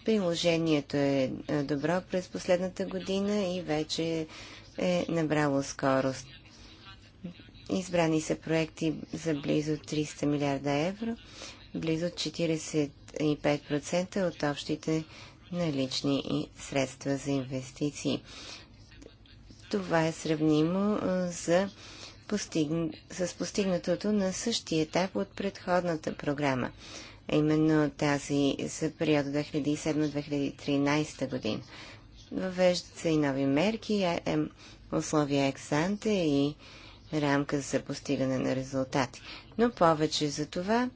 Приложението е, е добро през последната година и вече е набрало скорост. Избрани са проекти за близо 300 милиарда евро, близо 45% от общите налични средства за инвестиции. Това е сравнимо за постигна... с постигнатото на същия етап от предходната програма, а именно тази за периода 2007-2013 година. Въвеждат се и нови мерки, условия ексанте и рамка за постигане на резултати. Но повече за това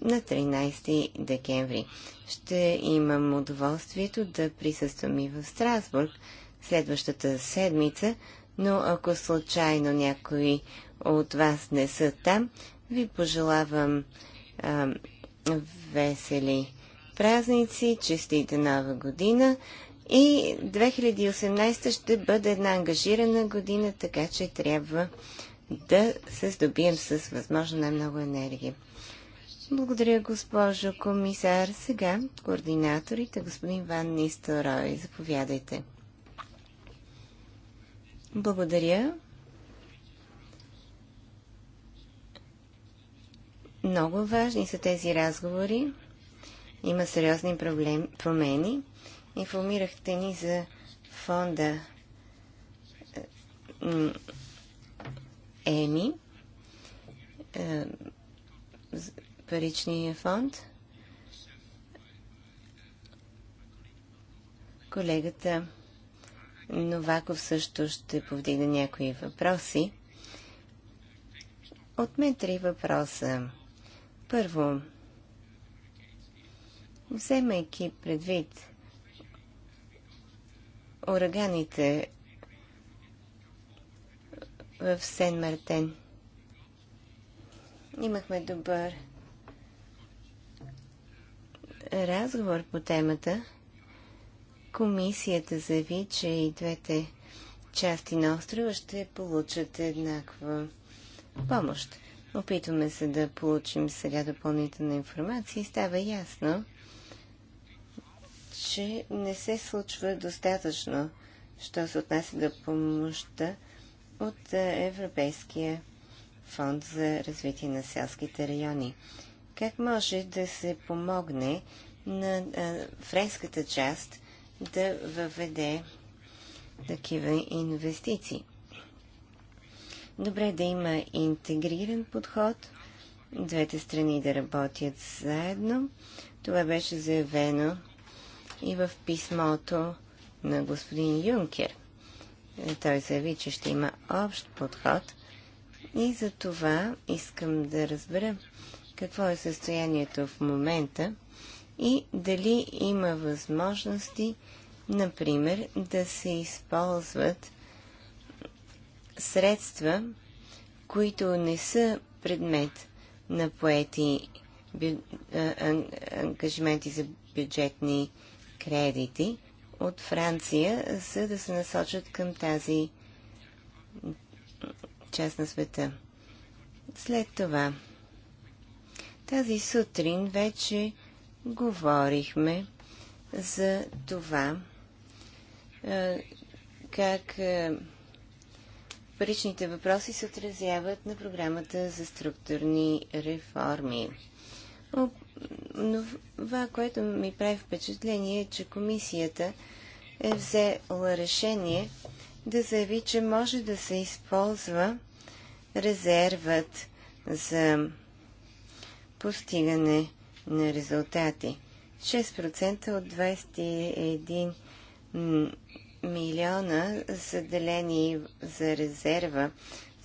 на 13 декември. Ще имам удоволствието да присъствам и в Страсбург следващата седмица, но ако случайно някои от вас не са там, ви пожелавам а, весели празници, честите нова година и 2018 ще бъде една ангажирана година, така че трябва да се здобием с възможно най-много енергия. Благодаря, госпожо комисар. Сега координаторите, господин Ван Нисторой, заповядайте. Благодаря. Много важни са тези разговори. Има сериозни проблем, промени. Информирахте ни за фонда е, ЕМИ, е, паричния фонд. Колегата Новаков също ще повдигне някои въпроси. От мен три въпроса. Първо, вземайки предвид ураганите в Сен Мартен, имахме добър разговор по темата – Комисията заяви, че и двете части на острова ще получат еднаква помощ. Опитваме се да получим сега допълнителна информация и става ясно, че не се случва достатъчно, що се отнася до помощта от е, Европейския фонд за развитие на селските райони. Как може да се помогне на е, френската част да въведе такива инвестиции. Добре да има интегриран подход, двете страни да работят заедно. Това беше заявено и в писмото на господин Юнкер. Той заяви, че ще има общ подход и за това искам да разбера какво е състоянието в момента и дали има възможности, например, да се използват средства, които не са предмет на поети бю... ангажименти за бюджетни кредити от Франция, за да се насочат към тази част на света. След това, тази сутрин вече говорихме за това как паричните въпроси се отразяват на програмата за структурни реформи. Но това, което ми прави впечатление е, че комисията е взела решение да заяви, че може да се използва резервът за постигане на резултати. 6% от 21 милиона са делени за резерва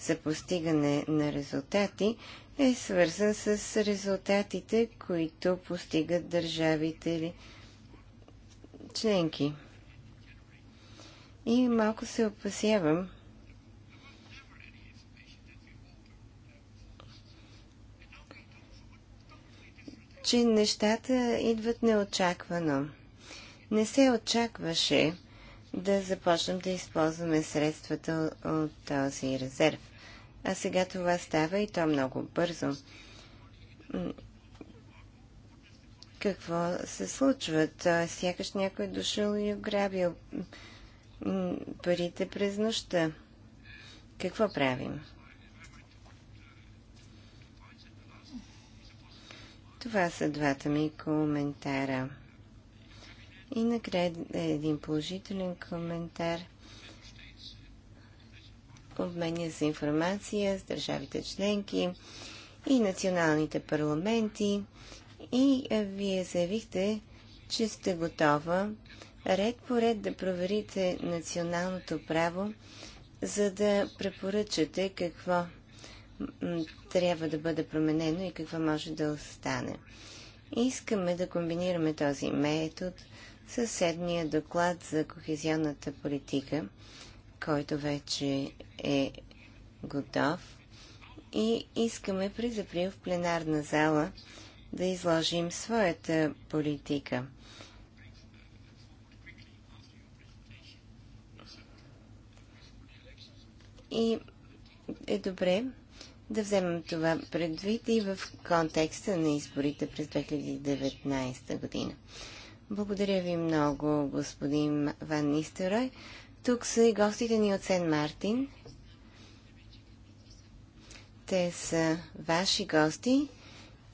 за постигане на резултати е свързан с резултатите, които постигат държавите или членки. И малко се опасявам, че нещата идват неочаквано. Не се очакваше да започнем да използваме средствата от този резерв. А сега това става и то много бързо. Какво се случва? Той сякаш някой е дошъл и е ограбил парите през нощта. Какво правим? Това са двата ми коментара. И накрая един положителен коментар. Обменя се информация с държавите членки и националните парламенти. И вие заявихте, че сте готова ред по ред да проверите националното право, за да препоръчате какво трябва да бъде променено и какво може да остане. Искаме да комбинираме този метод с седмия доклад за кохезионната политика, който вече е готов. И искаме през април в пленарна зала да изложим своята политика. И е добре да вземем това предвид и в контекста на изборите през 2019 година. Благодаря ви много, господин Ван Нистерой. Тук са и гостите ни от Сен Мартин. Те са ваши гости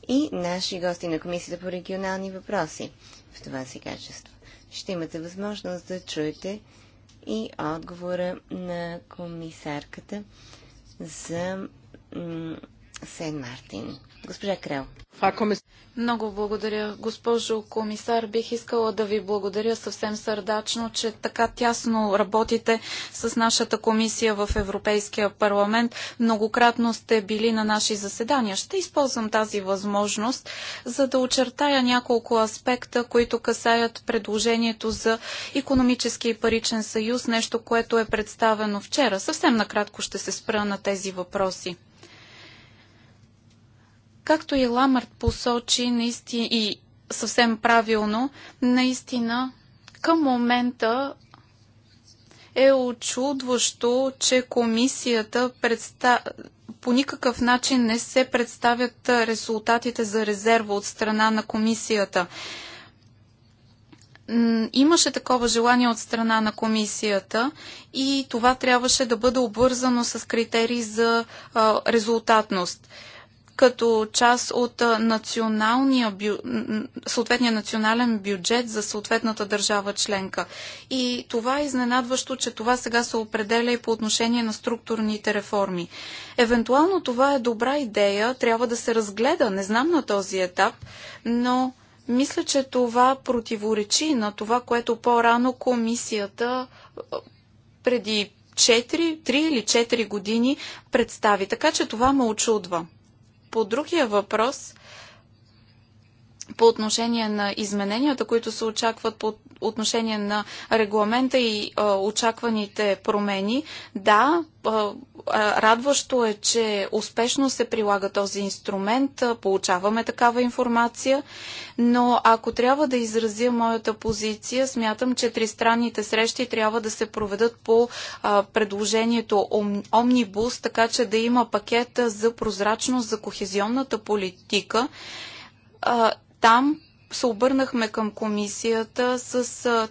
и наши гости на Комисията по регионални въпроси в това си качество. Ще имате възможност да чуете и отговора на комисарката за Сен Мартин. Госпожа Крел. Много благодаря, госпожо комисар. Бих искала да ви благодаря съвсем сърдачно, че така тясно работите с нашата комисия в Европейския парламент. Многократно сте били на наши заседания. Ще използвам тази възможност, за да очертая няколко аспекта, които касаят предложението за економически и паричен съюз, нещо, което е представено вчера. Съвсем накратко ще се спра на тези въпроси. Както и Ламарт посочи наистина, и съвсем правилно, наистина към момента е очудващо, че комисията представ... по никакъв начин не се представят резултатите за резерва от страна на комисията. Имаше такова желание от страна на комисията и това трябваше да бъде обвързано с критерии за резултатност като част от националния, бю... съответния национален бюджет за съответната държава членка. И това е изненадващо, че това сега се определя и по отношение на структурните реформи. Евентуално това е добра идея, трябва да се разгледа, не знам на този етап, но мисля, че това противоречи на това, което по-рано комисията преди 4, 3 или 4 години представи. Така че това ме очудва. По другия въпрос – по отношение на измененията, които се очакват по отношение на регламента и а, очакваните промени. Да, а, радващо е, че успешно се прилага този инструмент, а, получаваме такава информация, но ако трябва да изразя моята позиция, смятам, че тристранните срещи трябва да се проведат по а, предложението ом, Омнибус, така че да има пакета за прозрачност за кохезионната политика там се обърнахме към комисията с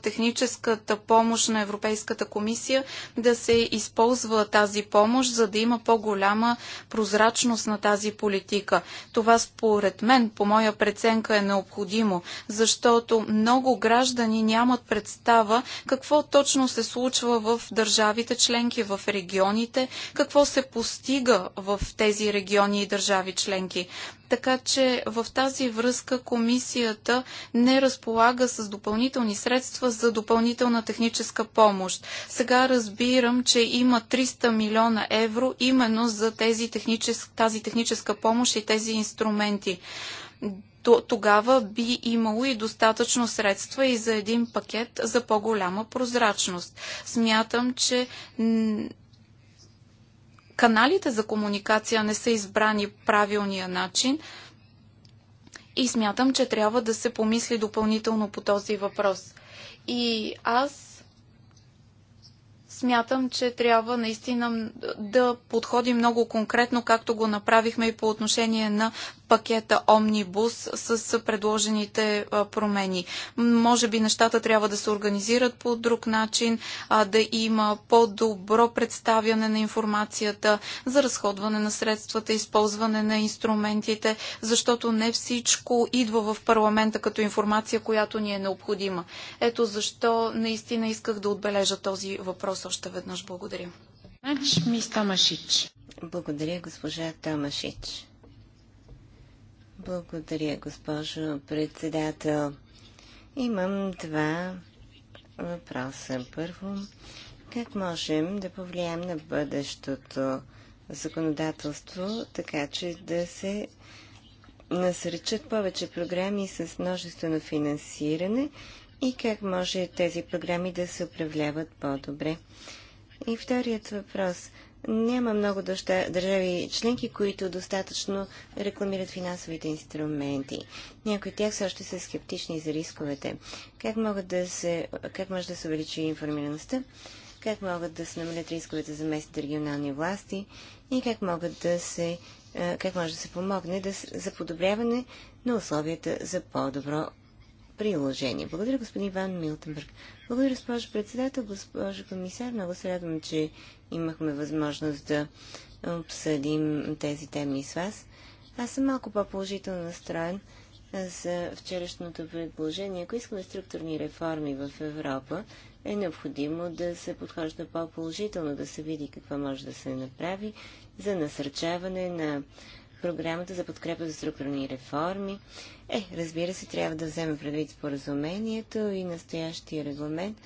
техническата помощ на Европейската комисия да се използва тази помощ, за да има по-голяма прозрачност на тази политика. Това според мен, по моя преценка е необходимо, защото много граждани нямат представа какво точно се случва в държавите членки, в регионите, какво се постига в тези региони и държави членки така че в тази връзка комисията не разполага с допълнителни средства за допълнителна техническа помощ. Сега разбирам, че има 300 милиона евро именно за тези техничес... тази техническа помощ и тези инструменти тогава би имало и достатъчно средства и за един пакет за по-голяма прозрачност. Смятам, че каналите за комуникация не са избрани правилния начин и смятам, че трябва да се помисли допълнително по този въпрос. И аз смятам, че трябва наистина да подходим много конкретно, както го направихме и по отношение на пакета Омнибус с предложените промени. Може би нещата трябва да се организират по друг начин, да има по-добро представяне на информацията за разходване на средствата, използване на инструментите, защото не всичко идва в парламента като информация, която ни е необходима. Ето защо наистина исках да отбележа този въпрос още веднъж. Благодаря. Значи, Благодаря, госпожа Тамашич. Благодаря, госпожо председател. Имам два въпроса. Първо, как можем да повлияем на бъдещото законодателство, така че да се насречат повече програми с множествено финансиране и как може тези програми да се управляват по-добре. И вторият въпрос. Няма много държави членки, които достатъчно рекламират финансовите инструменти. Някои от тях също още са скептични за рисковете. Как, могат да се, как може да се увеличи информираността? Как могат да се намалят рисковете за местните регионални власти? И как, могат да се, как може да се помогне да, за подобряване на условията за по-добро приложение. Благодаря, господин Иван Милтенбърг. Благодаря, госпожо председател, госпожо комисар. Много се радвам, че имахме възможност да обсъдим тези теми с вас. Аз съм малко по-положително настроен за вчерашното предложение. Ако искаме структурни реформи в Европа, е необходимо да се подхожда по-положително, да се види какво може да се направи за насърчаване на програмата за подкрепа за структурни реформи. Е, разбира се, трябва да вземе предвид споразумението и настоящия регламент,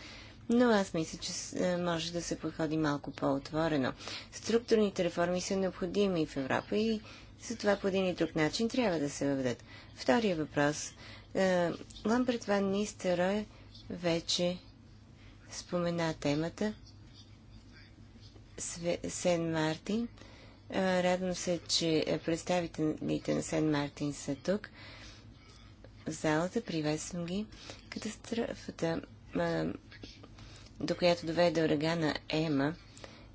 но аз мисля, че е, може да се подходи малко по-отворено. Структурните реформи са необходими в Европа и затова по един и друг начин трябва да се въведат. Втория въпрос. Е, Ламберт Ван Нистерой вече спомена темата Сен Мартин – е, радвам се, че е, представителите на Сен Мартин са тук. В залата приветствам ги. Катастрофата, е, до която доведе урагана Ема,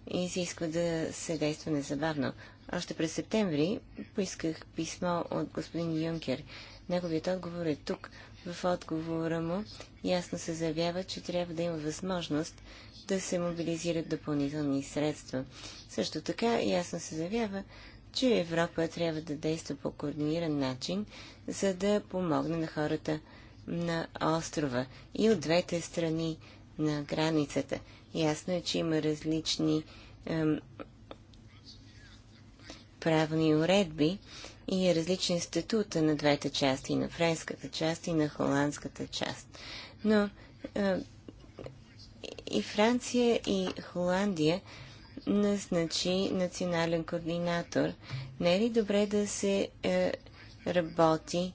изисква да се действа незабавно. Още през септември поисках писмо от господин Юнкер. Неговият отговор е тук в отговора му ясно се заявява, че трябва да има възможност да се мобилизират допълнителни средства. Също така ясно се заявява, че Европа трябва да действа по координиран начин, за да помогне на хората на острова и от двете страни на границата. Ясно е, че има различни ем, правни уредби, и различни е различен статута на двете части, на френската част и на холандската част. Но и Франция и Холандия назначи национален координатор. Не е ли добре да се е, работи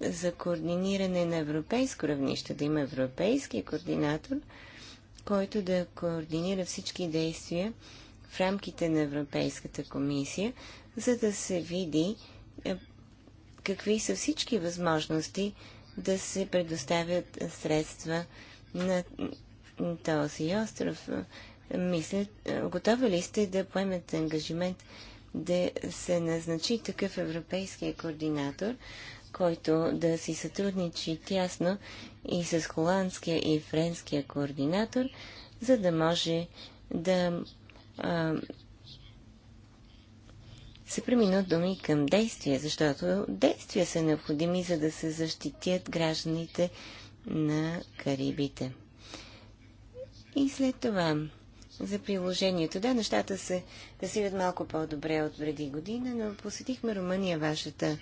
за координиране на европейско равнище, да има европейски координатор, който да координира всички действия в рамките на Европейската комисия, за да се види е, какви са всички възможности да се предоставят средства на този остров. Мисля, е, готови ли сте да поемете ангажимент да се назначи такъв европейски координатор, който да си сътрудничи тясно и с холандския и френския координатор, за да може да а, се премина от думи към действия, защото действия са необходими, за да се защитят гражданите на Карибите. И след това за приложението. Да, нещата се си видят малко по-добре от преди година, но посетихме Румъния, вашата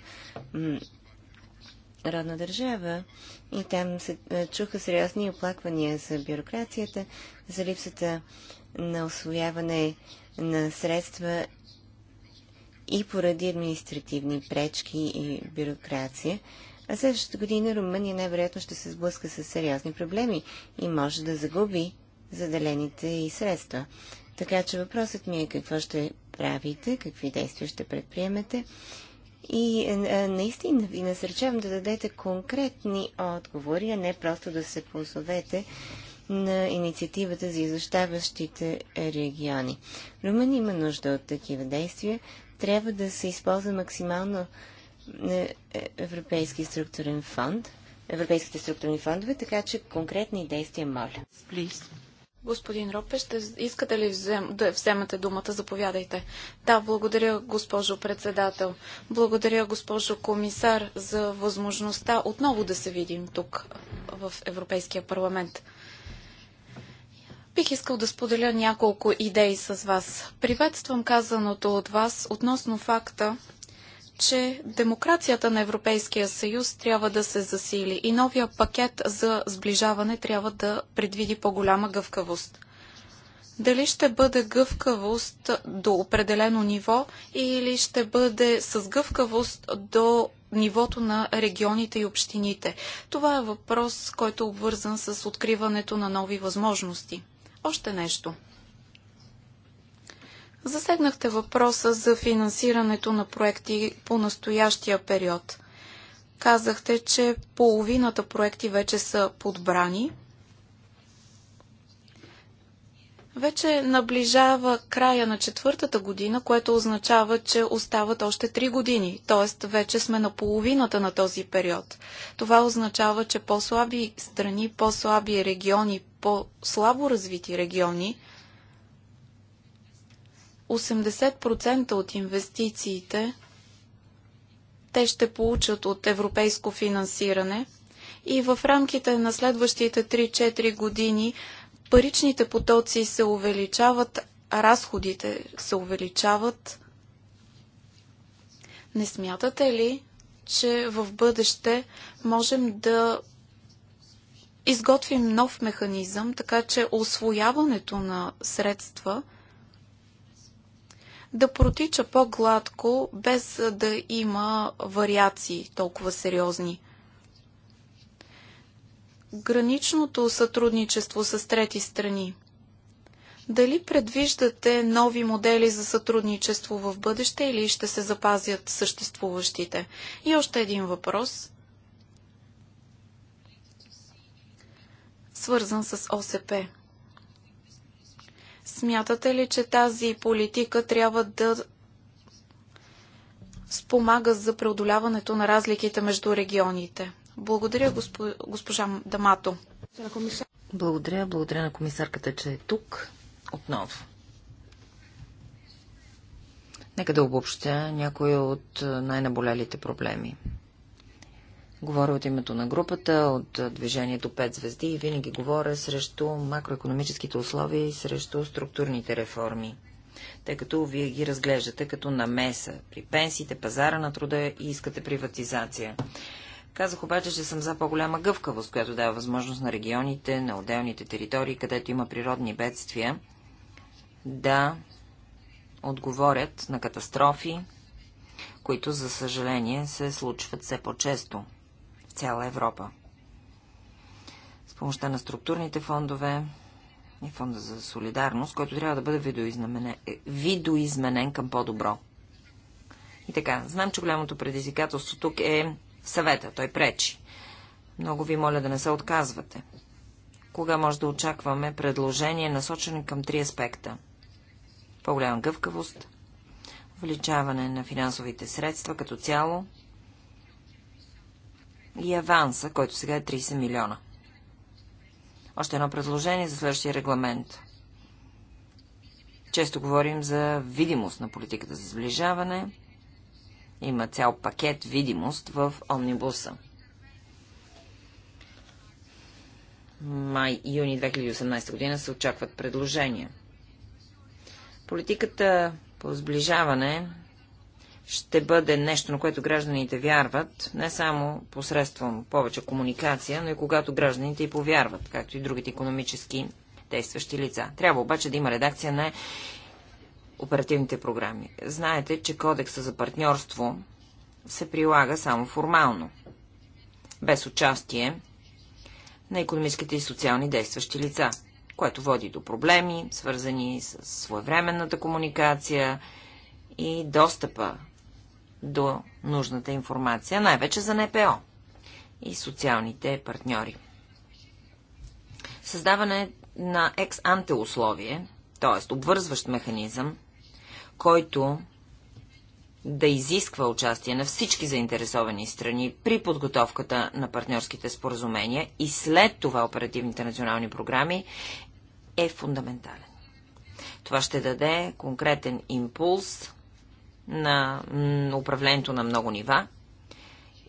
родна държава и там се е, чуха сериозни оплаквания за бюрокрацията, за липсата на освояване на средства и поради административни пречки и бюрокрация. А следващата година Румъния най-вероятно ще се сблъска с сериозни проблеми и може да загуби заделените и средства. Така че въпросът ми е какво ще правите, какви действия ще предприемете. И а, е, е, наистина ви насърчавам да дадете конкретни отговори, а не просто да се позовете на инициативата за изощаващите региони. Румъния има нужда от такива действия, трябва да се използва максимално е, е, Европейски структурен фонд, европейските структурни фондове, така че конкретни действия моля. Please. Господин Ропе, ще искате ли взем, да вземете думата? Заповядайте. Да, благодаря, госпожо председател. Благодаря, госпожо комисар, за възможността отново да се видим тук в Европейския парламент. Бих искал да споделя няколко идеи с вас. Приветствам казаното от вас относно факта, че демокрацията на Европейския съюз трябва да се засили и новия пакет за сближаване трябва да предвиди по-голяма гъвкавост. Дали ще бъде гъвкавост до определено ниво или ще бъде с гъвкавост до нивото на регионите и общините? Това е въпрос, който е обвързан с откриването на нови възможности. Още нещо. Засегнахте въпроса за финансирането на проекти по настоящия период. Казахте, че половината проекти вече са подбрани. Вече наближава края на четвъртата година, което означава, че остават още три години, т.е. вече сме на половината на този период. Това означава, че по-слаби страни, по-слаби региони по-слабо развити региони, 80% от инвестициите те ще получат от европейско финансиране и в рамките на следващите 3-4 години паричните потоци се увеличават, разходите се увеличават. Не смятате ли, че в бъдеще можем да изготвим нов механизъм, така че освояването на средства да протича по-гладко, без да има вариации толкова сериозни. Граничното сътрудничество с трети страни. Дали предвиждате нови модели за сътрудничество в бъдеще или ще се запазят съществуващите? И още един въпрос – свързан с ОСП. Смятате ли, че тази политика трябва да спомага за преодоляването на разликите между регионите? Благодаря, госпожа Дамато. Благодаря, благодаря на комисарката, че е тук отново. Нека да обобщя някои от най-наболелите проблеми. Говоря от името на групата, от движението 5 звезди и винаги говоря срещу макроекономическите условия и срещу структурните реформи, тъй като вие ги разглеждате като намеса при пенсиите, пазара на труда и искате приватизация. Казах обаче, че съм за по-голяма гъвкавост, която дава възможност на регионите, на отделните територии, където има природни бедствия, да отговорят на катастрофи, които, за съжаление, се случват все по-често в цяла Европа. С помощта на структурните фондове и фонда за солидарност, който трябва да бъде е, видоизменен, към по-добро. И така, знам, че голямото предизвикателство тук е съвета. Той пречи. Много ви моля да не се отказвате. Кога може да очакваме предложение, насочено към три аспекта? По-голяма гъвкавост, увеличаване на финансовите средства като цяло и аванса, който сега е 30 милиона. Още едно предложение за следващия регламент. Често говорим за видимост на политиката за сближаване. Има цял пакет видимост в омнибуса. Май и юни 2018 година се очакват предложения. Политиката по сближаване ще бъде нещо, на което гражданите вярват, не само посредством повече комуникация, но и когато гражданите и повярват, както и другите економически действащи лица. Трябва обаче да има редакция на оперативните програми. Знаете, че кодекса за партньорство се прилага само формално, без участие на економическите и социални действащи лица, което води до проблеми, свързани с своевременната комуникация и достъпа до нужната информация, най-вече за НПО и социалните партньори. Създаване на екс-анте условие, т.е. обвързващ механизъм, който да изисква участие на всички заинтересовани страни при подготовката на партньорските споразумения и след това оперативните национални програми е фундаментален. Това ще даде конкретен импулс на управлението на много нива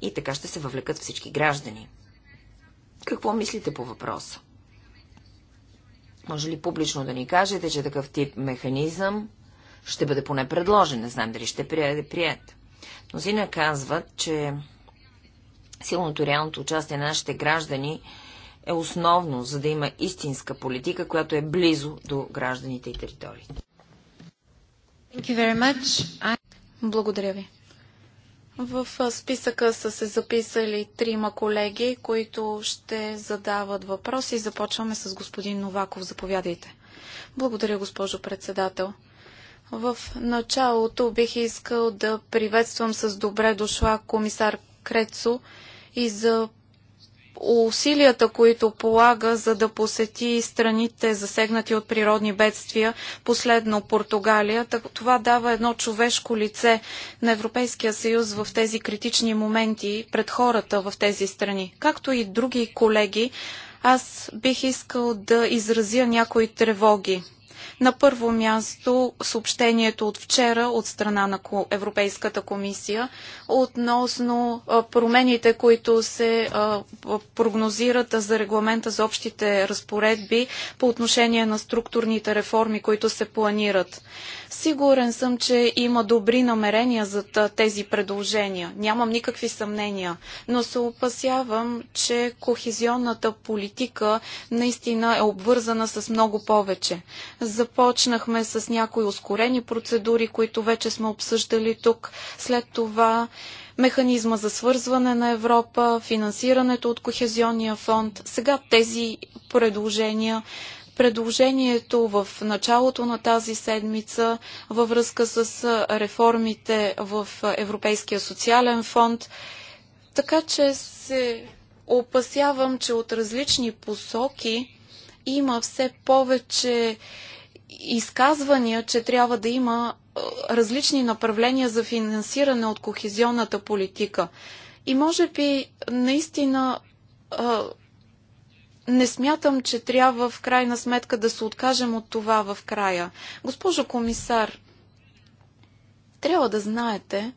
и така ще се въвлекат всички граждани. Какво мислите по въпроса? Може ли публично да ни кажете, че такъв тип механизъм ще бъде поне предложен? Не знам дали ще приеде прият. Мнозина казват, че силното реалното участие на нашите граждани е основно, за да има истинска политика, която е близо до гражданите и териториите. I... Благодаря ви. В списъка са се записали трима колеги, които ще задават въпроси. Започваме с господин Новаков. Заповядайте. Благодаря, госпожо председател. В началото бих искал да приветствам с добре дошла комисар Крецо и за усилията, които полага за да посети страните засегнати от природни бедствия, последно Португалия. Това дава едно човешко лице на Европейския съюз в тези критични моменти пред хората в тези страни. Както и други колеги, аз бих искал да изразя някои тревоги. На първо място съобщението от вчера от страна на Европейската комисия относно промените, които се прогнозират за регламента за общите разпоредби по отношение на структурните реформи, които се планират. Сигурен съм, че има добри намерения за тези предложения. Нямам никакви съмнения, но се опасявам, че кохезионната политика наистина е обвързана с много повече. Започнахме с някои ускорени процедури, които вече сме обсъждали тук. След това механизма за свързване на Европа, финансирането от Кохезионния фонд. Сега тези предложения предложението в началото на тази седмица във връзка с реформите в Европейския социален фонд. Така че се опасявам, че от различни посоки има все повече изказвания, че трябва да има различни направления за финансиране от кохезионната политика. И може би наистина не смятам, че трябва в крайна сметка да се откажем от това в края. Госпожо комисар, трябва да знаете,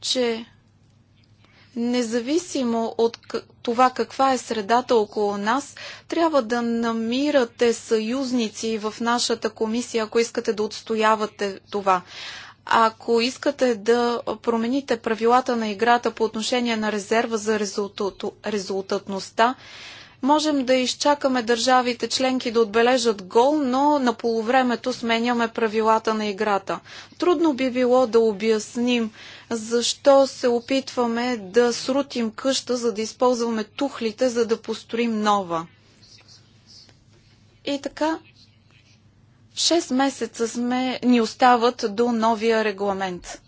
че независимо от това каква е средата около нас, трябва да намирате съюзници в нашата комисия, ако искате да отстоявате това. Ако искате да промените правилата на играта по отношение на резерва за резултатността, Можем да изчакаме държавите членки да отбележат гол, но на полувремето сменяме правилата на играта. Трудно би било да обясним защо се опитваме да срутим къща, за да използваме тухлите, за да построим нова. И така, 6 месеца сме, ни остават до новия регламент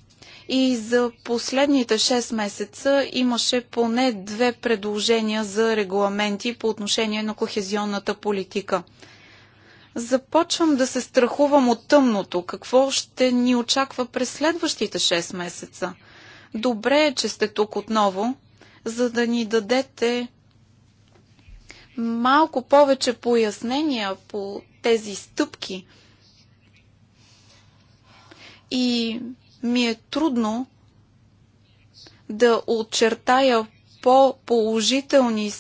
и за последните 6 месеца имаше поне две предложения за регламенти по отношение на кохезионната политика. Започвам да се страхувам от тъмното. Какво ще ни очаква през следващите 6 месеца? Добре е, че сте тук отново, за да ни дадете малко повече пояснения по тези стъпки. И ми е трудно да очертая по-положителни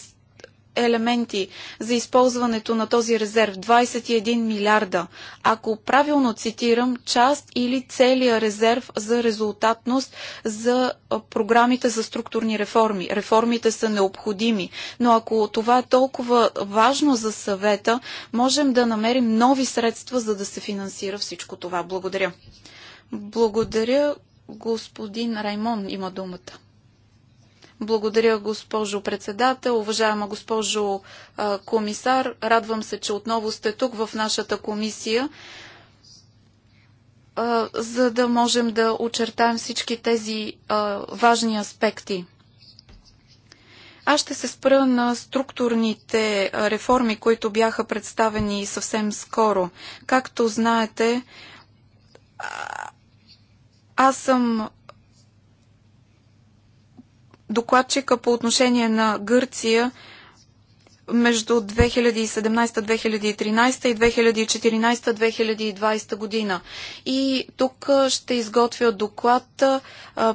елементи за използването на този резерв 21 милиарда. Ако правилно цитирам, част или целия резерв за резултатност за програмите за структурни реформи. Реформите са необходими, но ако това е толкова важно за съвета, можем да намерим нови средства, за да се финансира всичко това. Благодаря. Благодаря, господин Раймон има думата. Благодаря, госпожо председател, уважаема госпожо а, комисар. Радвам се, че отново сте тук в нашата комисия, а, за да можем да очертаем всички тези а, важни аспекти. Аз ще се спра на структурните реформи, които бяха представени съвсем скоро. Както знаете, аз съм докладчика по отношение на Гърция между 2017-2013 и 2014-2020 година. И тук ще изготвя доклад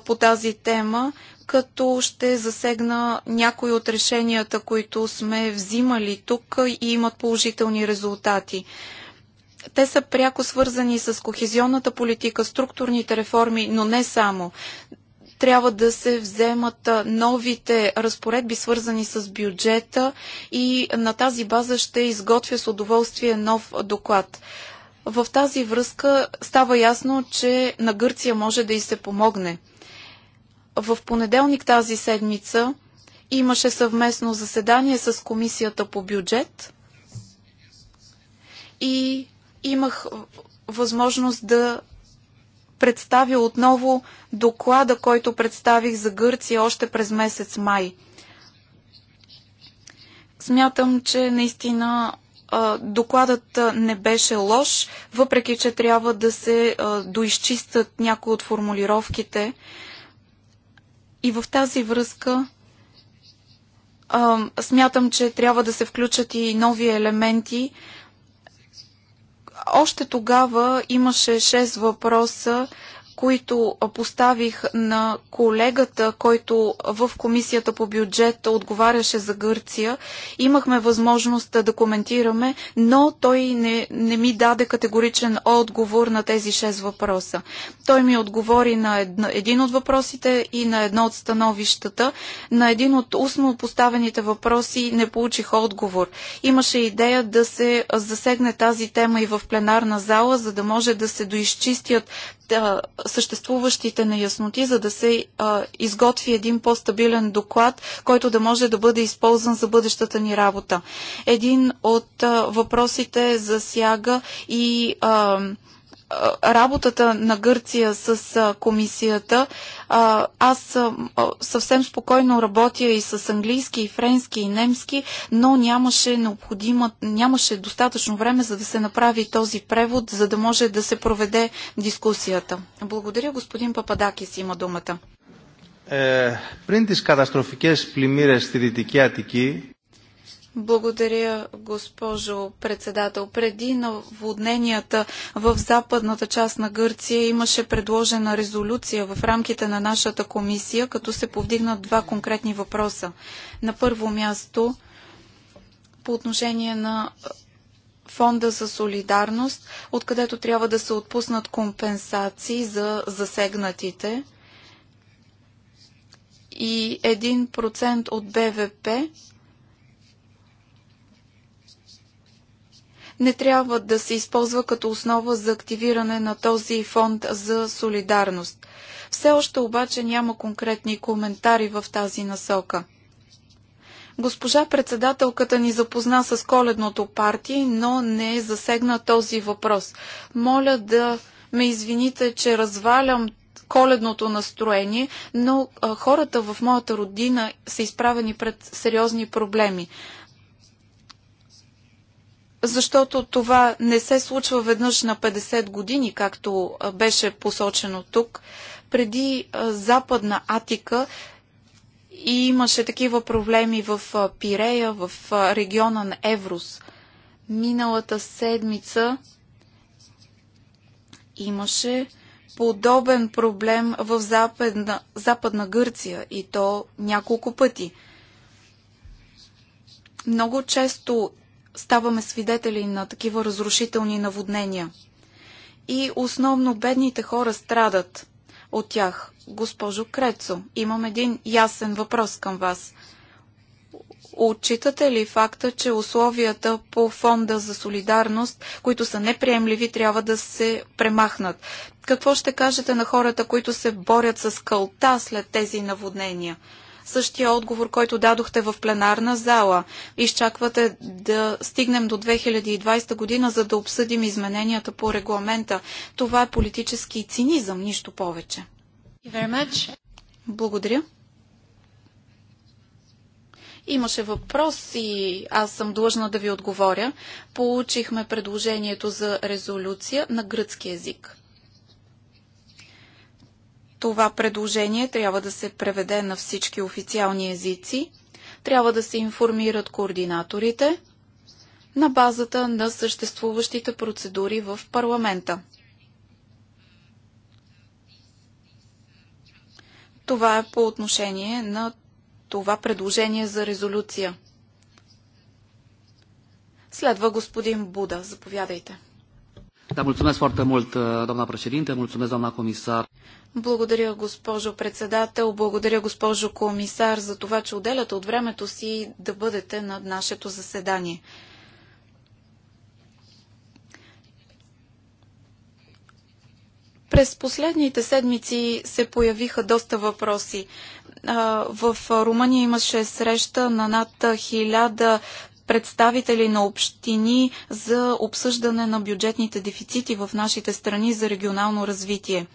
по тази тема, като ще засегна някои от решенията, които сме взимали тук и имат положителни резултати те са пряко свързани с кохезионната политика, структурните реформи, но не само. Трябва да се вземат новите разпоредби, свързани с бюджета и на тази база ще изготвя с удоволствие нов доклад. В тази връзка става ясно, че на Гърция може да и се помогне. В понеделник тази седмица имаше съвместно заседание с Комисията по бюджет и имах възможност да представя отново доклада, който представих за Гърция още през месец май. Смятам, че наистина докладът не беше лош, въпреки че трябва да се доизчистят някои от формулировките. И в тази връзка смятам, че трябва да се включат и нови елементи, още тогава имаше 6 въпроса, които поставих на колегата, който в комисията по бюджет отговаряше за Гърция. Имахме възможност да коментираме, но той не, не ми даде категоричен отговор на тези шест въпроса. Той ми отговори на едно, един от въпросите и на едно от становищата. На един от устно поставените въпроси не получих отговор. Имаше идея да се засегне тази тема и в пленарна зала, за да може да се доизчистят съществуващите неясноти, за да се а, изготви един по-стабилен доклад, който да може да бъде използван за бъдещата ни работа. Един от а, въпросите засяга и а, работата на Гърция с комисията. Аз съвсем спокойно работя и с английски, и френски, и немски, но нямаше необходима, нямаше достатъчно време за да се направи този превод, за да може да се проведе дискусията. Благодаря, господин Пападакис има думата. Ε, е, πριν τις καταστροφικές πλημμύρες στη Δυτική Αττική, благодаря, госпожо председател. Преди наводненията в западната част на Гърция имаше предложена резолюция в рамките на нашата комисия, като се повдигнат два конкретни въпроса. На първо място, по отношение на фонда за солидарност, откъдето трябва да се отпуснат компенсации за засегнатите и 1% от БВП не трябва да се използва като основа за активиране на този фонд за солидарност. Все още обаче няма конкретни коментари в тази насока. Госпожа председателката ни запозна с коледното парти, но не е засегна този въпрос. Моля да ме извините, че развалям коледното настроение, но хората в моята родина са изправени пред сериозни проблеми защото това не се случва веднъж на 50 години, както беше посочено тук. Преди Западна Атика и имаше такива проблеми в Пирея, в региона на Еврос. Миналата седмица имаше подобен проблем в Западна, Западна Гърция и то няколко пъти. Много често ставаме свидетели на такива разрушителни наводнения. И основно бедните хора страдат от тях. Госпожо Крецо, имам един ясен въпрос към вас. Отчитате ли факта, че условията по фонда за солидарност, които са неприемливи, трябва да се премахнат? Какво ще кажете на хората, които се борят с кълта след тези наводнения? същия отговор, който дадохте в пленарна зала. Изчаквате да стигнем до 2020 година, за да обсъдим измененията по регламента. Това е политически цинизъм, нищо повече. Благодаря. Имаше въпрос и аз съм длъжна да ви отговоря. Получихме предложението за резолюция на гръцки язик. Това предложение трябва да се преведе на всички официални езици, трябва да се информират координаторите на базата на съществуващите процедури в парламента. Това е по отношение на това предложение за резолюция. Следва господин Буда. Заповядайте. Да, мулцумес foarte мулт, домна președinte, мулцумес, домна комисар. Благодаря, госпожо председател. Благодаря, госпожо комисар, за това, че отделяте от времето си да бъдете на нашето заседание. През последните седмици се появиха доста въпроси. В Румъния имаше среща на над хиляда представители на общини за обсъждане на бюджетните дефицити в нашите страни за регионално развитие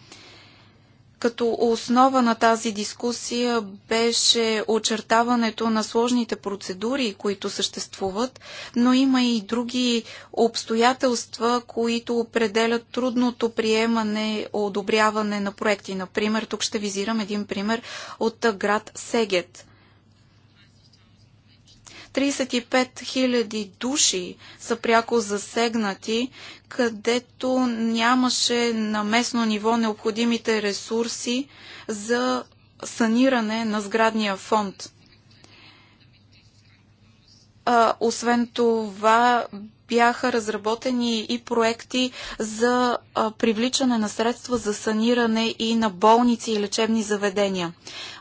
като основа на тази дискусия беше очертаването на сложните процедури, които съществуват, но има и други обстоятелства, които определят трудното приемане, одобряване на проекти. Например, тук ще визирам един пример от град Сегет. 35 000 души са пряко засегнати, където нямаше на местно ниво необходимите ресурси за саниране на сградния фонд. А, освен това, бяха разработени и проекти за привличане на средства за саниране и на болници и лечебни заведения.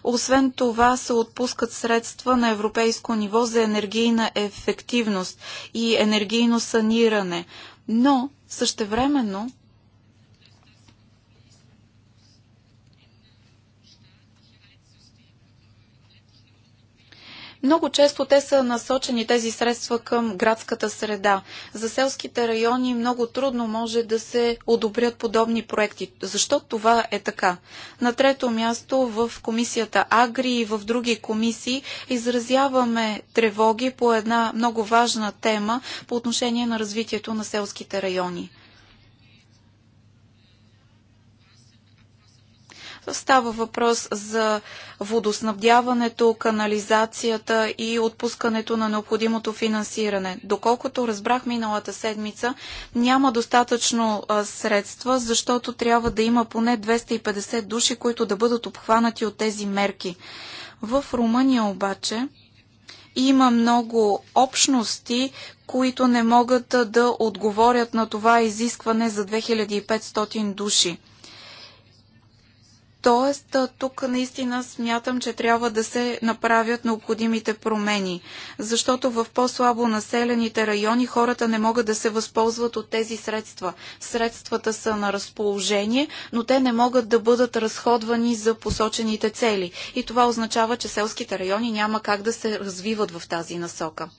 Освен това се отпускат средства на европейско ниво за енергийна ефективност и енергийно саниране. Но същевременно Много често те са насочени тези средства към градската среда. За селските райони много трудно може да се одобрят подобни проекти. Защо това е така? На трето място в комисията Агри и в други комисии изразяваме тревоги по една много важна тема по отношение на развитието на селските райони. Става въпрос за водоснабдяването, канализацията и отпускането на необходимото финансиране. Доколкото разбрах миналата седмица, няма достатъчно а, средства, защото трябва да има поне 250 души, които да бъдат обхванати от тези мерки. В Румъния обаче има много общности, които не могат да отговорят на това изискване за 2500 души. Тоест, тук наистина смятам, че трябва да се направят необходимите промени, защото в по-слабо населените райони хората не могат да се възползват от тези средства. Средствата са на разположение, но те не могат да бъдат разходвани за посочените цели. И това означава, че селските райони няма как да се развиват в тази насока.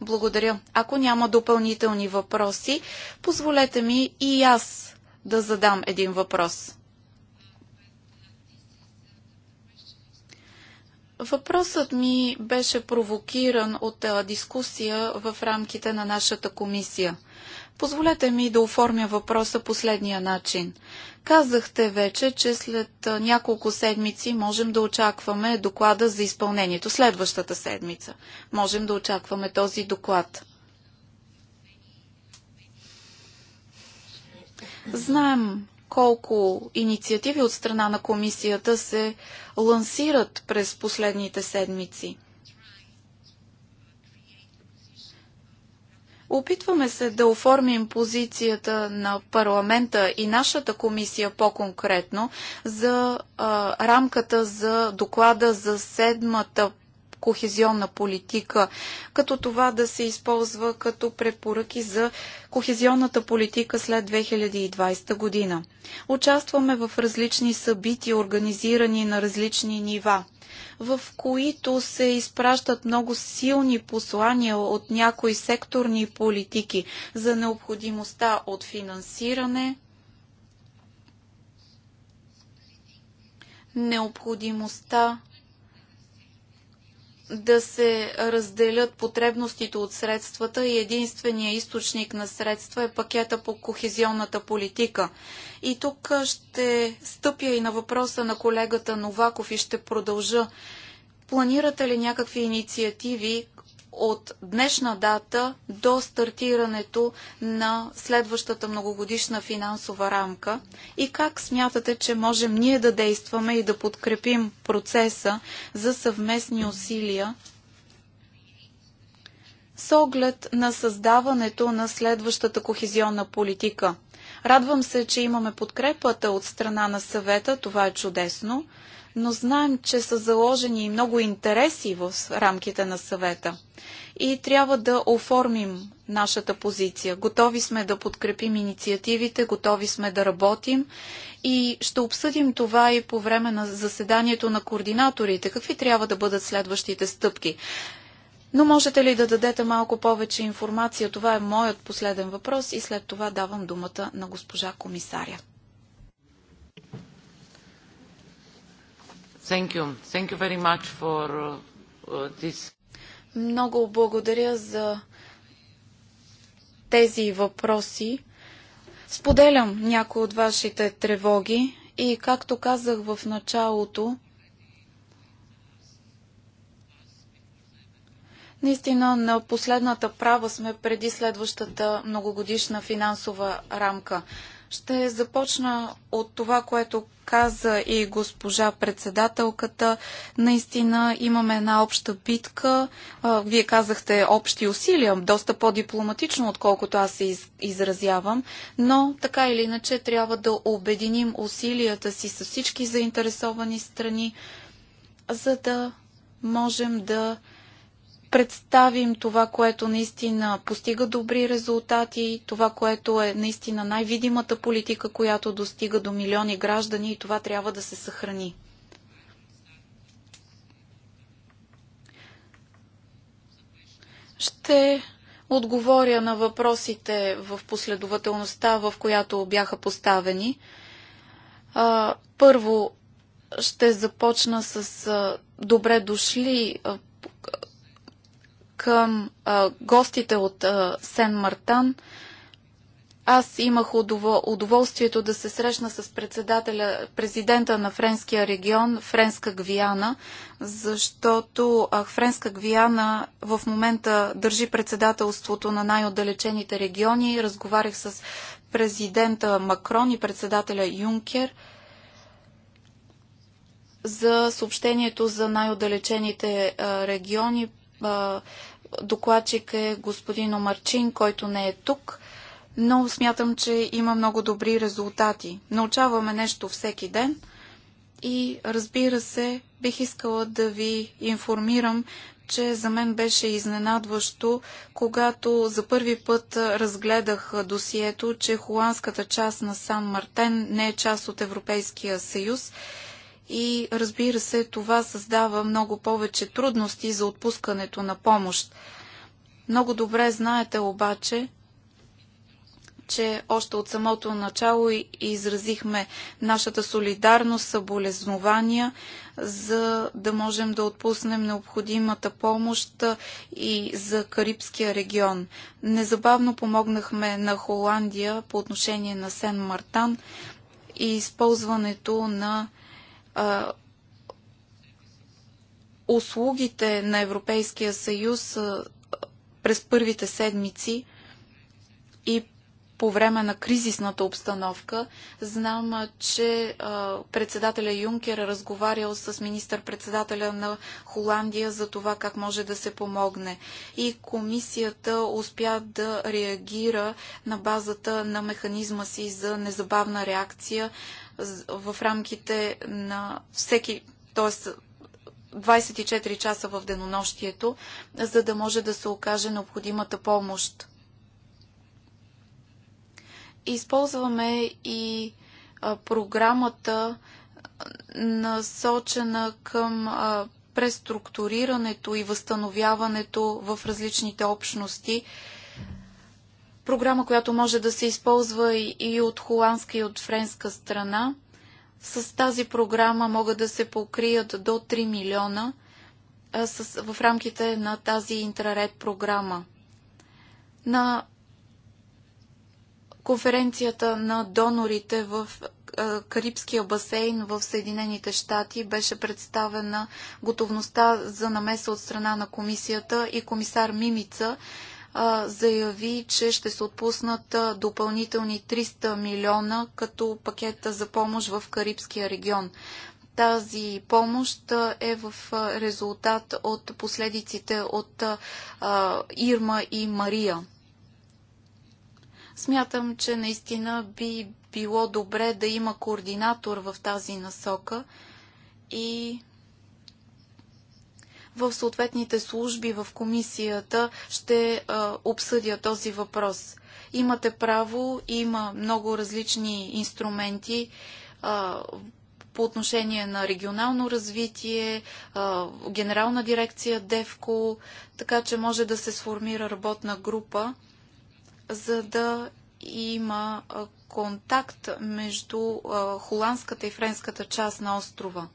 Благодаря. Ако няма допълнителни въпроси, позволете ми и аз да задам един въпрос. Въпросът ми беше провокиран от дискусия в рамките на нашата комисия. Позволете ми да оформя въпроса последния начин. Казахте вече, че след няколко седмици можем да очакваме доклада за изпълнението. Следващата седмица можем да очакваме този доклад. Знаем колко инициативи от страна на комисията се лансират през последните седмици. Опитваме се да оформим позицията на парламента и нашата комисия по-конкретно за а, рамката за доклада за седмата кохезионна политика, като това да се използва като препоръки за кохезионната политика след 2020 година. Участваме в различни събития, организирани на различни нива в които се изпращат много силни послания от някои секторни политики за необходимостта от финансиране, необходимостта да се разделят потребностите от средствата и единствения източник на средства е пакета по кохезионната политика. И тук ще стъпя и на въпроса на колегата Новаков и ще продължа. Планирате ли някакви инициативи, от днешна дата до стартирането на следващата многогодишна финансова рамка и как смятате, че можем ние да действаме и да подкрепим процеса за съвместни усилия с оглед на създаването на следващата кохезионна политика. Радвам се, че имаме подкрепата от страна на съвета, това е чудесно, но знаем, че са заложени и много интереси в рамките на съвета и трябва да оформим нашата позиция. Готови сме да подкрепим инициативите, готови сме да работим и ще обсъдим това и по време на заседанието на координаторите. Какви трябва да бъдат следващите стъпки? Но можете ли да дадете малко повече информация? Това е моят последен въпрос и след това давам думата на госпожа комисаря. Thank you. Thank you very much for uh, uh, this. Много благодаря за тези въпроси. Споделям някои от вашите тревоги и, както казах в началото, Наистина на последната права сме преди следващата многогодишна финансова рамка. Ще започна от това, което каза и госпожа председателката. Наистина имаме една обща битка. Вие казахте общи усилия, доста по-дипломатично, отколкото аз се изразявам, но така или иначе трябва да обединим усилията си с всички заинтересовани страни, за да можем да представим това, което наистина постига добри резултати, това, което е наистина най-видимата политика, която достига до милиони граждани и това трябва да се съхрани. Ще отговоря на въпросите в последователността, в която бяха поставени. Първо, ще започна с добре дошли към а, гостите от а, Сен Мартан. Аз имах удовол... удоволствието да се срещна с председателя, президента на френския регион, Френска Гвиана, защото а, Френска Гвиана в момента държи председателството на най-отдалечените региони. Разговарях с президента Макрон и председателя Юнкер за съобщението за най-отдалечените региони Докладчик е господин Омарчин, който не е тук, но смятам, че има много добри резултати. Научаваме нещо всеки ден и разбира се, бих искала да ви информирам, че за мен беше изненадващо, когато за първи път разгледах досието, че холандската част на Сан Мартен не е част от Европейския съюз и разбира се, това създава много повече трудности за отпускането на помощ. Много добре знаете обаче, че още от самото начало изразихме нашата солидарност, съболезнования, за да можем да отпуснем необходимата помощ и за Карибския регион. Незабавно помогнахме на Холандия по отношение на Сен Мартан и използването на услугите на Европейския съюз през първите седмици и по време на кризисната обстановка. Знам, че председателя Юнкер е разговарял с министър-председателя на Холандия за това как може да се помогне. И комисията успя да реагира на базата на механизма си за незабавна реакция в рамките на всеки, т.е. 24 часа в денонощието, за да може да се окаже необходимата помощ. Използваме и програмата насочена към преструктурирането и възстановяването в различните общности, програма, която може да се използва и от холандска и от френска страна. С тази програма могат да се покрият до 3 милиона а, с, в рамките на тази интраред програма. На конференцията на донорите в Карибския басейн в Съединените щати беше представена готовността за намеса от страна на комисията и комисар Мимица заяви, че ще се отпуснат допълнителни 300 милиона като пакета за помощ в Карибския регион. Тази помощ е в резултат от последиците от Ирма и Мария. Смятам, че наистина би било добре да има координатор в тази насока и в съответните служби в комисията ще а, обсъдя този въпрос. Имате право, има много различни инструменти а, по отношение на регионално развитие, а, генерална дирекция ДЕВКО, така че може да се сформира работна група, за да има контакт между холандската и френската част на острова.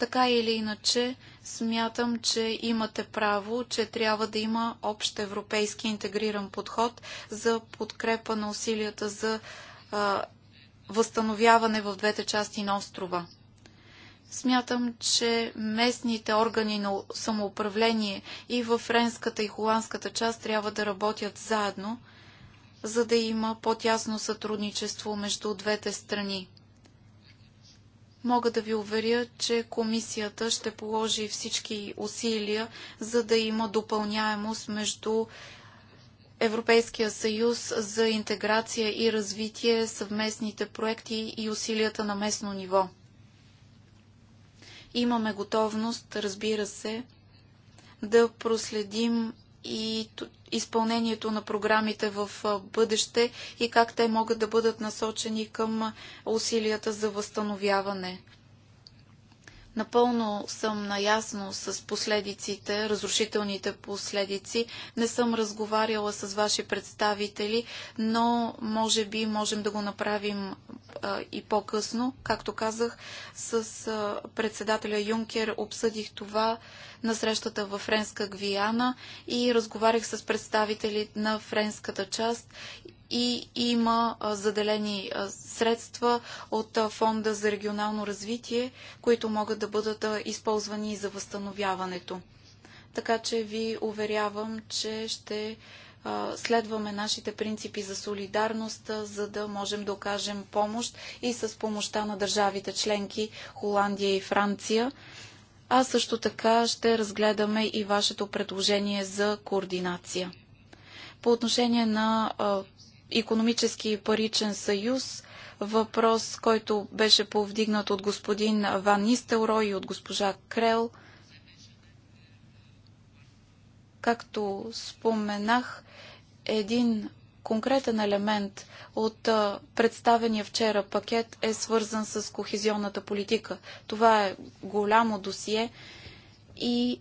Така или иначе, Смятам, че имате право, че трябва да има общ европейски интегриран подход за подкрепа на усилията за а, възстановяване в двете части на острова. Смятам, че местните органи на самоуправление и във френската и холандската част трябва да работят заедно, за да има по-тясно сътрудничество между двете страни. Мога да ви уверя, че комисията ще положи всички усилия, за да има допълняемост между Европейския съюз за интеграция и развитие, съвместните проекти и усилията на местно ниво. Имаме готовност, разбира се, да проследим и изпълнението на програмите в бъдеще и как те могат да бъдат насочени към усилията за възстановяване. Напълно съм наясно с последиците, разрушителните последици. Не съм разговаряла с ваши представители, но може би можем да го направим а, и по-късно. Както казах, с а, председателя Юнкер обсъдих това на срещата във Френска Гвиана и разговарях с представители на френската част и има заделени средства от Фонда за регионално развитие, които могат да бъдат използвани за възстановяването. Така че ви уверявам, че ще следваме нашите принципи за солидарност, за да можем да окажем помощ и с помощта на държавите членки Холандия и Франция. А също така ще разгледаме и вашето предложение за координация. По отношение на економически и паричен съюз, въпрос, който беше повдигнат от господин Ван Нистелро и от госпожа Крел. Както споменах, един конкретен елемент от представения вчера пакет е свързан с кохезионната политика. Това е голямо досие и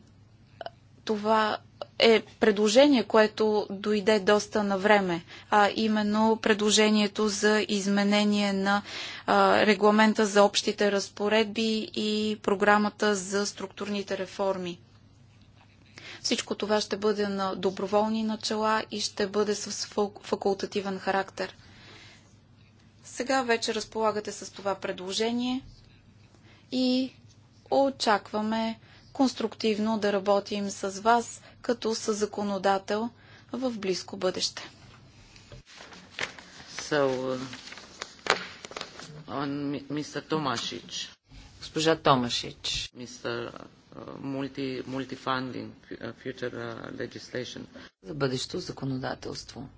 това е предложение, което дойде доста на време, а именно предложението за изменение на а, регламента за общите разпоредби и програмата за структурните реформи. Всичко това ще бъде на доброволни начала и ще бъде с факултативен характер. Сега вече разполагате с това предложение и очакваме конструктивно да работим с вас като със законодател в близко бъдеще. So, uh, on Mr. Tomasic. Госпожа Томашич. Mr. Multi, multifunding future uh, legislation. За бъдещето законодателство.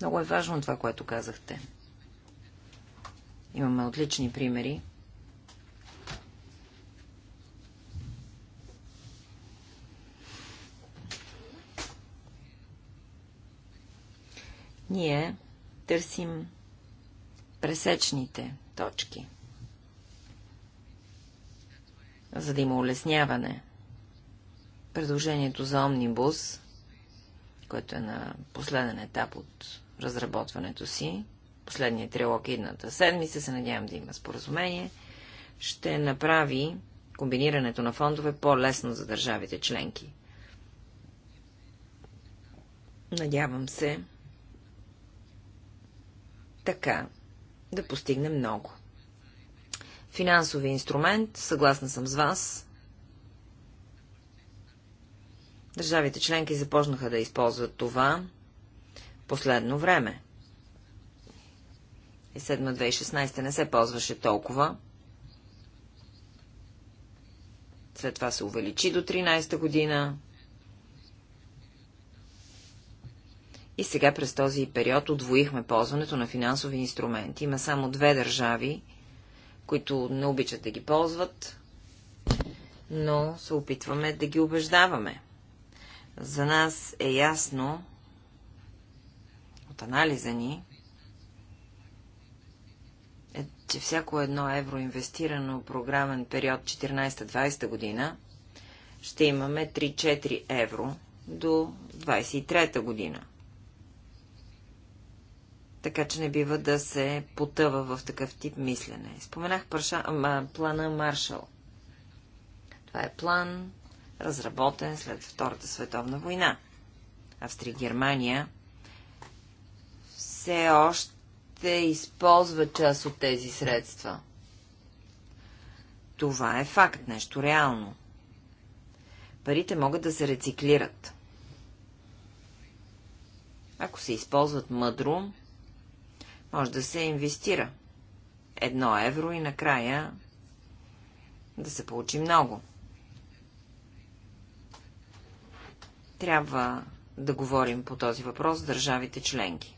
Много е важно това, което казахте. Имаме отлични примери Ние търсим пресечните точки, за да има улесняване. Предложението за омнибус, което е на последен етап от разработването си, последният трилог едната седмица, се надявам да има споразумение, ще направи комбинирането на фондове по-лесно за държавите членки. Надявам се, така да постигне много. Финансови инструмент, съгласна съм с вас. Държавите членки започнаха да използват това последно време. И 7-2016 не се ползваше толкова. След това се увеличи до 13 та година. И сега през този период отвоихме ползването на финансови инструменти. Има само две държави, които не обичат да ги ползват, но се опитваме да ги убеждаваме. За нас е ясно от анализа ни, е, че всяко едно евро инвестирано в програмен период 14-20 година ще имаме 3-4 евро до 23 та година така че не бива да се потъва в такъв тип мислене. Споменах парша, а, плана Маршал. Това е план, разработен след Втората световна война. Австрия-Германия все още използва част от тези средства. Това е факт, нещо реално. Парите могат да се рециклират. Ако се използват мъдро, може да се инвестира едно евро и накрая да се получи много. Трябва да говорим по този въпрос с държавите членки.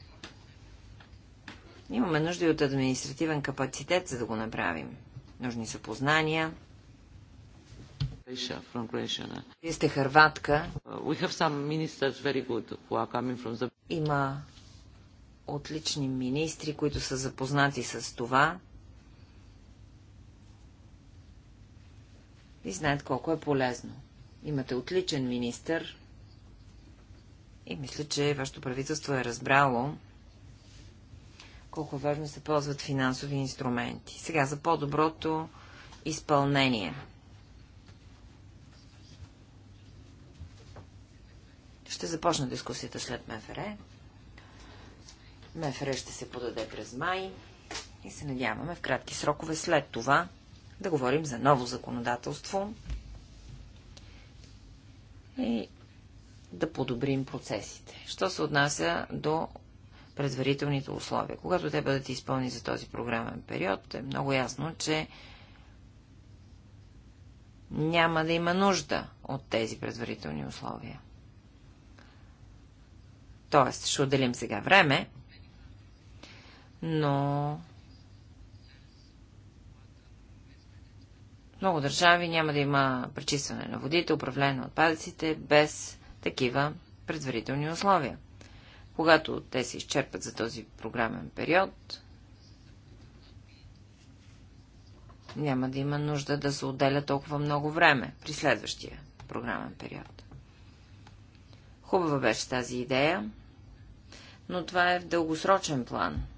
Имаме нужда и от административен капацитет, за да го направим. Нужни са познания. Вие сте хърватка. Uh, Има отлични министри, които са запознати с това и знаят колко е полезно. Имате отличен министър и мисля, че вашето правителство е разбрало колко важно се ползват финансови инструменти. Сега за по-доброто изпълнение. Ще започна дискусията след МФР. МФР ще се подаде през май и се надяваме в кратки срокове след това да говорим за ново законодателство и да подобрим процесите. Що се отнася до предварителните условия? Когато те бъдат изпълни за този програмен период, е много ясно, че няма да има нужда от тези предварителни условия. Тоест, ще отделим сега време, но много държави няма да има пречистване на водите, управление на отпадъците без такива предварителни условия. Когато те се изчерпат за този програмен период, няма да има нужда да се отделя толкова много време при следващия програмен период. Хубава беше тази идея, но това е в дългосрочен план –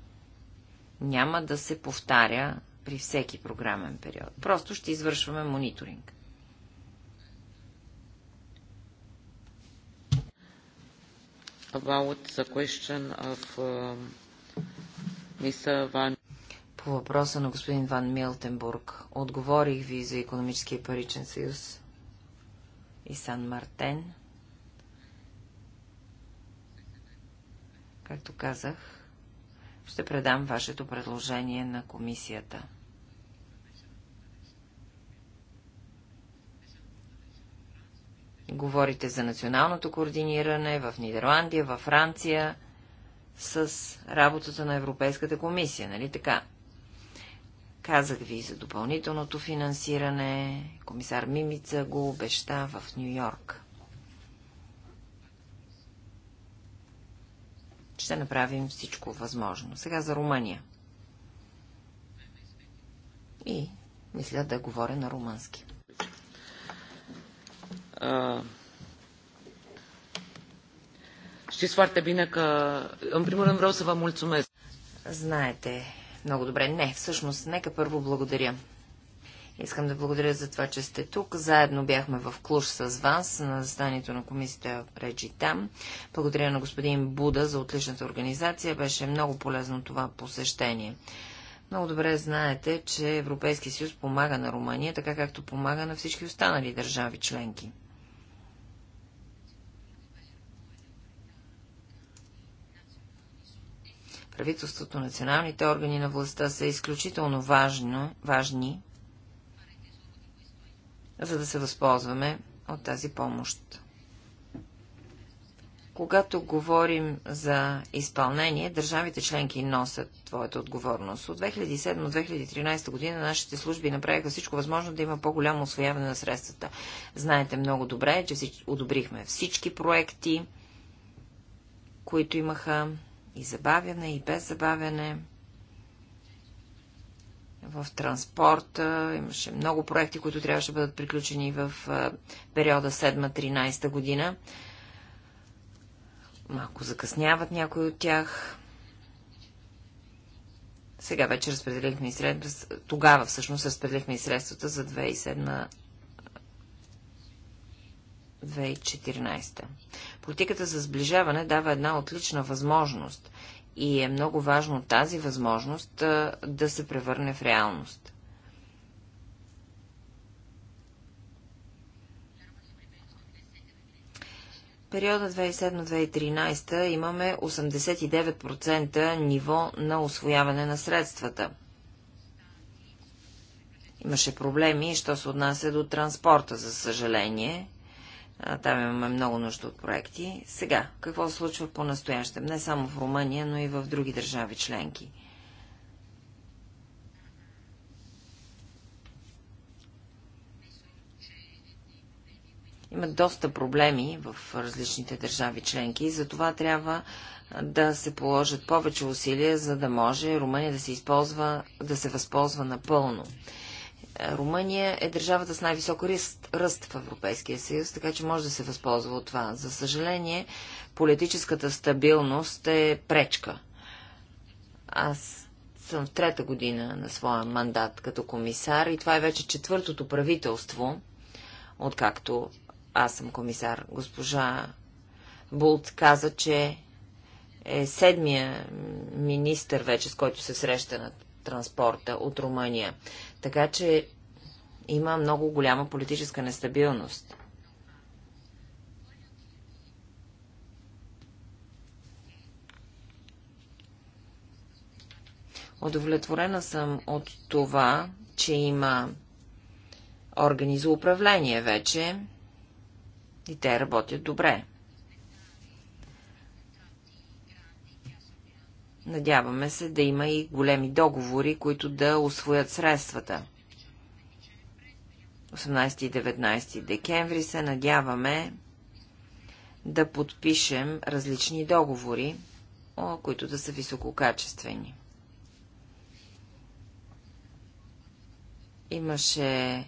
няма да се повтаря при всеки програмен период. Просто ще извършваме мониторинг. About the question of, uh, um, Mr. Van... По въпроса на господин Ван Милтенбург, отговорих ви за економическия паричен съюз и Сан Мартен. Както казах, ще предам вашето предложение на комисията. Говорите за националното координиране в Нидерландия, във Франция, с работата на Европейската комисия, нали така? Казах ви за допълнителното финансиране, комисар Мимица го обеща в Нью-Йорк. ще направим всичко възможно. Сега за Румъния. И мисля да говоря на румънски. știți foarte bine că, în primul vreau să vă mulțumesc. Знаете много добре. Не, всъщност, нека първо благодаря. Искам да благодаря за това, че сте тук. Заедно бяхме в Клуш с вас на застанието на комисията Речи там. Благодаря на господин Буда за отличната организация. Беше много полезно това посещение. Много добре знаете, че Европейски съюз помага на Румъния, така както помага на всички останали държави членки. Правителството, националните органи на властта са изключително важно, важни за да се възползваме от тази помощ. Когато говорим за изпълнение, държавите членки носят твоята отговорност. От 2007-2013 година нашите служби направиха всичко възможно да има по-голямо освояване на средствата. Знаете много добре, че одобрихме всички проекти, които имаха и забавяне, и без забавяне в транспорта. Имаше много проекти, които трябваше да бъдат приключени в периода 7-13 година. Малко закъсняват някои от тях. Сега вече разпределихме и средства. Тогава всъщност разпределихме и средствата за 2007 2014. Политиката за сближаване дава една отлична възможност и е много важно тази възможност да се превърне в реалност. периода 2007-2013 имаме 89% ниво на освояване на средствата. Имаше проблеми, що се отнася до транспорта, за съжаление. Там имаме много нужда от проекти. Сега, какво се случва по-настоящем? Не само в Румъния, но и в други държави членки. Има доста проблеми в различните държави членки и затова трябва да се положат повече усилия, за да може Румъния да се, използва, да се възползва напълно Румъния е държавата с най-висок ръст в Европейския съюз, така че може да се възползва от това. За съжаление, политическата стабилност е пречка. Аз съм в трета година на своя мандат като комисар и това е вече четвъртото правителство, откакто аз съм комисар. Госпожа Булт каза, че е седмия министър вече, с който се среща на транспорта от Румъния. Така че има много голяма политическа нестабилност. Удовлетворена съм от това, че има органи за управление вече и те работят добре. Надяваме се да има и големи договори, които да освоят средствата. 18 и 19 декември се надяваме да подпишем различни договори, които да са висококачествени. Имаше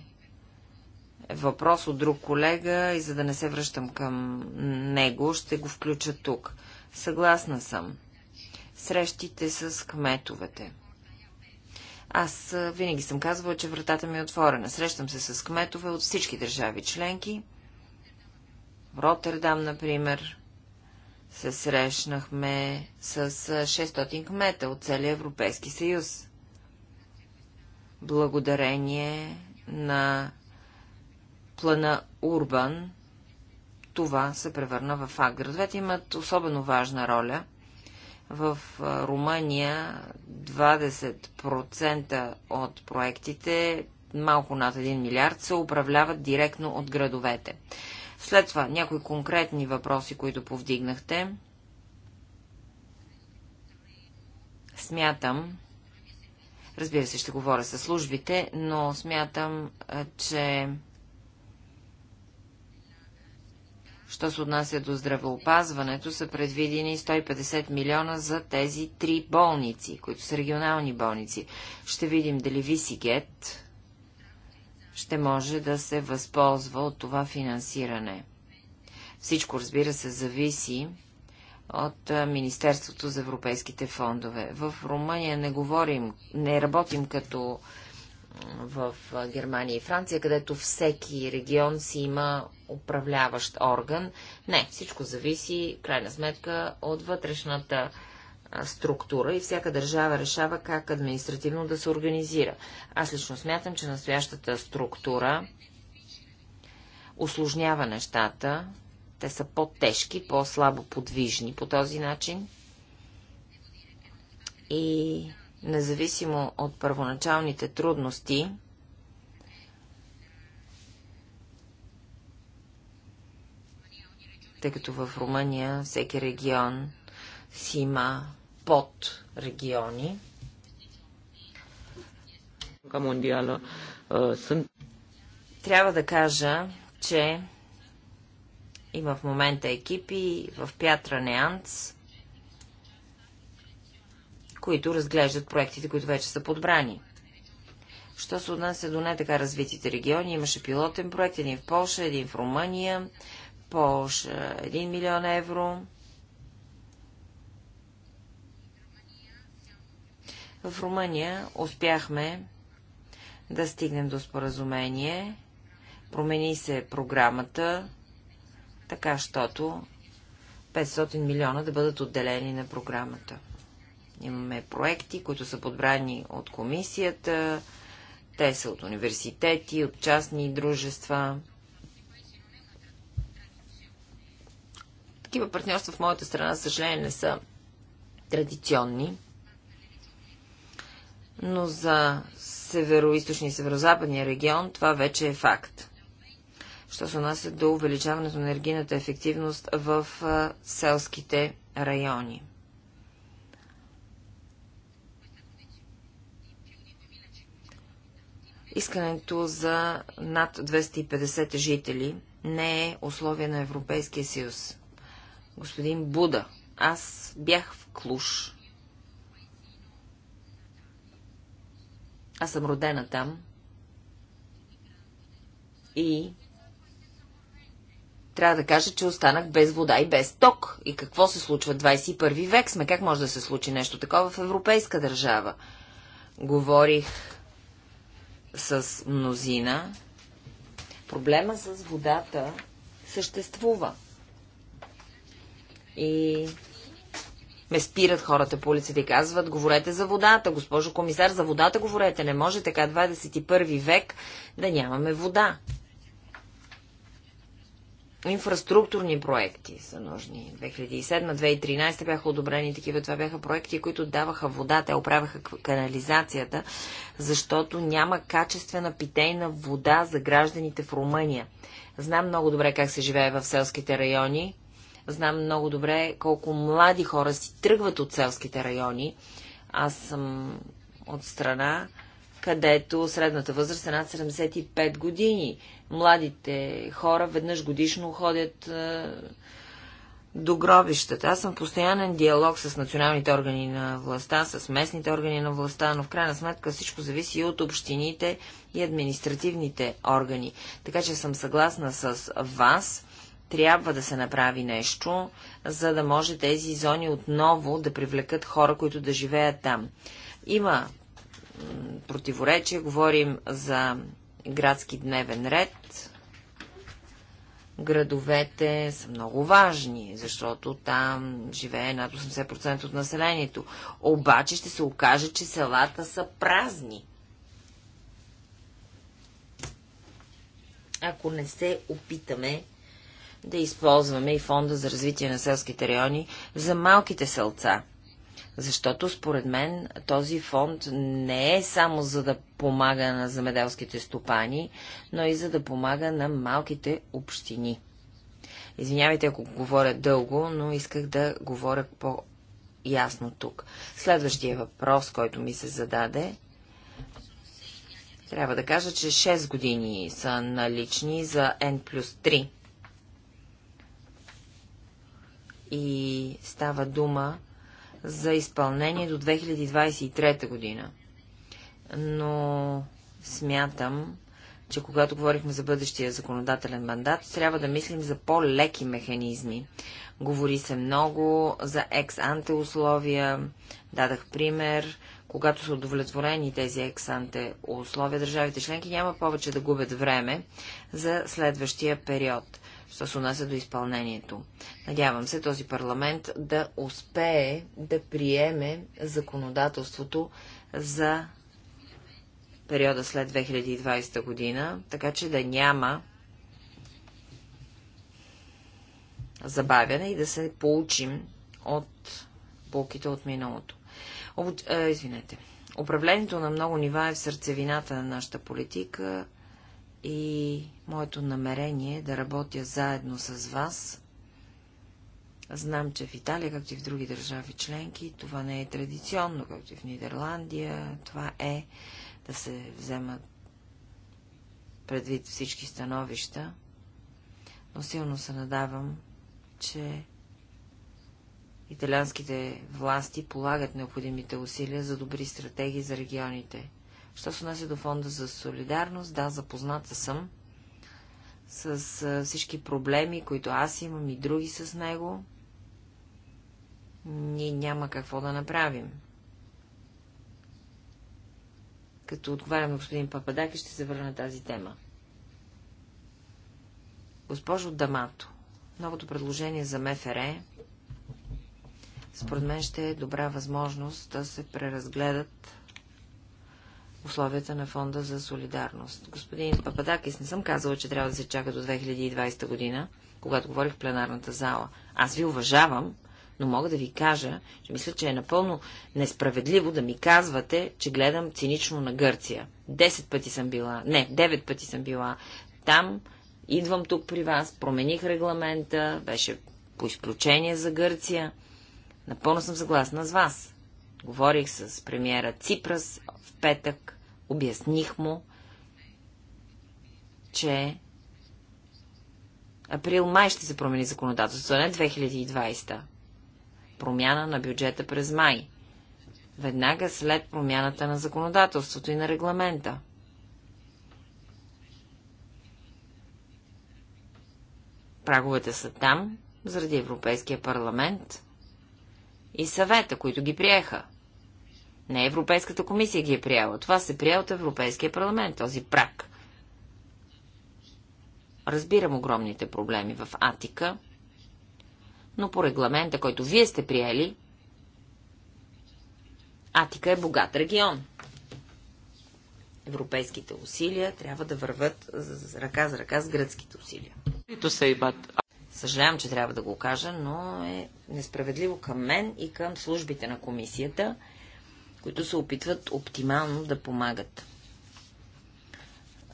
въпрос от друг колега и за да не се връщам към него, ще го включа тук. Съгласна съм срещите с кметовете. Аз винаги съм казвала, че вратата ми е отворена. Срещам се с кметове от всички държави членки. В Роттердам, например, се срещнахме с 600 кмета от целия Европейски съюз. Благодарение на плана Урбан, това се превърна в факт. Градовете имат особено важна роля в Румъния 20% от проектите, малко над 1 милиард, се управляват директно от градовете. След това някои конкретни въпроси, които повдигнахте. Смятам, разбира се, ще говоря с службите, но смятам, че Що се отнася до здравеопазването, са предвидени 150 милиона за тези три болници, които са регионални болници. Ще видим дали Висигет ще може да се възползва от това финансиране. Всичко, разбира се, зависи от Министерството за европейските фондове. В Румъния не говорим, не работим като в Германия и Франция, където всеки регион си има управляващ орган. Не, всичко зависи, крайна сметка, от вътрешната структура и всяка държава решава как административно да се организира. Аз лично смятам, че настоящата структура осложнява нещата. Те са по-тежки, по-слабо подвижни по този начин. И независимо от първоначалните трудности, тъй като в Румъния всеки регион си има под региони. Трябва да кажа, че има в момента екипи в Пятра Неанц, които разглеждат проектите, които вече са подбрани. Що се отнася до не така развитите региони, имаше пилотен проект, един в Польша, един в Румъния, Полша 1 милион евро. В Румъния успяхме да стигнем до споразумение. Промени се програмата, така, щото 500 милиона да бъдат отделени на програмата. Имаме проекти, които са подбрани от комисията, те са от университети, от частни дружества. Такива партньорства в моята страна, съжаление, не са традиционни, но за северо-источния и северо-западния регион това вече е факт. Що се отнася до увеличаването на енергийната ефективност в селските райони. Искането за над 250 жители не е условие на Европейския съюз господин Буда. Аз бях в Клуш. Аз съм родена там. И трябва да кажа, че останах без вода и без ток. И какво се случва? 21 век сме. Как може да се случи нещо такова в европейска държава? Говорих с мнозина. Проблема с водата съществува. И ме спират хората по улицата и казват, говорете за водата, госпожо комисар, за водата говорете. Не може така 21 век да нямаме вода. Инфраструктурни проекти са нужни. 2007-2013 бяха одобрени такива. Това бяха проекти, които даваха вода. Те оправяха канализацията, защото няма качествена питейна вода за гражданите в Румъния. Знам много добре как се живее в селските райони Знам много добре колко млади хора си тръгват от селските райони. Аз съм от страна, където средната възраст е над 75 години. Младите хора веднъж годишно ходят е, до гробищата. Аз съм постоянен диалог с националните органи на властта, с местните органи на властта, но в крайна сметка всичко зависи и от общините и административните органи. Така че съм съгласна с вас трябва да се направи нещо, за да може тези зони отново да привлекат хора, които да живеят там. Има противоречие, говорим за градски дневен ред. Градовете са много важни, защото там живее над 80% от населението. Обаче ще се окаже, че селата са празни. Ако не се опитаме да използваме и фонда за развитие на селските райони за малките селца. Защото според мен този фонд не е само за да помага на замеделските стопани, но и за да помага на малките общини. Извинявайте, ако говоря дълго, но исках да говоря по-ясно тук. Следващия въпрос, който ми се зададе, трябва да кажа, че 6 години са налични за N плюс 3 и става дума за изпълнение до 2023 година. Но смятам, че когато говорихме за бъдещия законодателен мандат, трябва да мислим за по-леки механизми. Говори се много за екс-анте условия. Дадах пример. Когато са удовлетворени тези ексанте условия, държавите членки няма повече да губят време за следващия период що се отнася до изпълнението. Надявам се този парламент да успее да приеме законодателството за периода след 2020 година, така че да няма забавяне и да се получим от полките от миналото. Обо... Извинете. Управлението на много нива е в сърцевината на нашата политика и моето намерение е да работя заедно с вас. Знам, че в Италия, както и в други държави членки, това не е традиционно, както и в Нидерландия. Това е да се вземат предвид всички становища, но силно се надавам, че италианските власти полагат необходимите усилия за добри стратегии за регионите. Що се отнася до фонда за солидарност, да, запозната съм с всички проблеми, които аз имам и други с него. Ние няма какво да направим. Като отговарям на господин Пападаки, ще се върна тази тема. Госпожо Дамато, новото предложение за МФР според мен ще е добра възможност да се преразгледат условията на Фонда за солидарност. Господин Пападакис, не съм казала, че трябва да се чака до 2020 година, когато говорих в пленарната зала. Аз ви уважавам, но мога да ви кажа, че мисля, че е напълно несправедливо да ми казвате, че гледам цинично на Гърция. Десет пъти съм била, не, девет пъти съм била там, идвам тук при вас, промених регламента, беше по изключение за Гърция. Напълно съм съгласна с вас. Говорих с премиера Ципрас петък. Обясних му, че април-май ще се промени законодателството, не 2020. Промяна на бюджета през май. Веднага след промяната на законодателството и на регламента. Праговете са там, заради Европейския парламент и съвета, които ги приеха. Не Европейската комисия ги е приела. Това се прие от Европейския парламент, този прак. Разбирам огромните проблеми в Атика, но по регламента, който вие сте приели, Атика е богат регион. Европейските усилия трябва да върват ръка за ръка с гръцките усилия. Съжалявам, че трябва да го кажа, но е несправедливо към мен и към службите на комисията – които се опитват оптимално да помагат.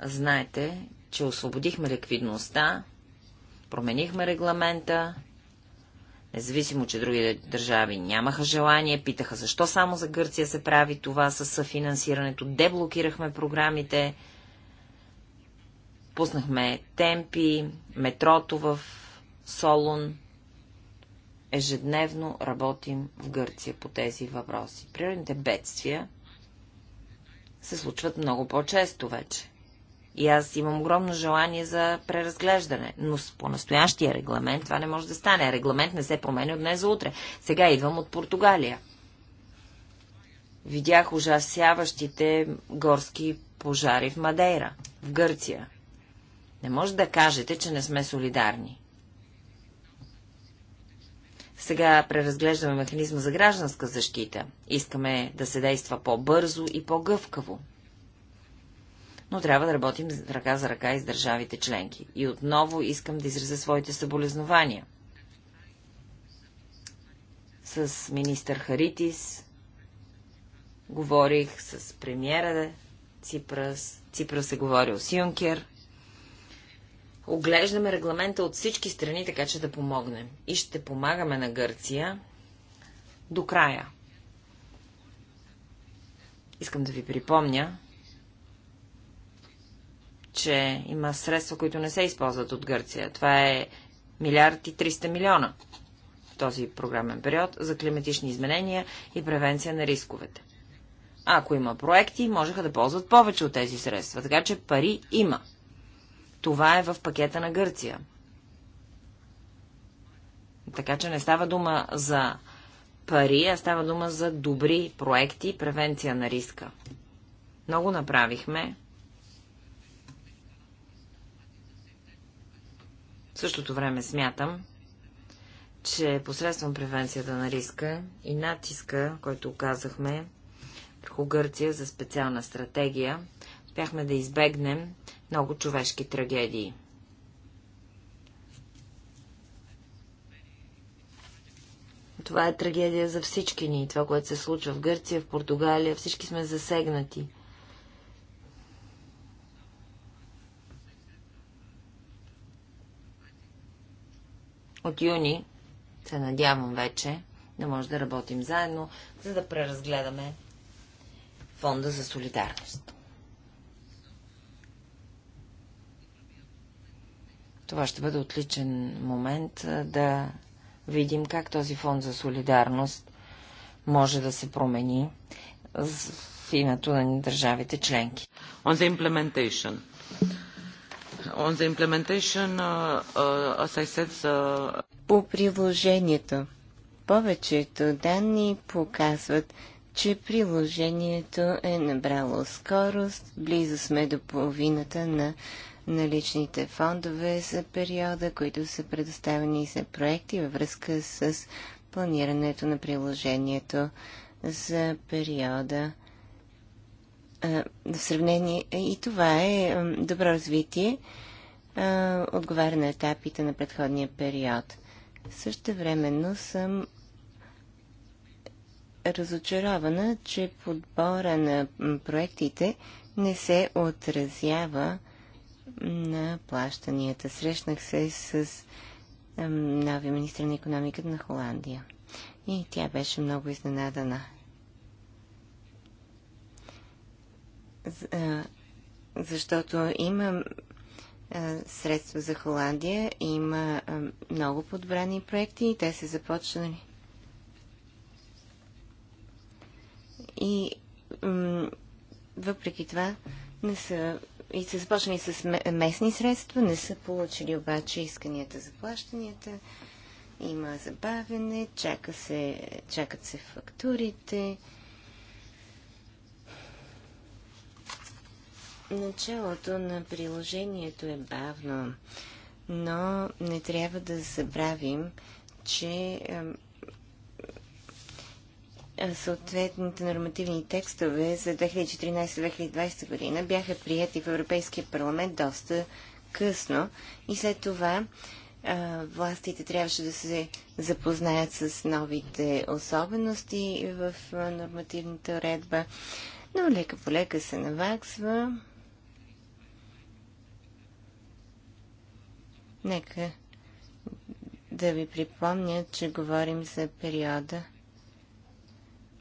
Знаете, че освободихме ликвидността, променихме регламента, независимо, че други държави нямаха желание, питаха защо само за Гърция се прави това с съфинансирането, деблокирахме програмите, пуснахме темпи, метрото в Солун, Ежедневно работим в Гърция по тези въпроси. Природните бедствия се случват много по-често вече. И аз имам огромно желание за преразглеждане. Но по настоящия регламент това не може да стане. Регламент не се променя от днес за утре. Сега идвам от Португалия. Видях ужасяващите горски пожари в Мадейра, в Гърция. Не може да кажете, че не сме солидарни. Сега преразглеждаме механизма за гражданска защита. Искаме да се действа по-бързо и по-гъвкаво. Но трябва да работим ръка за ръка и с държавите членки. И отново искам да изразя своите съболезнования. С министър Харитис говорих, с премиера Ципрас. Ципрас е говорил с Юнкер оглеждаме регламента от всички страни, така че да помогнем. И ще помагаме на Гърция до края. Искам да ви припомня, че има средства, които не се използват от Гърция. Това е милиард и 300 милиона в този програмен период за климатични изменения и превенция на рисковете. А ако има проекти, можеха да ползват повече от тези средства, така че пари има. Това е в пакета на Гърция. Така че не става дума за пари, а става дума за добри проекти, превенция на риска. Много направихме. В същото време смятам, че посредством превенцията на риска и натиска, който оказахме върху Гърция за специална стратегия, успяхме да избегнем много човешки трагедии. Това е трагедия за всички ни. Това, което се случва в Гърция, в Португалия, всички сме засегнати. От юни се надявам вече да може да работим заедно, за да преразгледаме фонда за солидарност. Това ще бъде отличен момент да видим как този фонд за солидарност може да се промени в името на държавите членки. On the implementation. On the implementation, uh, uh, as I said, По приложението. Повечето данни показват, че приложението е набрало скорост. Близо сме до половината на наличните фондове за периода, които са предоставени за проекти във връзка с планирането на приложението за периода в сравнение. И това е добро развитие, отговаря на етапите на предходния период. Също времено съм разочарована, че подбора на проектите не се отразява на плащанията. Срещнах се с новия министр на економиката на Холандия. И тя беше много изненадана. Защото има средства за Холандия, има много подбрани проекти и те са започнали. И въпреки това не са и са започнали с местни средства, не са получили обаче исканията за плащанията. Има забавене, чака се, чакат се фактурите. Началото на приложението е бавно, но не трябва да забравим, че съответните нормативни текстове за 2014-2020 година бяха прияти в Европейския парламент доста късно и след това а, властите трябваше да се запознаят с новите особености в нормативната уредба, но лека по лека се наваксва. Нека да ви припомня, че говорим за периода 2014-2020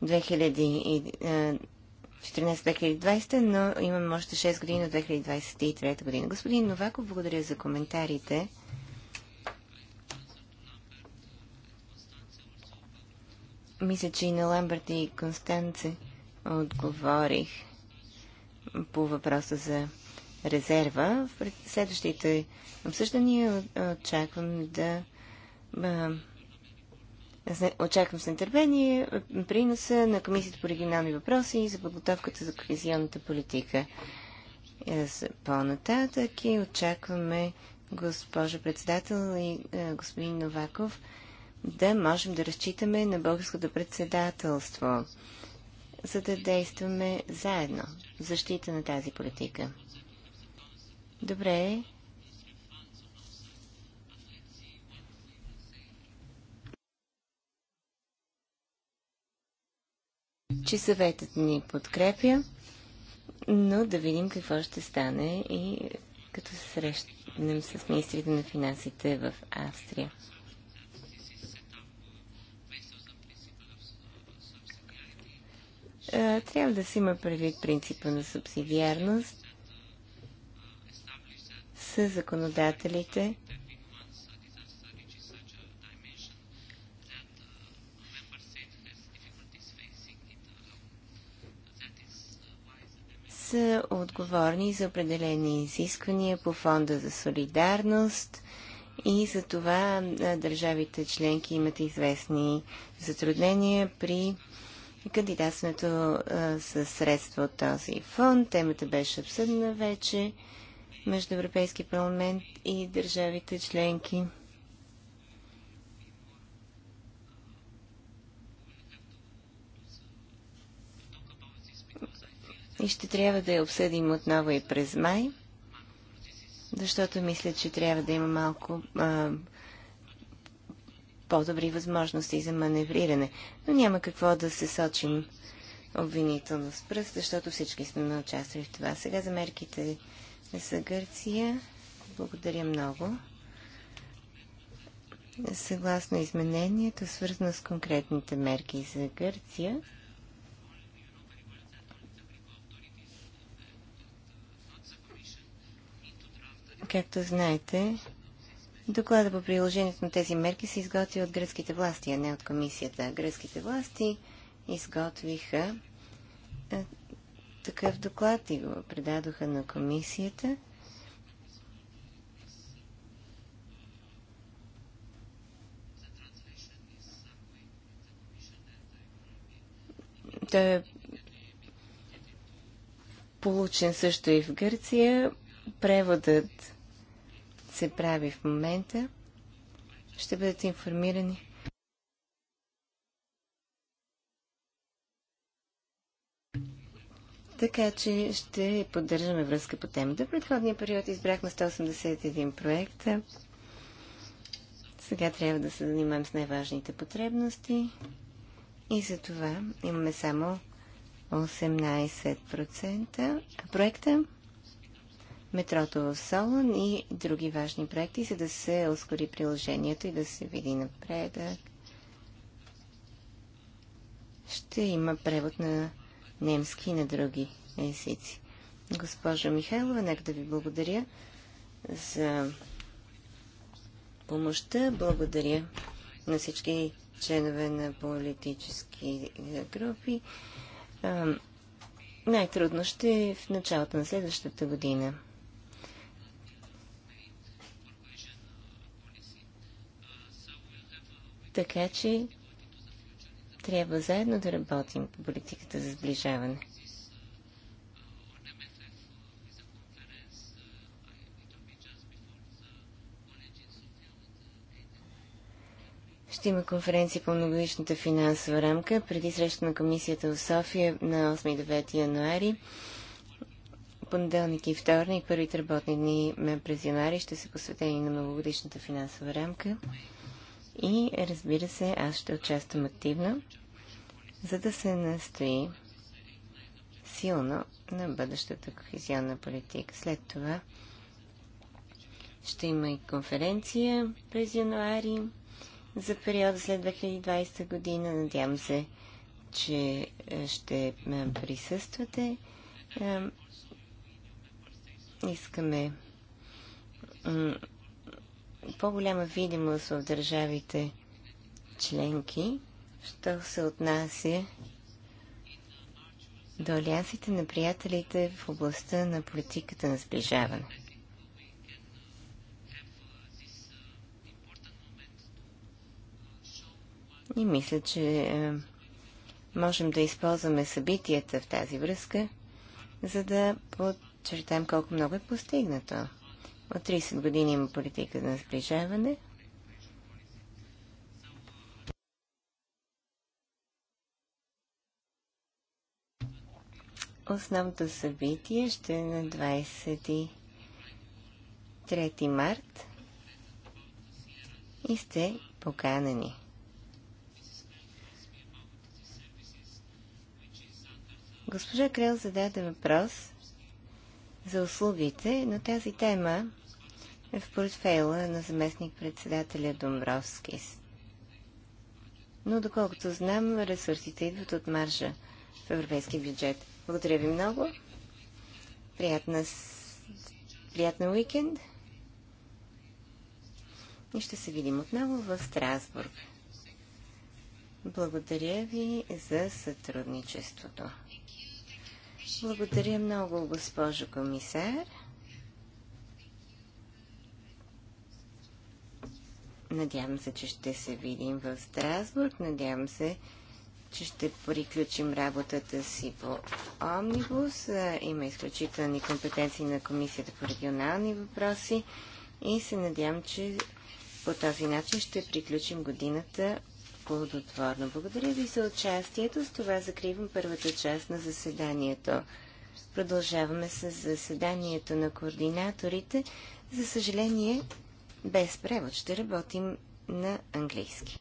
2014-2020, е, но имаме още 6 години от 2023 година. Господин Новаков, благодаря за коментарите. Мисля, че и на Ламбърт и Констанце отговорих по въпроса за резерва. В следващите обсъждания очаквам да Очаквам с нетърпение приноса на Комисията по регионални въпроси и за подготовката за кохезионната политика. Е, по-нататък и очакваме госпожо председател и е, господин Новаков да можем да разчитаме на българското председателство, за да действаме заедно в защита на тази политика. Добре, че съветът ни подкрепя, но да видим какво ще стане и като се срещнем с министрите на финансите в Австрия. Трябва да се има предвид принципа на субсидиарност с законодателите са отговорни за определени изисквания по Фонда за солидарност и за това държавите членки имат известни затруднения при кандидатстването със средства от този фонд. Темата беше обсъдена вече между Европейски парламент и държавите членки. и ще трябва да я обсъдим отново и през май, защото мисля, че трябва да има малко по-добри възможности за маневриране. Но няма какво да се сочим обвинително с пръст, защото всички сме участвали в това. Сега за мерките за Гърция. Благодаря много. Съгласно изменението, свързано с конкретните мерки за Гърция, Както знаете, доклада по приложението на тези мерки се изготви от гръцките власти, а не от комисията. Гръцките власти изготвиха такъв доклад и го предадоха на комисията. Той е получен също и в Гърция. Преводът се прави в момента. Ще бъдете информирани. Така че ще поддържаме връзка по темата. В предходния период избрахме 181 проекта. Сега трябва да се занимаем с най-важните потребности и за това имаме само 18% проекта метрото в Солон и други важни проекти, за да се ускори приложението и да се види напредък. Ще има превод на немски и на други езици. Госпожа Михайлова, нека да ви благодаря за помощта. Благодаря на всички членове на политически групи. Най-трудно ще е в началото на следващата година. Така че трябва заедно да работим по политиката за сближаване. Ще има конференция по многогодишната финансова рамка преди среща на комисията в София на 8 и 9 януари. Понеделник и вторник, първите работни дни през януари ще се посветени на многогодишната финансова рамка. И разбира се, аз ще участвам активно, за да се настои силно на бъдещата кохезионна политика. След това ще има и конференция през януари за периода след 2020 година. Надявам се, че е, ще е, присъствате. Е, искаме по-голяма видимост в държавите членки, що се отнася до алиансите на приятелите в областта на политиката на сближаване. И мисля, че е, можем да използваме събитията в тази връзка, за да подчертаем колко много е постигнато. От 30 години има политика на сближаване. Основното събитие ще е на 23 март и сте поканени. Госпожа Крел зададе въпрос за услугите, но тази тема е в портфейла на заместник-председателя Домбровски. Но доколкото знам, ресурсите идват от маржа в европейския бюджет. Благодаря ви много. Приятна, приятна уикенд. И ще се видим отново в Страсбург. Благодаря ви за сътрудничеството. Благодаря много, госпожо комисар. Надявам се, че ще се видим в Страсбург. Надявам се, че ще приключим работата си по Омнибус. Има изключителни компетенции на Комисията по регионални въпроси и се надявам, че по този начин ще приключим годината плодотворно. Благодаря ви за участието. С това закривам първата част на заседанието. Продължаваме с заседанието на координаторите. За съжаление, без превод ще работим на английски.